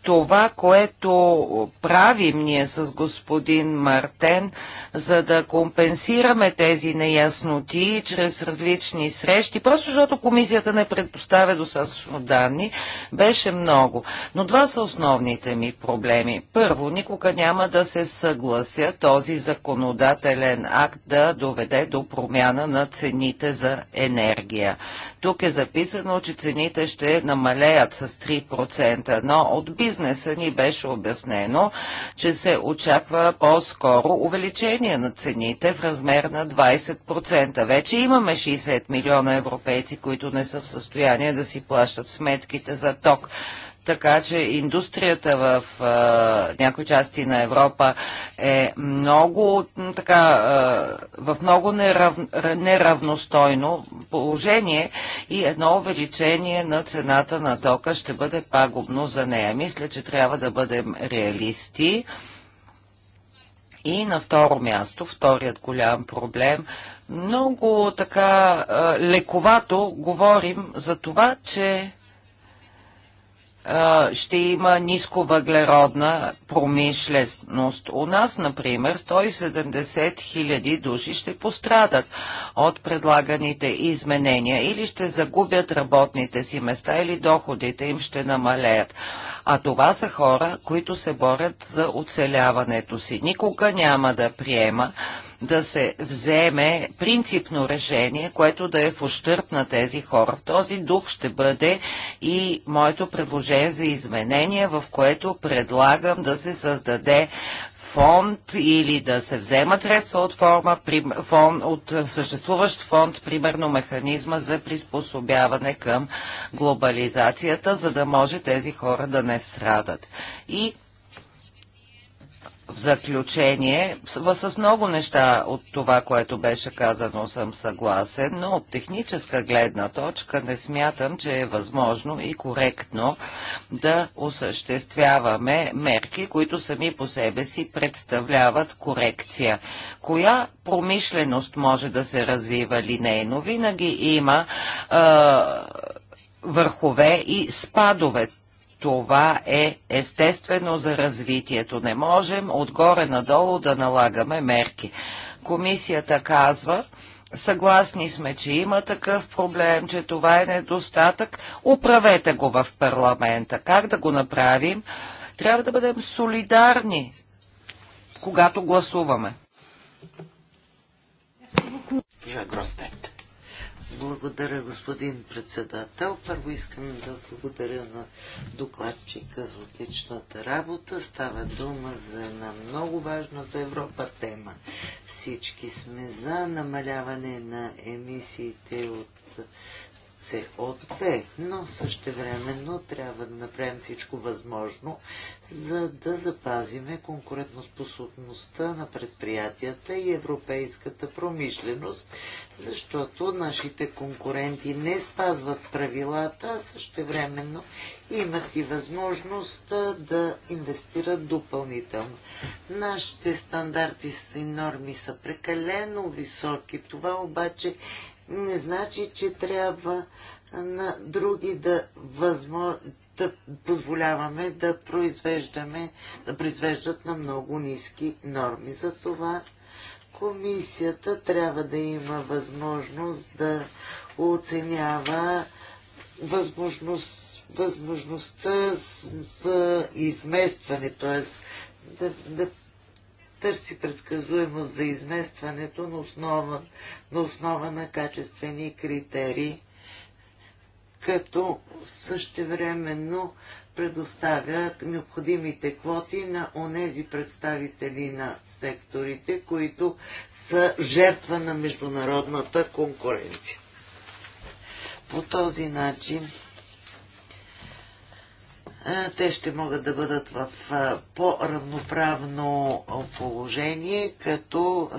това, което правим ние с господин Мартен, за да компенсираме тези неясноти чрез различни срещи, просто защото комисията не предоставя достатъчно данни, беше много. Но два са основните ми проблеми. Първо, никога няма да се съглася този законодателен акт да доведе до промяна на цените за енергия. Тук е записано, че цените ще намалеят с 3%, но от бизнес бизнеса ни беше обяснено, че се очаква по-скоро увеличение на цените в размер на 20%. Вече имаме 60 милиона европейци, които не са в състояние да си плащат сметките за ток така че индустрията в а, някои части на Европа е много, така, а, в много нерав, неравностойно положение и едно увеличение на цената на тока ще бъде пагубно за нея. Мисля, че трябва да бъдем реалисти. И на второ място, вторият голям проблем, много така лековато говорим за това, че ще има ниско въглеродна промишленост. У нас, например, 170 хиляди души ще пострадат от предлаганите изменения или ще загубят работните си места или доходите им ще намалеят. А това са хора, които се борят за оцеляването си. Никога няма да приема да се вземе принципно решение, което да е в ущърп на тези хора. В този дух ще бъде и моето предложение за изменение, в което предлагам да се създаде фонд или да се вземат средства от, форма, фон, от съществуващ фонд, примерно механизма за приспособяване към глобализацията, за да може тези хора да не страдат. И в заключение, с много неща от това, което беше казано, съм съгласен, но от техническа гледна точка не смятам, че е възможно и коректно да осъществяваме мерки, които сами по себе си представляват корекция. Коя промишленост може да се развива линейно? Винаги има върхове и спадове това е естествено за развитието. Не можем отгоре надолу да налагаме мерки. Комисията казва, съгласни сме, че има такъв проблем, че това е недостатък, управете го в парламента. Как да го направим? Трябва да бъдем солидарни, когато гласуваме. Жа Гростет. Благодаря, господин председател. Първо искам да благодаря на докладчика за отличната работа. Става дума за една много важна за Европа тема. Всички сме за намаляване на емисиите от се отпе, но същевременно трябва да направим всичко възможно, за да запазиме конкурентоспособността на предприятията и европейската промишленост, защото нашите конкуренти не спазват правилата, а същевременно имат и възможност да инвестират допълнително. Нашите стандарти и норми са прекалено високи. Това обаче не значи, че трябва на други да, възмо... да позволяваме да произвеждаме, да произвеждат на много ниски норми. За това комисията трябва да има възможност да оценява възможност, възможността за изместване, т.е. Да, да търси предсказуемост за изместването на основа на, основа на качествени критерии, като същевременно предоставя необходимите квоти на онези представители на секторите, които са жертва на международната конкуренция. По този начин те ще могат да бъдат в по-равноправно положение, като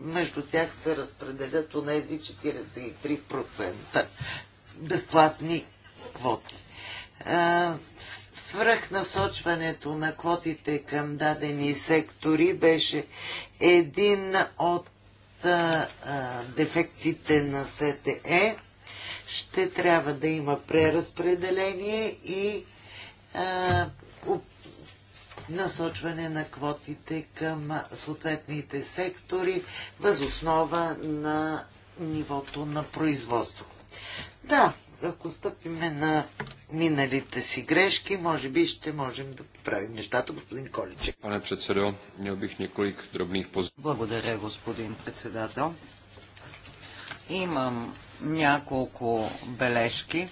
между тях се разпределят онези 43% безплатни квоти. Свръхнасочването на квотите към дадени сектори беше един от дефектите на СТЕ. Ще трябва да има преразпределение и насочване на квотите към съответните сектори възоснова на нивото на производство. Да, ако стъпиме на миналите си грешки, може би ще можем да поправим нещата, господин Количе. Пане председател, не бих няколко дробних поз... Благодаря, господин председател. Имам няколко бележки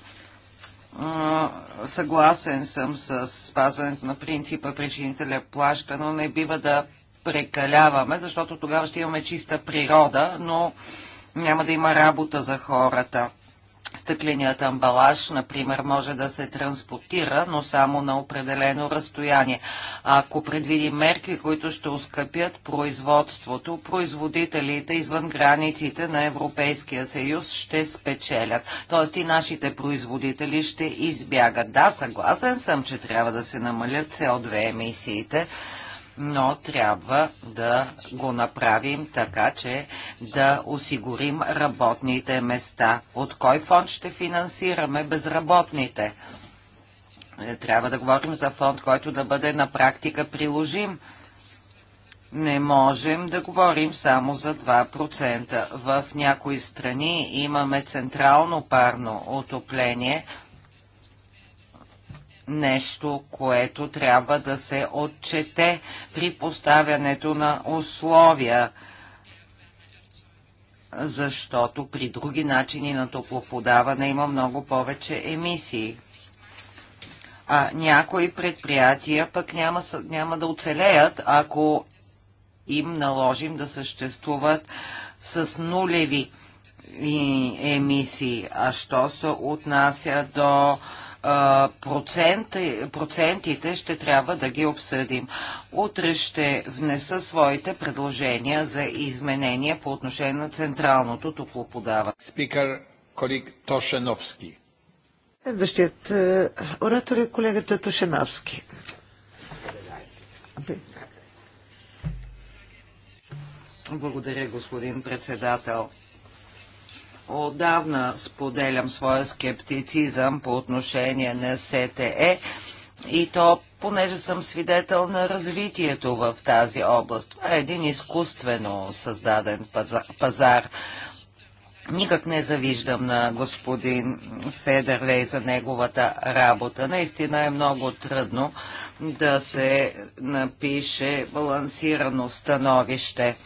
съгласен съм с спазването на принципа причинителя плаща, но не бива да прекаляваме, защото тогава ще имаме чиста природа, но няма да има работа за хората. Стъкленият амбалаж, например, може да се транспортира, но само на определено разстояние. ако предвидим мерки, които ще ускъпят производството, производителите извън границите на Европейския съюз ще спечелят. Тоест и нашите производители ще избягат. Да, съгласен съм, че трябва да се намалят CO2 емисиите, но трябва да го направим така, че да осигурим работните места. От кой фонд ще финансираме безработните? Е, трябва да говорим за фонд, който да бъде на практика приложим. Не можем да говорим само за 2%. В някои страни имаме централно парно отопление – нещо, което трябва да се отчете при поставянето на условия, защото при други начини на топлоподаване има много повече емисии. А някои предприятия пък няма, няма да оцелеят, ако им наложим да съществуват с нулеви емисии. А що се отнася до процент, процентите ще трябва да ги обсъдим. Утре ще внеса своите предложения за изменения по отношение на централното топлоподаване. Спикър колег Тошеновски. Следващият е, оратор е колегата Тошеновски. Благодаря, господин председател. Отдавна споделям своя скептицизъм по отношение на СТЕ и то понеже съм свидетел на развитието в тази област. Това е един изкуствено създаден пазар. Никак не завиждам на господин Федерлей за неговата работа. Наистина е много трудно да се напише балансирано становище.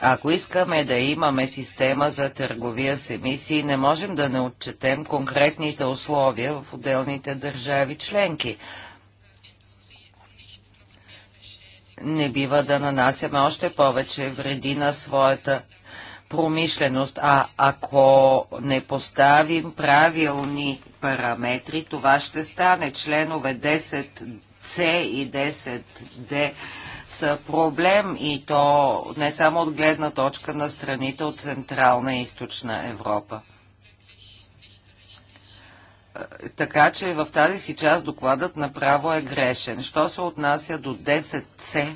Ако искаме да имаме система за търговия с емисии, не можем да не отчетем конкретните условия в отделните държави членки. Не бива да нанасяме още повече вреди на своята промишленост, а ако не поставим правилни параметри, това ще стане членове 10C и 10D са проблем и то не само от гледна точка на страните от Централна и Източна Европа. Е, така че в тази си част докладът направо е грешен. Що се отнася до 10C,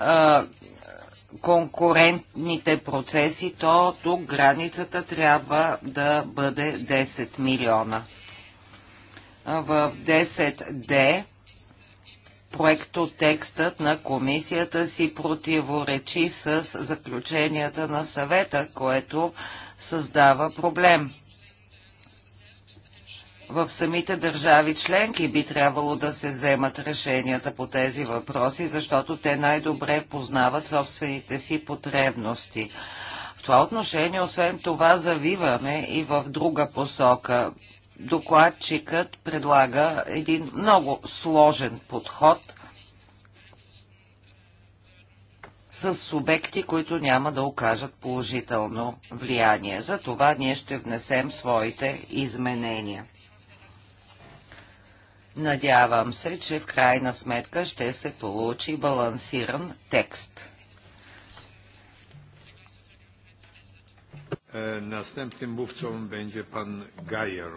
е, конкурентните процеси, то тук границата трябва да бъде 10 милиона в 10D проектотекстът на комисията си противоречи с заключенията на съвета, което създава проблем. В самите държави членки би трябвало да се вземат решенията по тези въпроси, защото те най-добре познават собствените си потребности. В това отношение, освен това, завиваме и в друга посока докладчикът предлага един много сложен подход с субекти, които няма да окажат положително влияние. За това ние ще внесем своите изменения. Надявам се, че в крайна сметка ще се получи балансиран текст. Następnym mówcą będzie pan Gajer.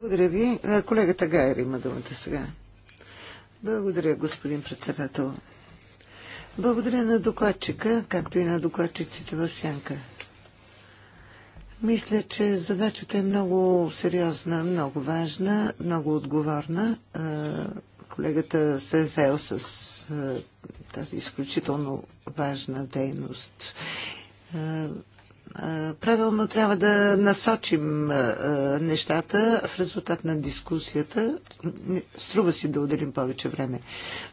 Благодаря ви. Е, колегата Гайер има думата сега. Благодаря, господин председател. Благодаря на докладчика, както и на докладчиците в Сянка. Мисля, че задачата е много сериозна, много важна, много отговорна. Е, колегата се е заел с е, тази изключително важна дейност правилно трябва да насочим нещата в резултат на дискусията. Струва си да отделим повече време.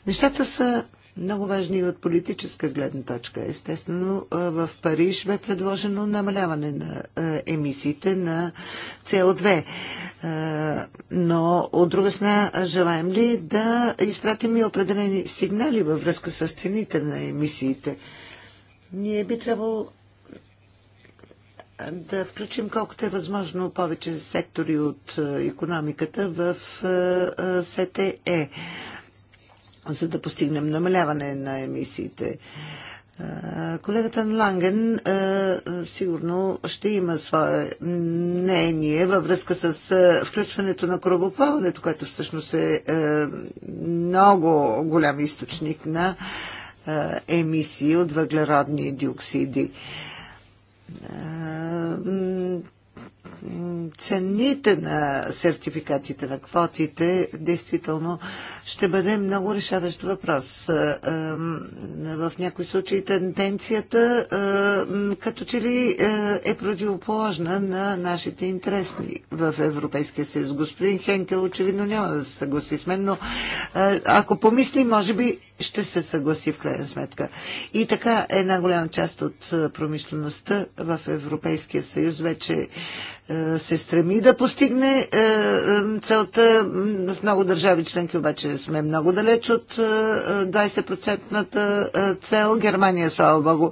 Нещата са много важни и от политическа гледна точка. Естествено, в Париж бе предложено намаляване на емисиите на CO2. Но, от друга страна, желаем ли да изпратим и определени сигнали във връзка с цените на емисиите? Ние би трябвало да включим колкото е възможно повече сектори от е, економиката в е, е, СТЕ, за да постигнем намаляване на емисиите. Колегата Ланген сигурно ще има свое мнение във връзка с включването на корабоплаването, което всъщност е много голям източник на емисии от въглеродни диоксиди. Е, цените на сертификатите на квотите действително ще бъде много решаващ въпрос. Е, е, в някои случаи тенденцията като че ли е противоположна на нашите интересни в Европейския съюз. Господин Хенкел очевидно няма да се съгласи с мен, но ако помисли, може би ще се съгласи в крайна сметка. И така една голяма част от промишлеността в Европейския съюз вече се стреми да постигне целта. В много държави членки обаче сме много далеч от 20 цел. Германия, слава богу,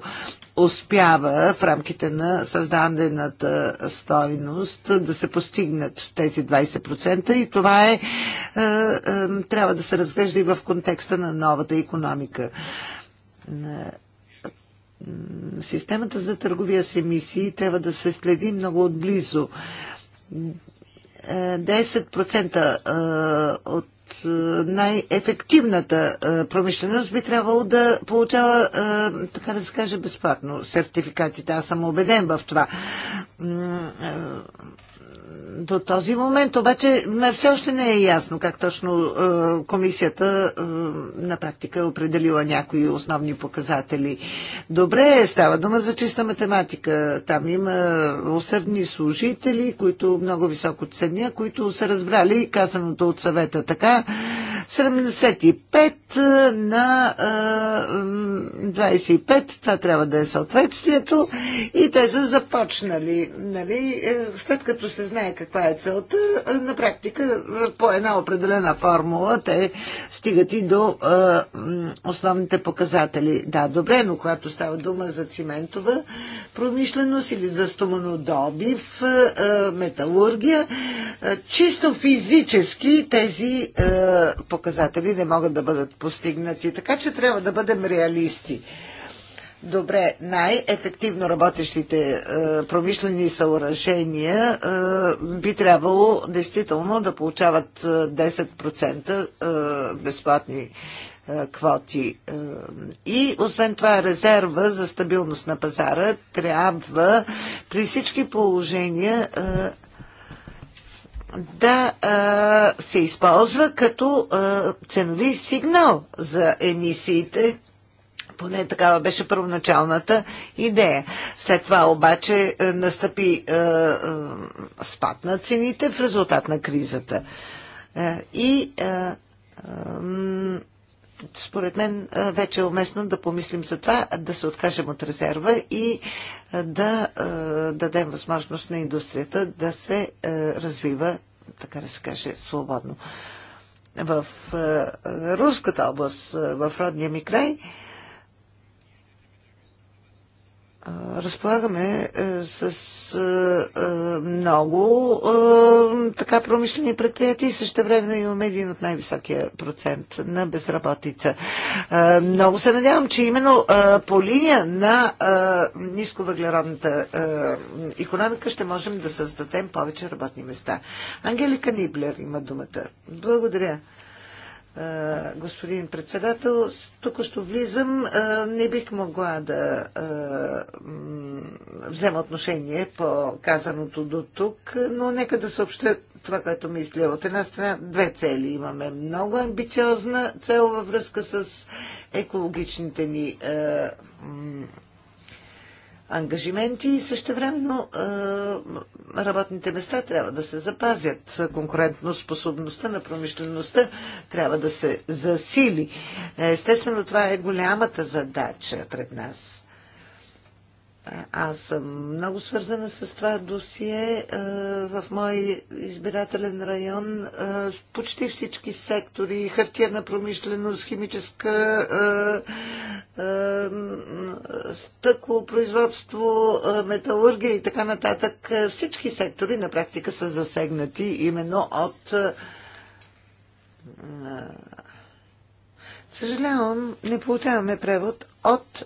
успява в рамките на създадената стойност да се постигнат тези 20% и това е, трябва да се разглежда и в контекста на новата кръговата економика. Системата за търговия с емисии трябва да се следи много отблизо. 10% е, е, от е, най-ефективната промишленост би трябвало да получава, така да се каже, безплатно сертификатите. Аз съм убеден в това до този момент. Обаче все още не е ясно как точно е, комисията е, на практика е определила някои основни показатели. Добре, става дума за чиста математика. Там има усърдни служители, които много високо ценя, които са разбрали казаното от съвета. Така, 75 е, на 25, това трябва да е съответствието и те са започнали, нали, след като се знае знае каква е целта, на практика по една определена формула те стигат и до а, основните показатели. Да, добре, но когато става дума за циментова промишленост или за стоманодобив, а, металургия, а, чисто физически тези а, показатели не могат да бъдат постигнати. Така че трябва да бъдем реалисти добре, най-ефективно работещите е, промишлени съоръжения е, би трябвало действително да получават 10% е, безплатни квоти. И освен това резерва за стабилност на пазара трябва при всички положения да се използва като ценови сигнал за емисиите поне такава беше първоначалната идея. След това обаче е, настъпи е, е, спад на цените в резултат на кризата. Е, и е, е, според мен е, вече е уместно да помислим за това, да се откажем от резерва и е, да е, дадем възможност на индустрията да се е, развива, така да се каже, свободно. В е, Руската област, в родния ми край, е, разполагаме е, с е, е, много така промишлени предприятия и също време имаме един от най-високия процент на безработица. много се надявам, че именно по линия на нисковъглеродната економика ще можем да създадем повече работни места. Ангелика Ниблер има думата. Благодаря господин председател. тук още влизам. Не бих могла да взема отношение по казаното до тук, но нека да съобща това, което мисля. От една страна две цели имаме. Много амбициозна цел във връзка с екологичните ни ангажименти и същевременно е, работните места трябва да се запазят. Конкурентно способността на промишлеността трябва да се засили. Естествено, това е голямата задача пред нас. Аз съм много свързана с това досие. Е, в мой избирателен район е, почти всички сектори, хартияна промишленост, химическа, е, стъкло, производство, металургия и така нататък, всички сектори на практика са засегнати именно от Съжалявам, не получаваме превод от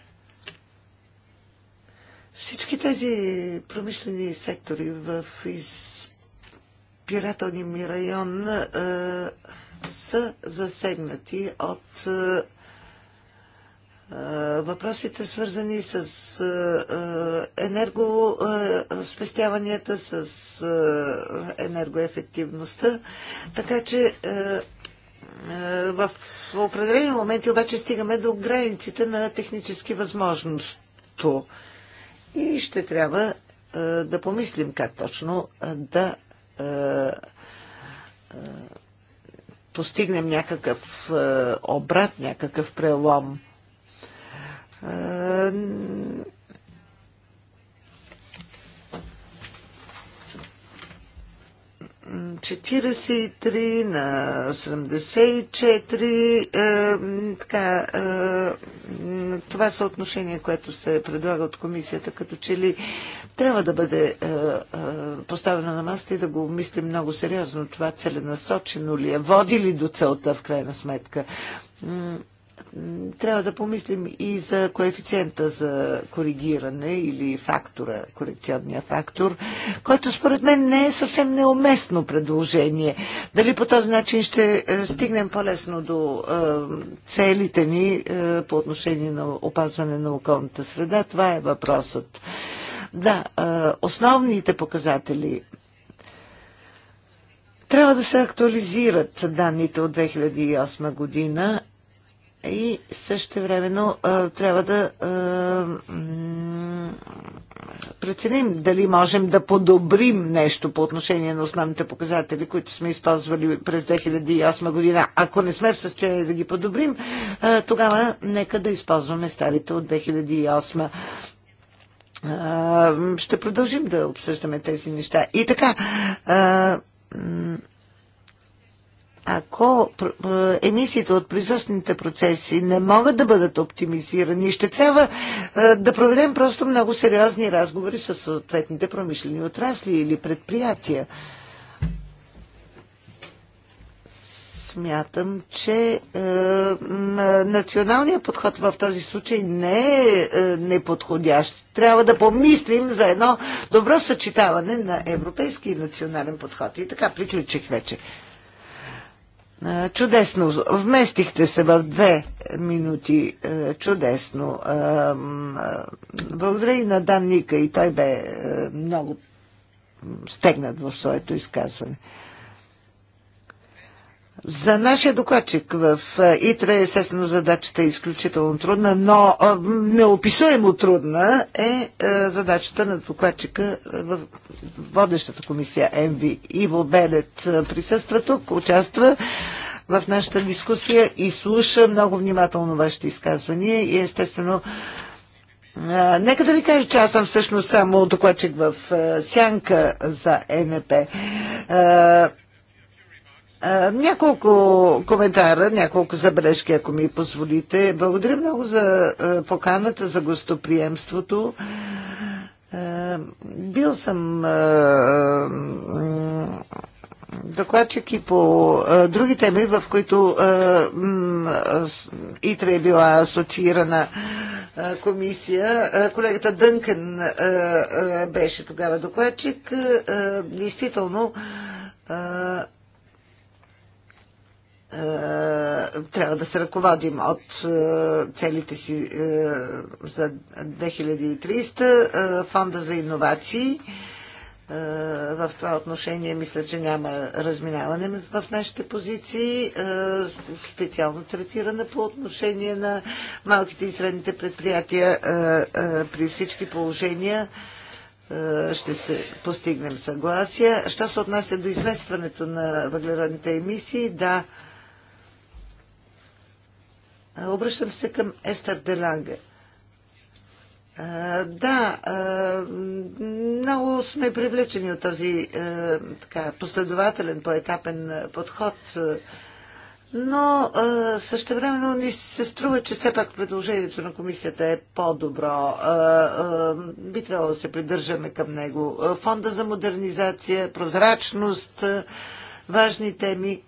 Всички тези промишлени сектори в избирателния ми район е, са засегнати от е, е, въпросите свързани с енергоспестяванията, с енергоефективността. Така че в определени моменти обаче стигаме до границите на технически възможности и ще трябва е, да помислим как точно е, да е, постигнем някакъв обрат, някакъв прелом. 43 на 74. Е, така, е, това съотношение, което се предлага от комисията, като че ли трябва да бъде е, е поставено на масата и да го мислим много сериозно. Това целенасочено ли е? Води ли до целта в крайна сметка? Трябва да помислим и за коефициента за коригиране или фактора, корекционния фактор, който според мен не е съвсем неуместно предложение. Дали по този начин ще е, стигнем по-лесно до е, целите ни е, по отношение на опазване на околната среда, това е въпросът. Да, основните показатели трябва да се актуализират данните от 2008 година и също времено трябва да преценим дали можем да подобрим нещо по отношение на основните показатели, които сме използвали през 2008 година. Ако не сме в състояние да ги подобрим, тогава нека да използваме старите от 2008 ще продължим да обсъждаме тези неща. И така, ако е, емисиите от производствените процеси не могат да бъдат оптимизирани, ще трябва е, да проведем просто много сериозни разговори с съответните промишлени отрасли или предприятия. Смятам, че е, националният подход в този случай не е, е неподходящ. Трябва да помислим за едно добро съчетаване на европейски и национален подход. И така приключих вече. Чудесно. Вместихте се в две минути. Чудесно. Благодаря и на Дан Ника. И той бе много стегнат в своето изказване. За нашия докладчик в ИТРА, естествено, задачата е изключително трудна, но неописуемо трудна е задачата на докладчика в водещата комисия МВ. Иво Белет присъства тук, участва в нашата дискусия и слуша много внимателно вашите изказвания и естествено Нека да ви кажа, че аз съм всъщност само докладчик в Сянка за НП. Няколко коментара, няколко забележки, ако ми позволите. Благодаря много за поканата, за гостоприемството. Бил съм докладчик и по други теми, в които а, ИТРА е била асоциирана комисия. колегата Дънкен беше тогава докладчик. действително е, трябва да се ръководим от е, целите си е, за 2300, фонда за иновации. В това отношение мисля, че няма разминаване в нашите позиции, специално третиране по отношение на малките и средните предприятия при всички положения ще се постигнем съгласие. Що се отнася до изместването на въглеродните емисии, да, Обръщам се към Естер Деланге. Да, много сме привлечени от този така, последователен, поетапен подход, но също времено ни се струва, че все пак предложението на комисията е по-добро. Би трябвало да се придържаме към него. Фонда за модернизация, прозрачност, важни теми.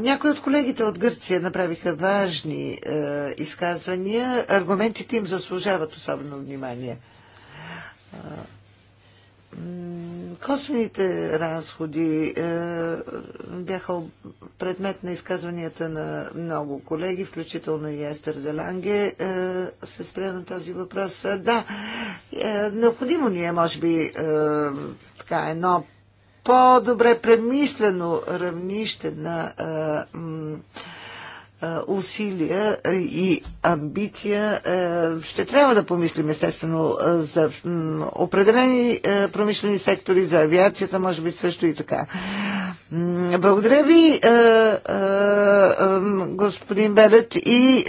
Някои от колегите от Гърция направиха важни е, изказвания. Аргументите им заслужават особено внимание. Косвените разходи е, бяха предмет на изказванията на много колеги, включително и Естер Деланге е, се спря на този въпрос. Е, да, е, необходимо ни е, може би, е, така, едно по-добре премислено равнище на усилия и амбиция. Ще трябва да помислим естествено за определени промишлени сектори, за авиацията, може би също и така. Благодаря ви, господин Белет, и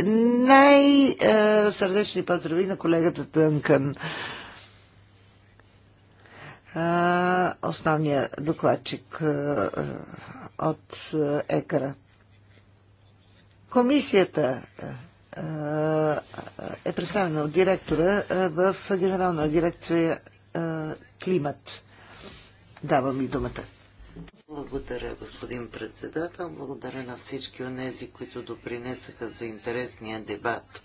най-сърдечни поздрави на колегата Тънкан основния докладчик от ЕКРА. Комисията е представена от директора в Генерална дирекция Климат. Давам ми думата. Благодаря, господин председател. Благодаря на всички от тези, които допринесаха за интересния дебат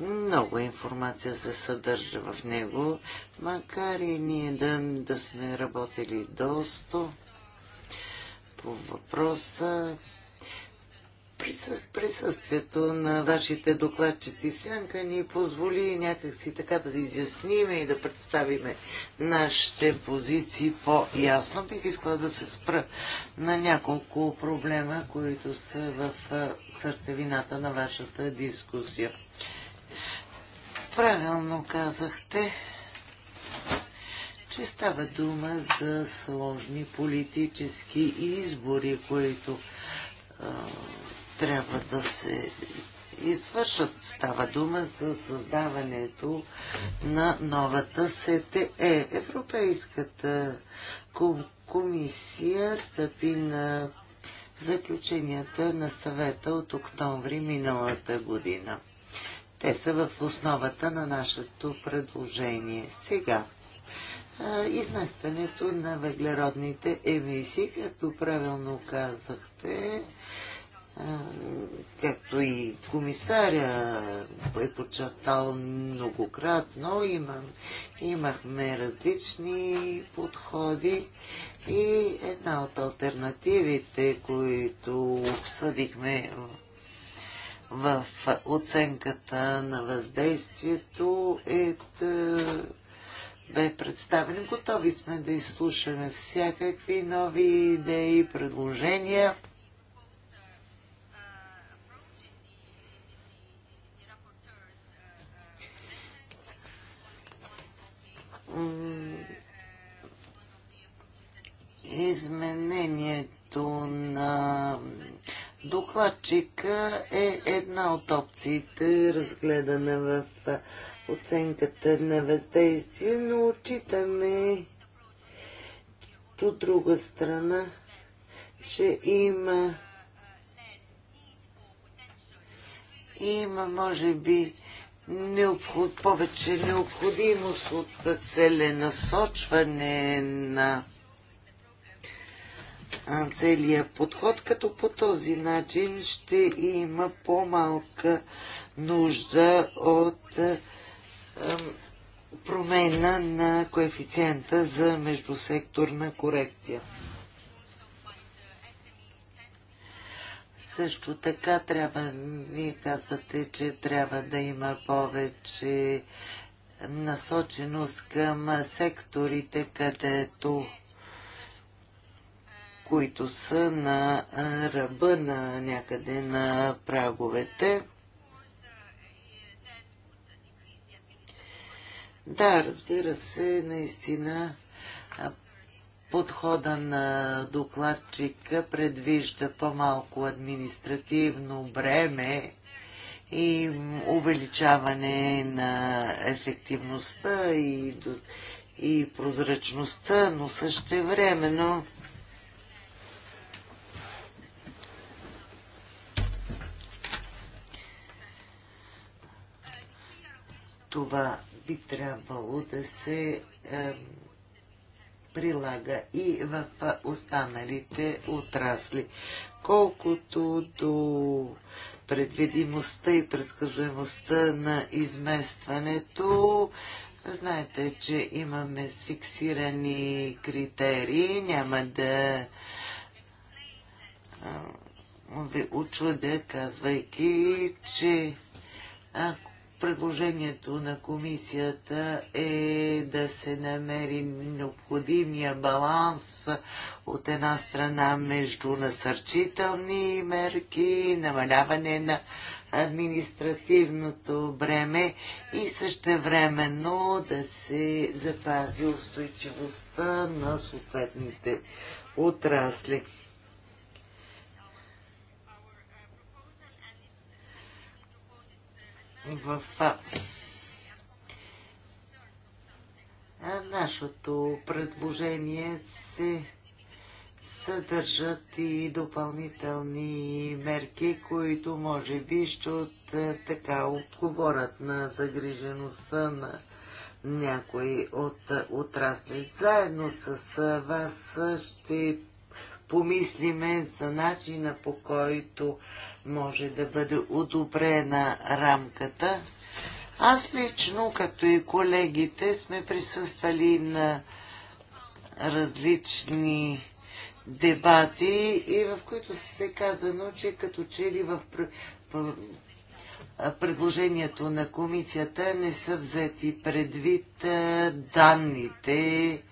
много информация се съдържа в него, макар и ние да, да сме работили доста по въпроса. Присъ... присъствието на вашите докладчици в Сянка ни позволи някакси така да изясниме и да представиме нашите позиции по-ясно. Бих искала да се спра на няколко проблема, които са в сърцевината на вашата дискусия. Правилно казахте, че става дума за сложни политически избори, които а, трябва да се извършат. Става дума за създаването на новата СТЕ. Европейската комисия стъпи на заключенията на съвета от октомври миналата година. Те са в основата на нашето предложение. Сега, изместването на въглеродните емисии, както правилно казахте, както и комисаря е подчертал многократно, имам, имахме различни подходи и една от альтернативите, които обсъдихме в оценката на въздействието е да е, бе представен. Готови сме да изслушаме всякакви нови идеи, предложения. Изменението на докладчика е една от опциите, разгледана в оценката на въздействие, но отчитаме от друга страна, че има има, може би, необход, повече необходимост от целенасочване на целия подход, като по този начин ще има по-малка нужда от промена на коефициента за междусекторна корекция. Също така трябва, вие казвате, че трябва да има повече насоченост към секторите, където които са на ръба на някъде на праговете. Да, разбира се, наистина подхода на докладчика предвижда по-малко административно бреме и увеличаване на ефективността и, и прозрачността, но също времено това би трябвало да се е, прилага и в останалите отрасли. Колкото до предвидимостта и предсказуемостта на изместването, знаете, че имаме фиксирани критерии, няма да ви очудя, казвайки, че Предложението на комисията е да се намери необходимия баланс от една страна между насърчителни мерки, намаляване на административното бреме и същевременно да се запази устойчивостта на съответните отрасли. в нашето предложение се съдържат и допълнителни мерки, които може би ще от, така отговорят на загрижеността на някои от отрасли. Заедно с вас ще помислиме за начина по който може да бъде одобрена рамката. Аз лично, като и колегите, сме присъствали на различни дебати и в които се казано, че като че ли в предложението на комисията не са взети предвид данните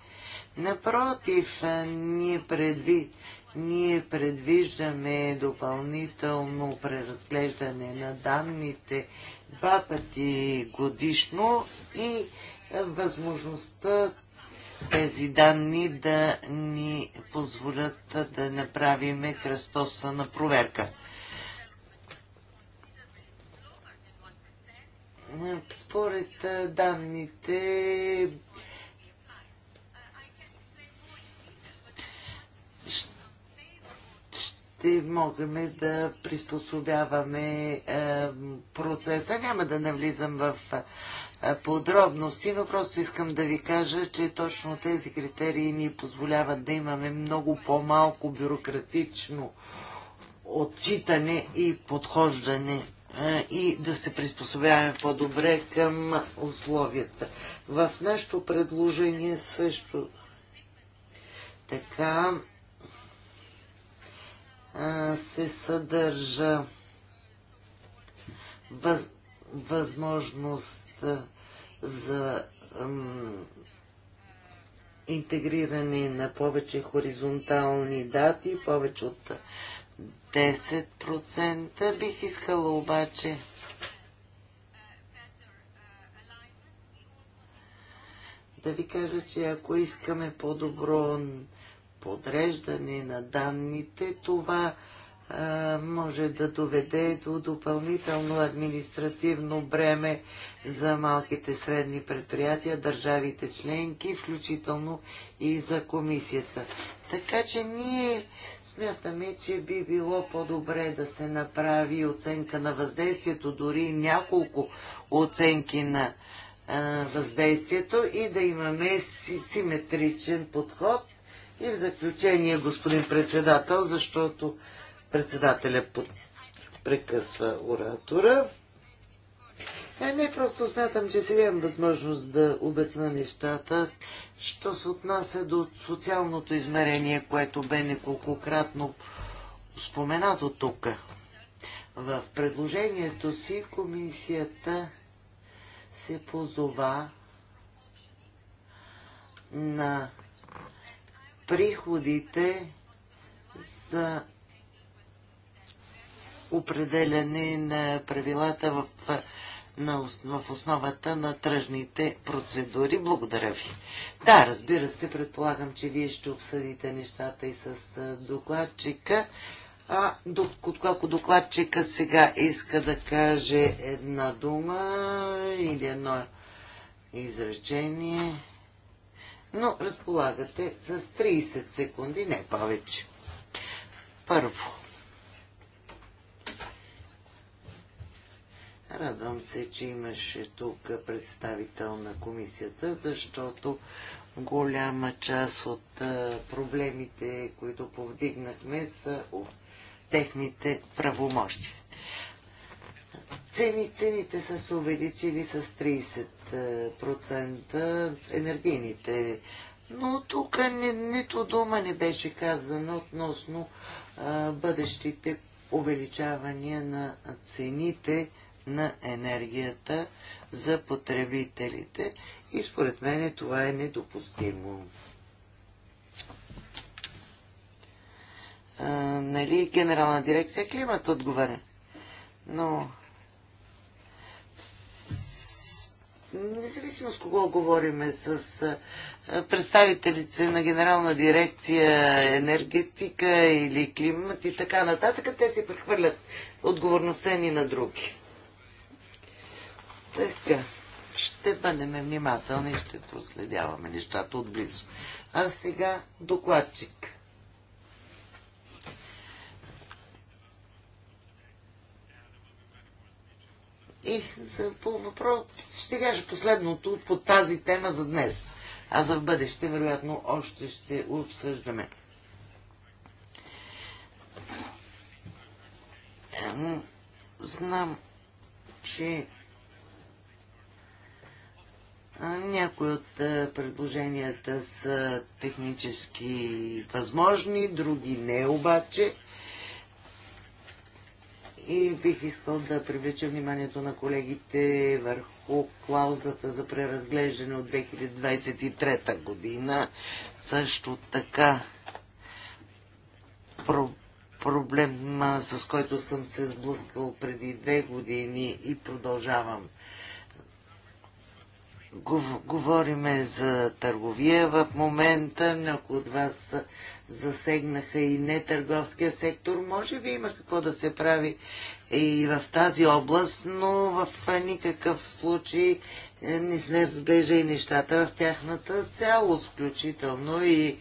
Напротив, ние, предви... ние предвиждаме допълнително преразглеждане на данните два пъти годишно и възможността тези данни да ни позволят да направим кръстоса на проверка. Според данните ще можем да приспособяваме е, процеса. Няма да навлизам в е, подробности, но просто искам да ви кажа, че точно тези критерии ни позволяват да имаме много по-малко бюрократично отчитане и подхождане е, и да се приспособяваме по-добре към условията. В нашето предложение също така се съдържа въз, възможност за интегриране на повече хоризонтални дати, повече от 10%. Бих искала обаче да ви кажа, че ако искаме по-добро подреждане на данните, това а, може да доведе до допълнително административно бреме за малките средни предприятия, държавите членки, включително и за комисията. Така че ние смятаме, че би било по-добре да се направи оценка на въздействието, дори няколко оценки на а, въздействието и да имаме симетричен подход и в заключение, господин председател, защото председателя под... прекъсва оратора. Е, не, просто смятам, че сега имам възможност да обясна нещата, що се отнася до социалното измерение, което бе неколкократно споменато тук. В предложението си комисията се позова на приходите за определяне на правилата в, на, в основата на тръжните процедури. Благодаря ви. Да, разбира се, предполагам, че вие ще обсъдите нещата и с докладчика. А докато докладчика сега иска да каже една дума или едно изречение но разполагате с 30 секунди, не повече. Първо. Радвам се, че имаше тук представител на комисията, защото голяма част от проблемите, които повдигнахме, са техните правомощи. Цени, цените са се увеличили с 30 10% енергийните. Но тук ни, нито дума не беше казана относно а, бъдещите увеличавания на цените на енергията за потребителите. И според мен това е недопустимо. А, нали, генерална дирекция климат отговаря. Но независимо с кого говориме, с представителите на Генерална дирекция енергетика или климат и така нататък, те си прехвърлят отговорността ни на други. Така, ще бъдем внимателни, ще проследяваме нещата отблизо. А сега докладчик. И за, по въпрос, ще кажа последното по тази тема за днес. А за в бъдеще, вероятно, още ще обсъждаме. Знам, че някои от предложенията са технически възможни, други не обаче и бих искал да привлеча вниманието на колегите върху клаузата за преразглеждане от 2023 година. Също така про проблем, с който съм се сблъскал преди две години и продължавам. Говориме за търговия в момента. Някои от вас засегнаха и нетърговския сектор. Може би има какво да се прави и в тази област, но в никакъв случай е, не сме разглежда и нещата в тяхната цялост, включително и е,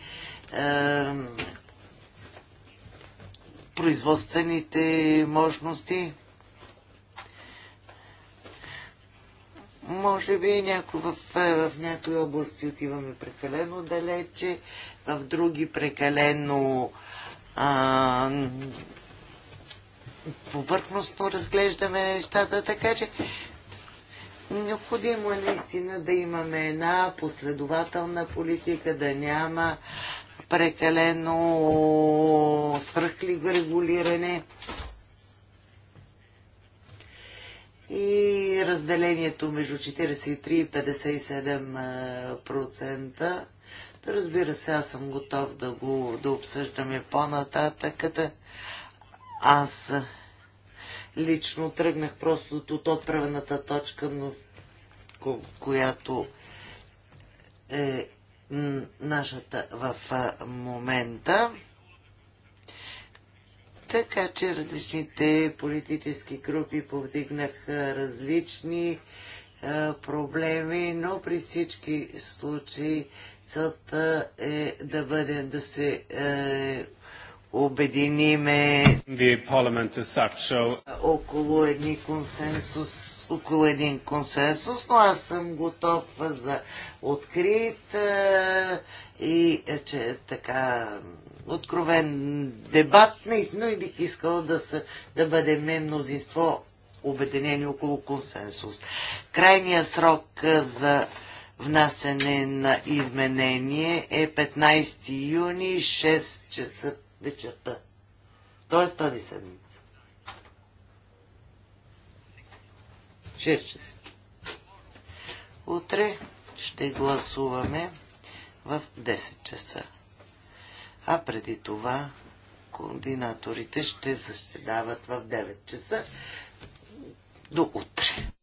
производствените мощности. Може би в, е, в някои области отиваме прекалено далече в други прекалено а, повърхностно разглеждаме нещата, така че необходимо е наистина да имаме една последователна политика, да няма прекалено свръхливо регулиране и разделението между 43 и 57 процента Разбира се, аз съм готов да го да обсъждаме по-нататък. Аз лично тръгнах просто от отправената точка, но която е нашата в момента. Така че различните политически групи повдигнах различни проблеми, но при всички случаи Целта е да бъде да се е, обединиме около, едни консенсус, около един консенсус, но аз съм готов за открит е, и е, че така откровен дебат, но и бих искала да, са, да бъдем мнозинство обединени около консенсус. Крайният срок е, за внасене на изменение е 15 юни 6 часа вечерта. Тоест тази седмица. 6 часа. Утре ще гласуваме в 10 часа. А преди това координаторите ще заседават в 9 часа. До утре.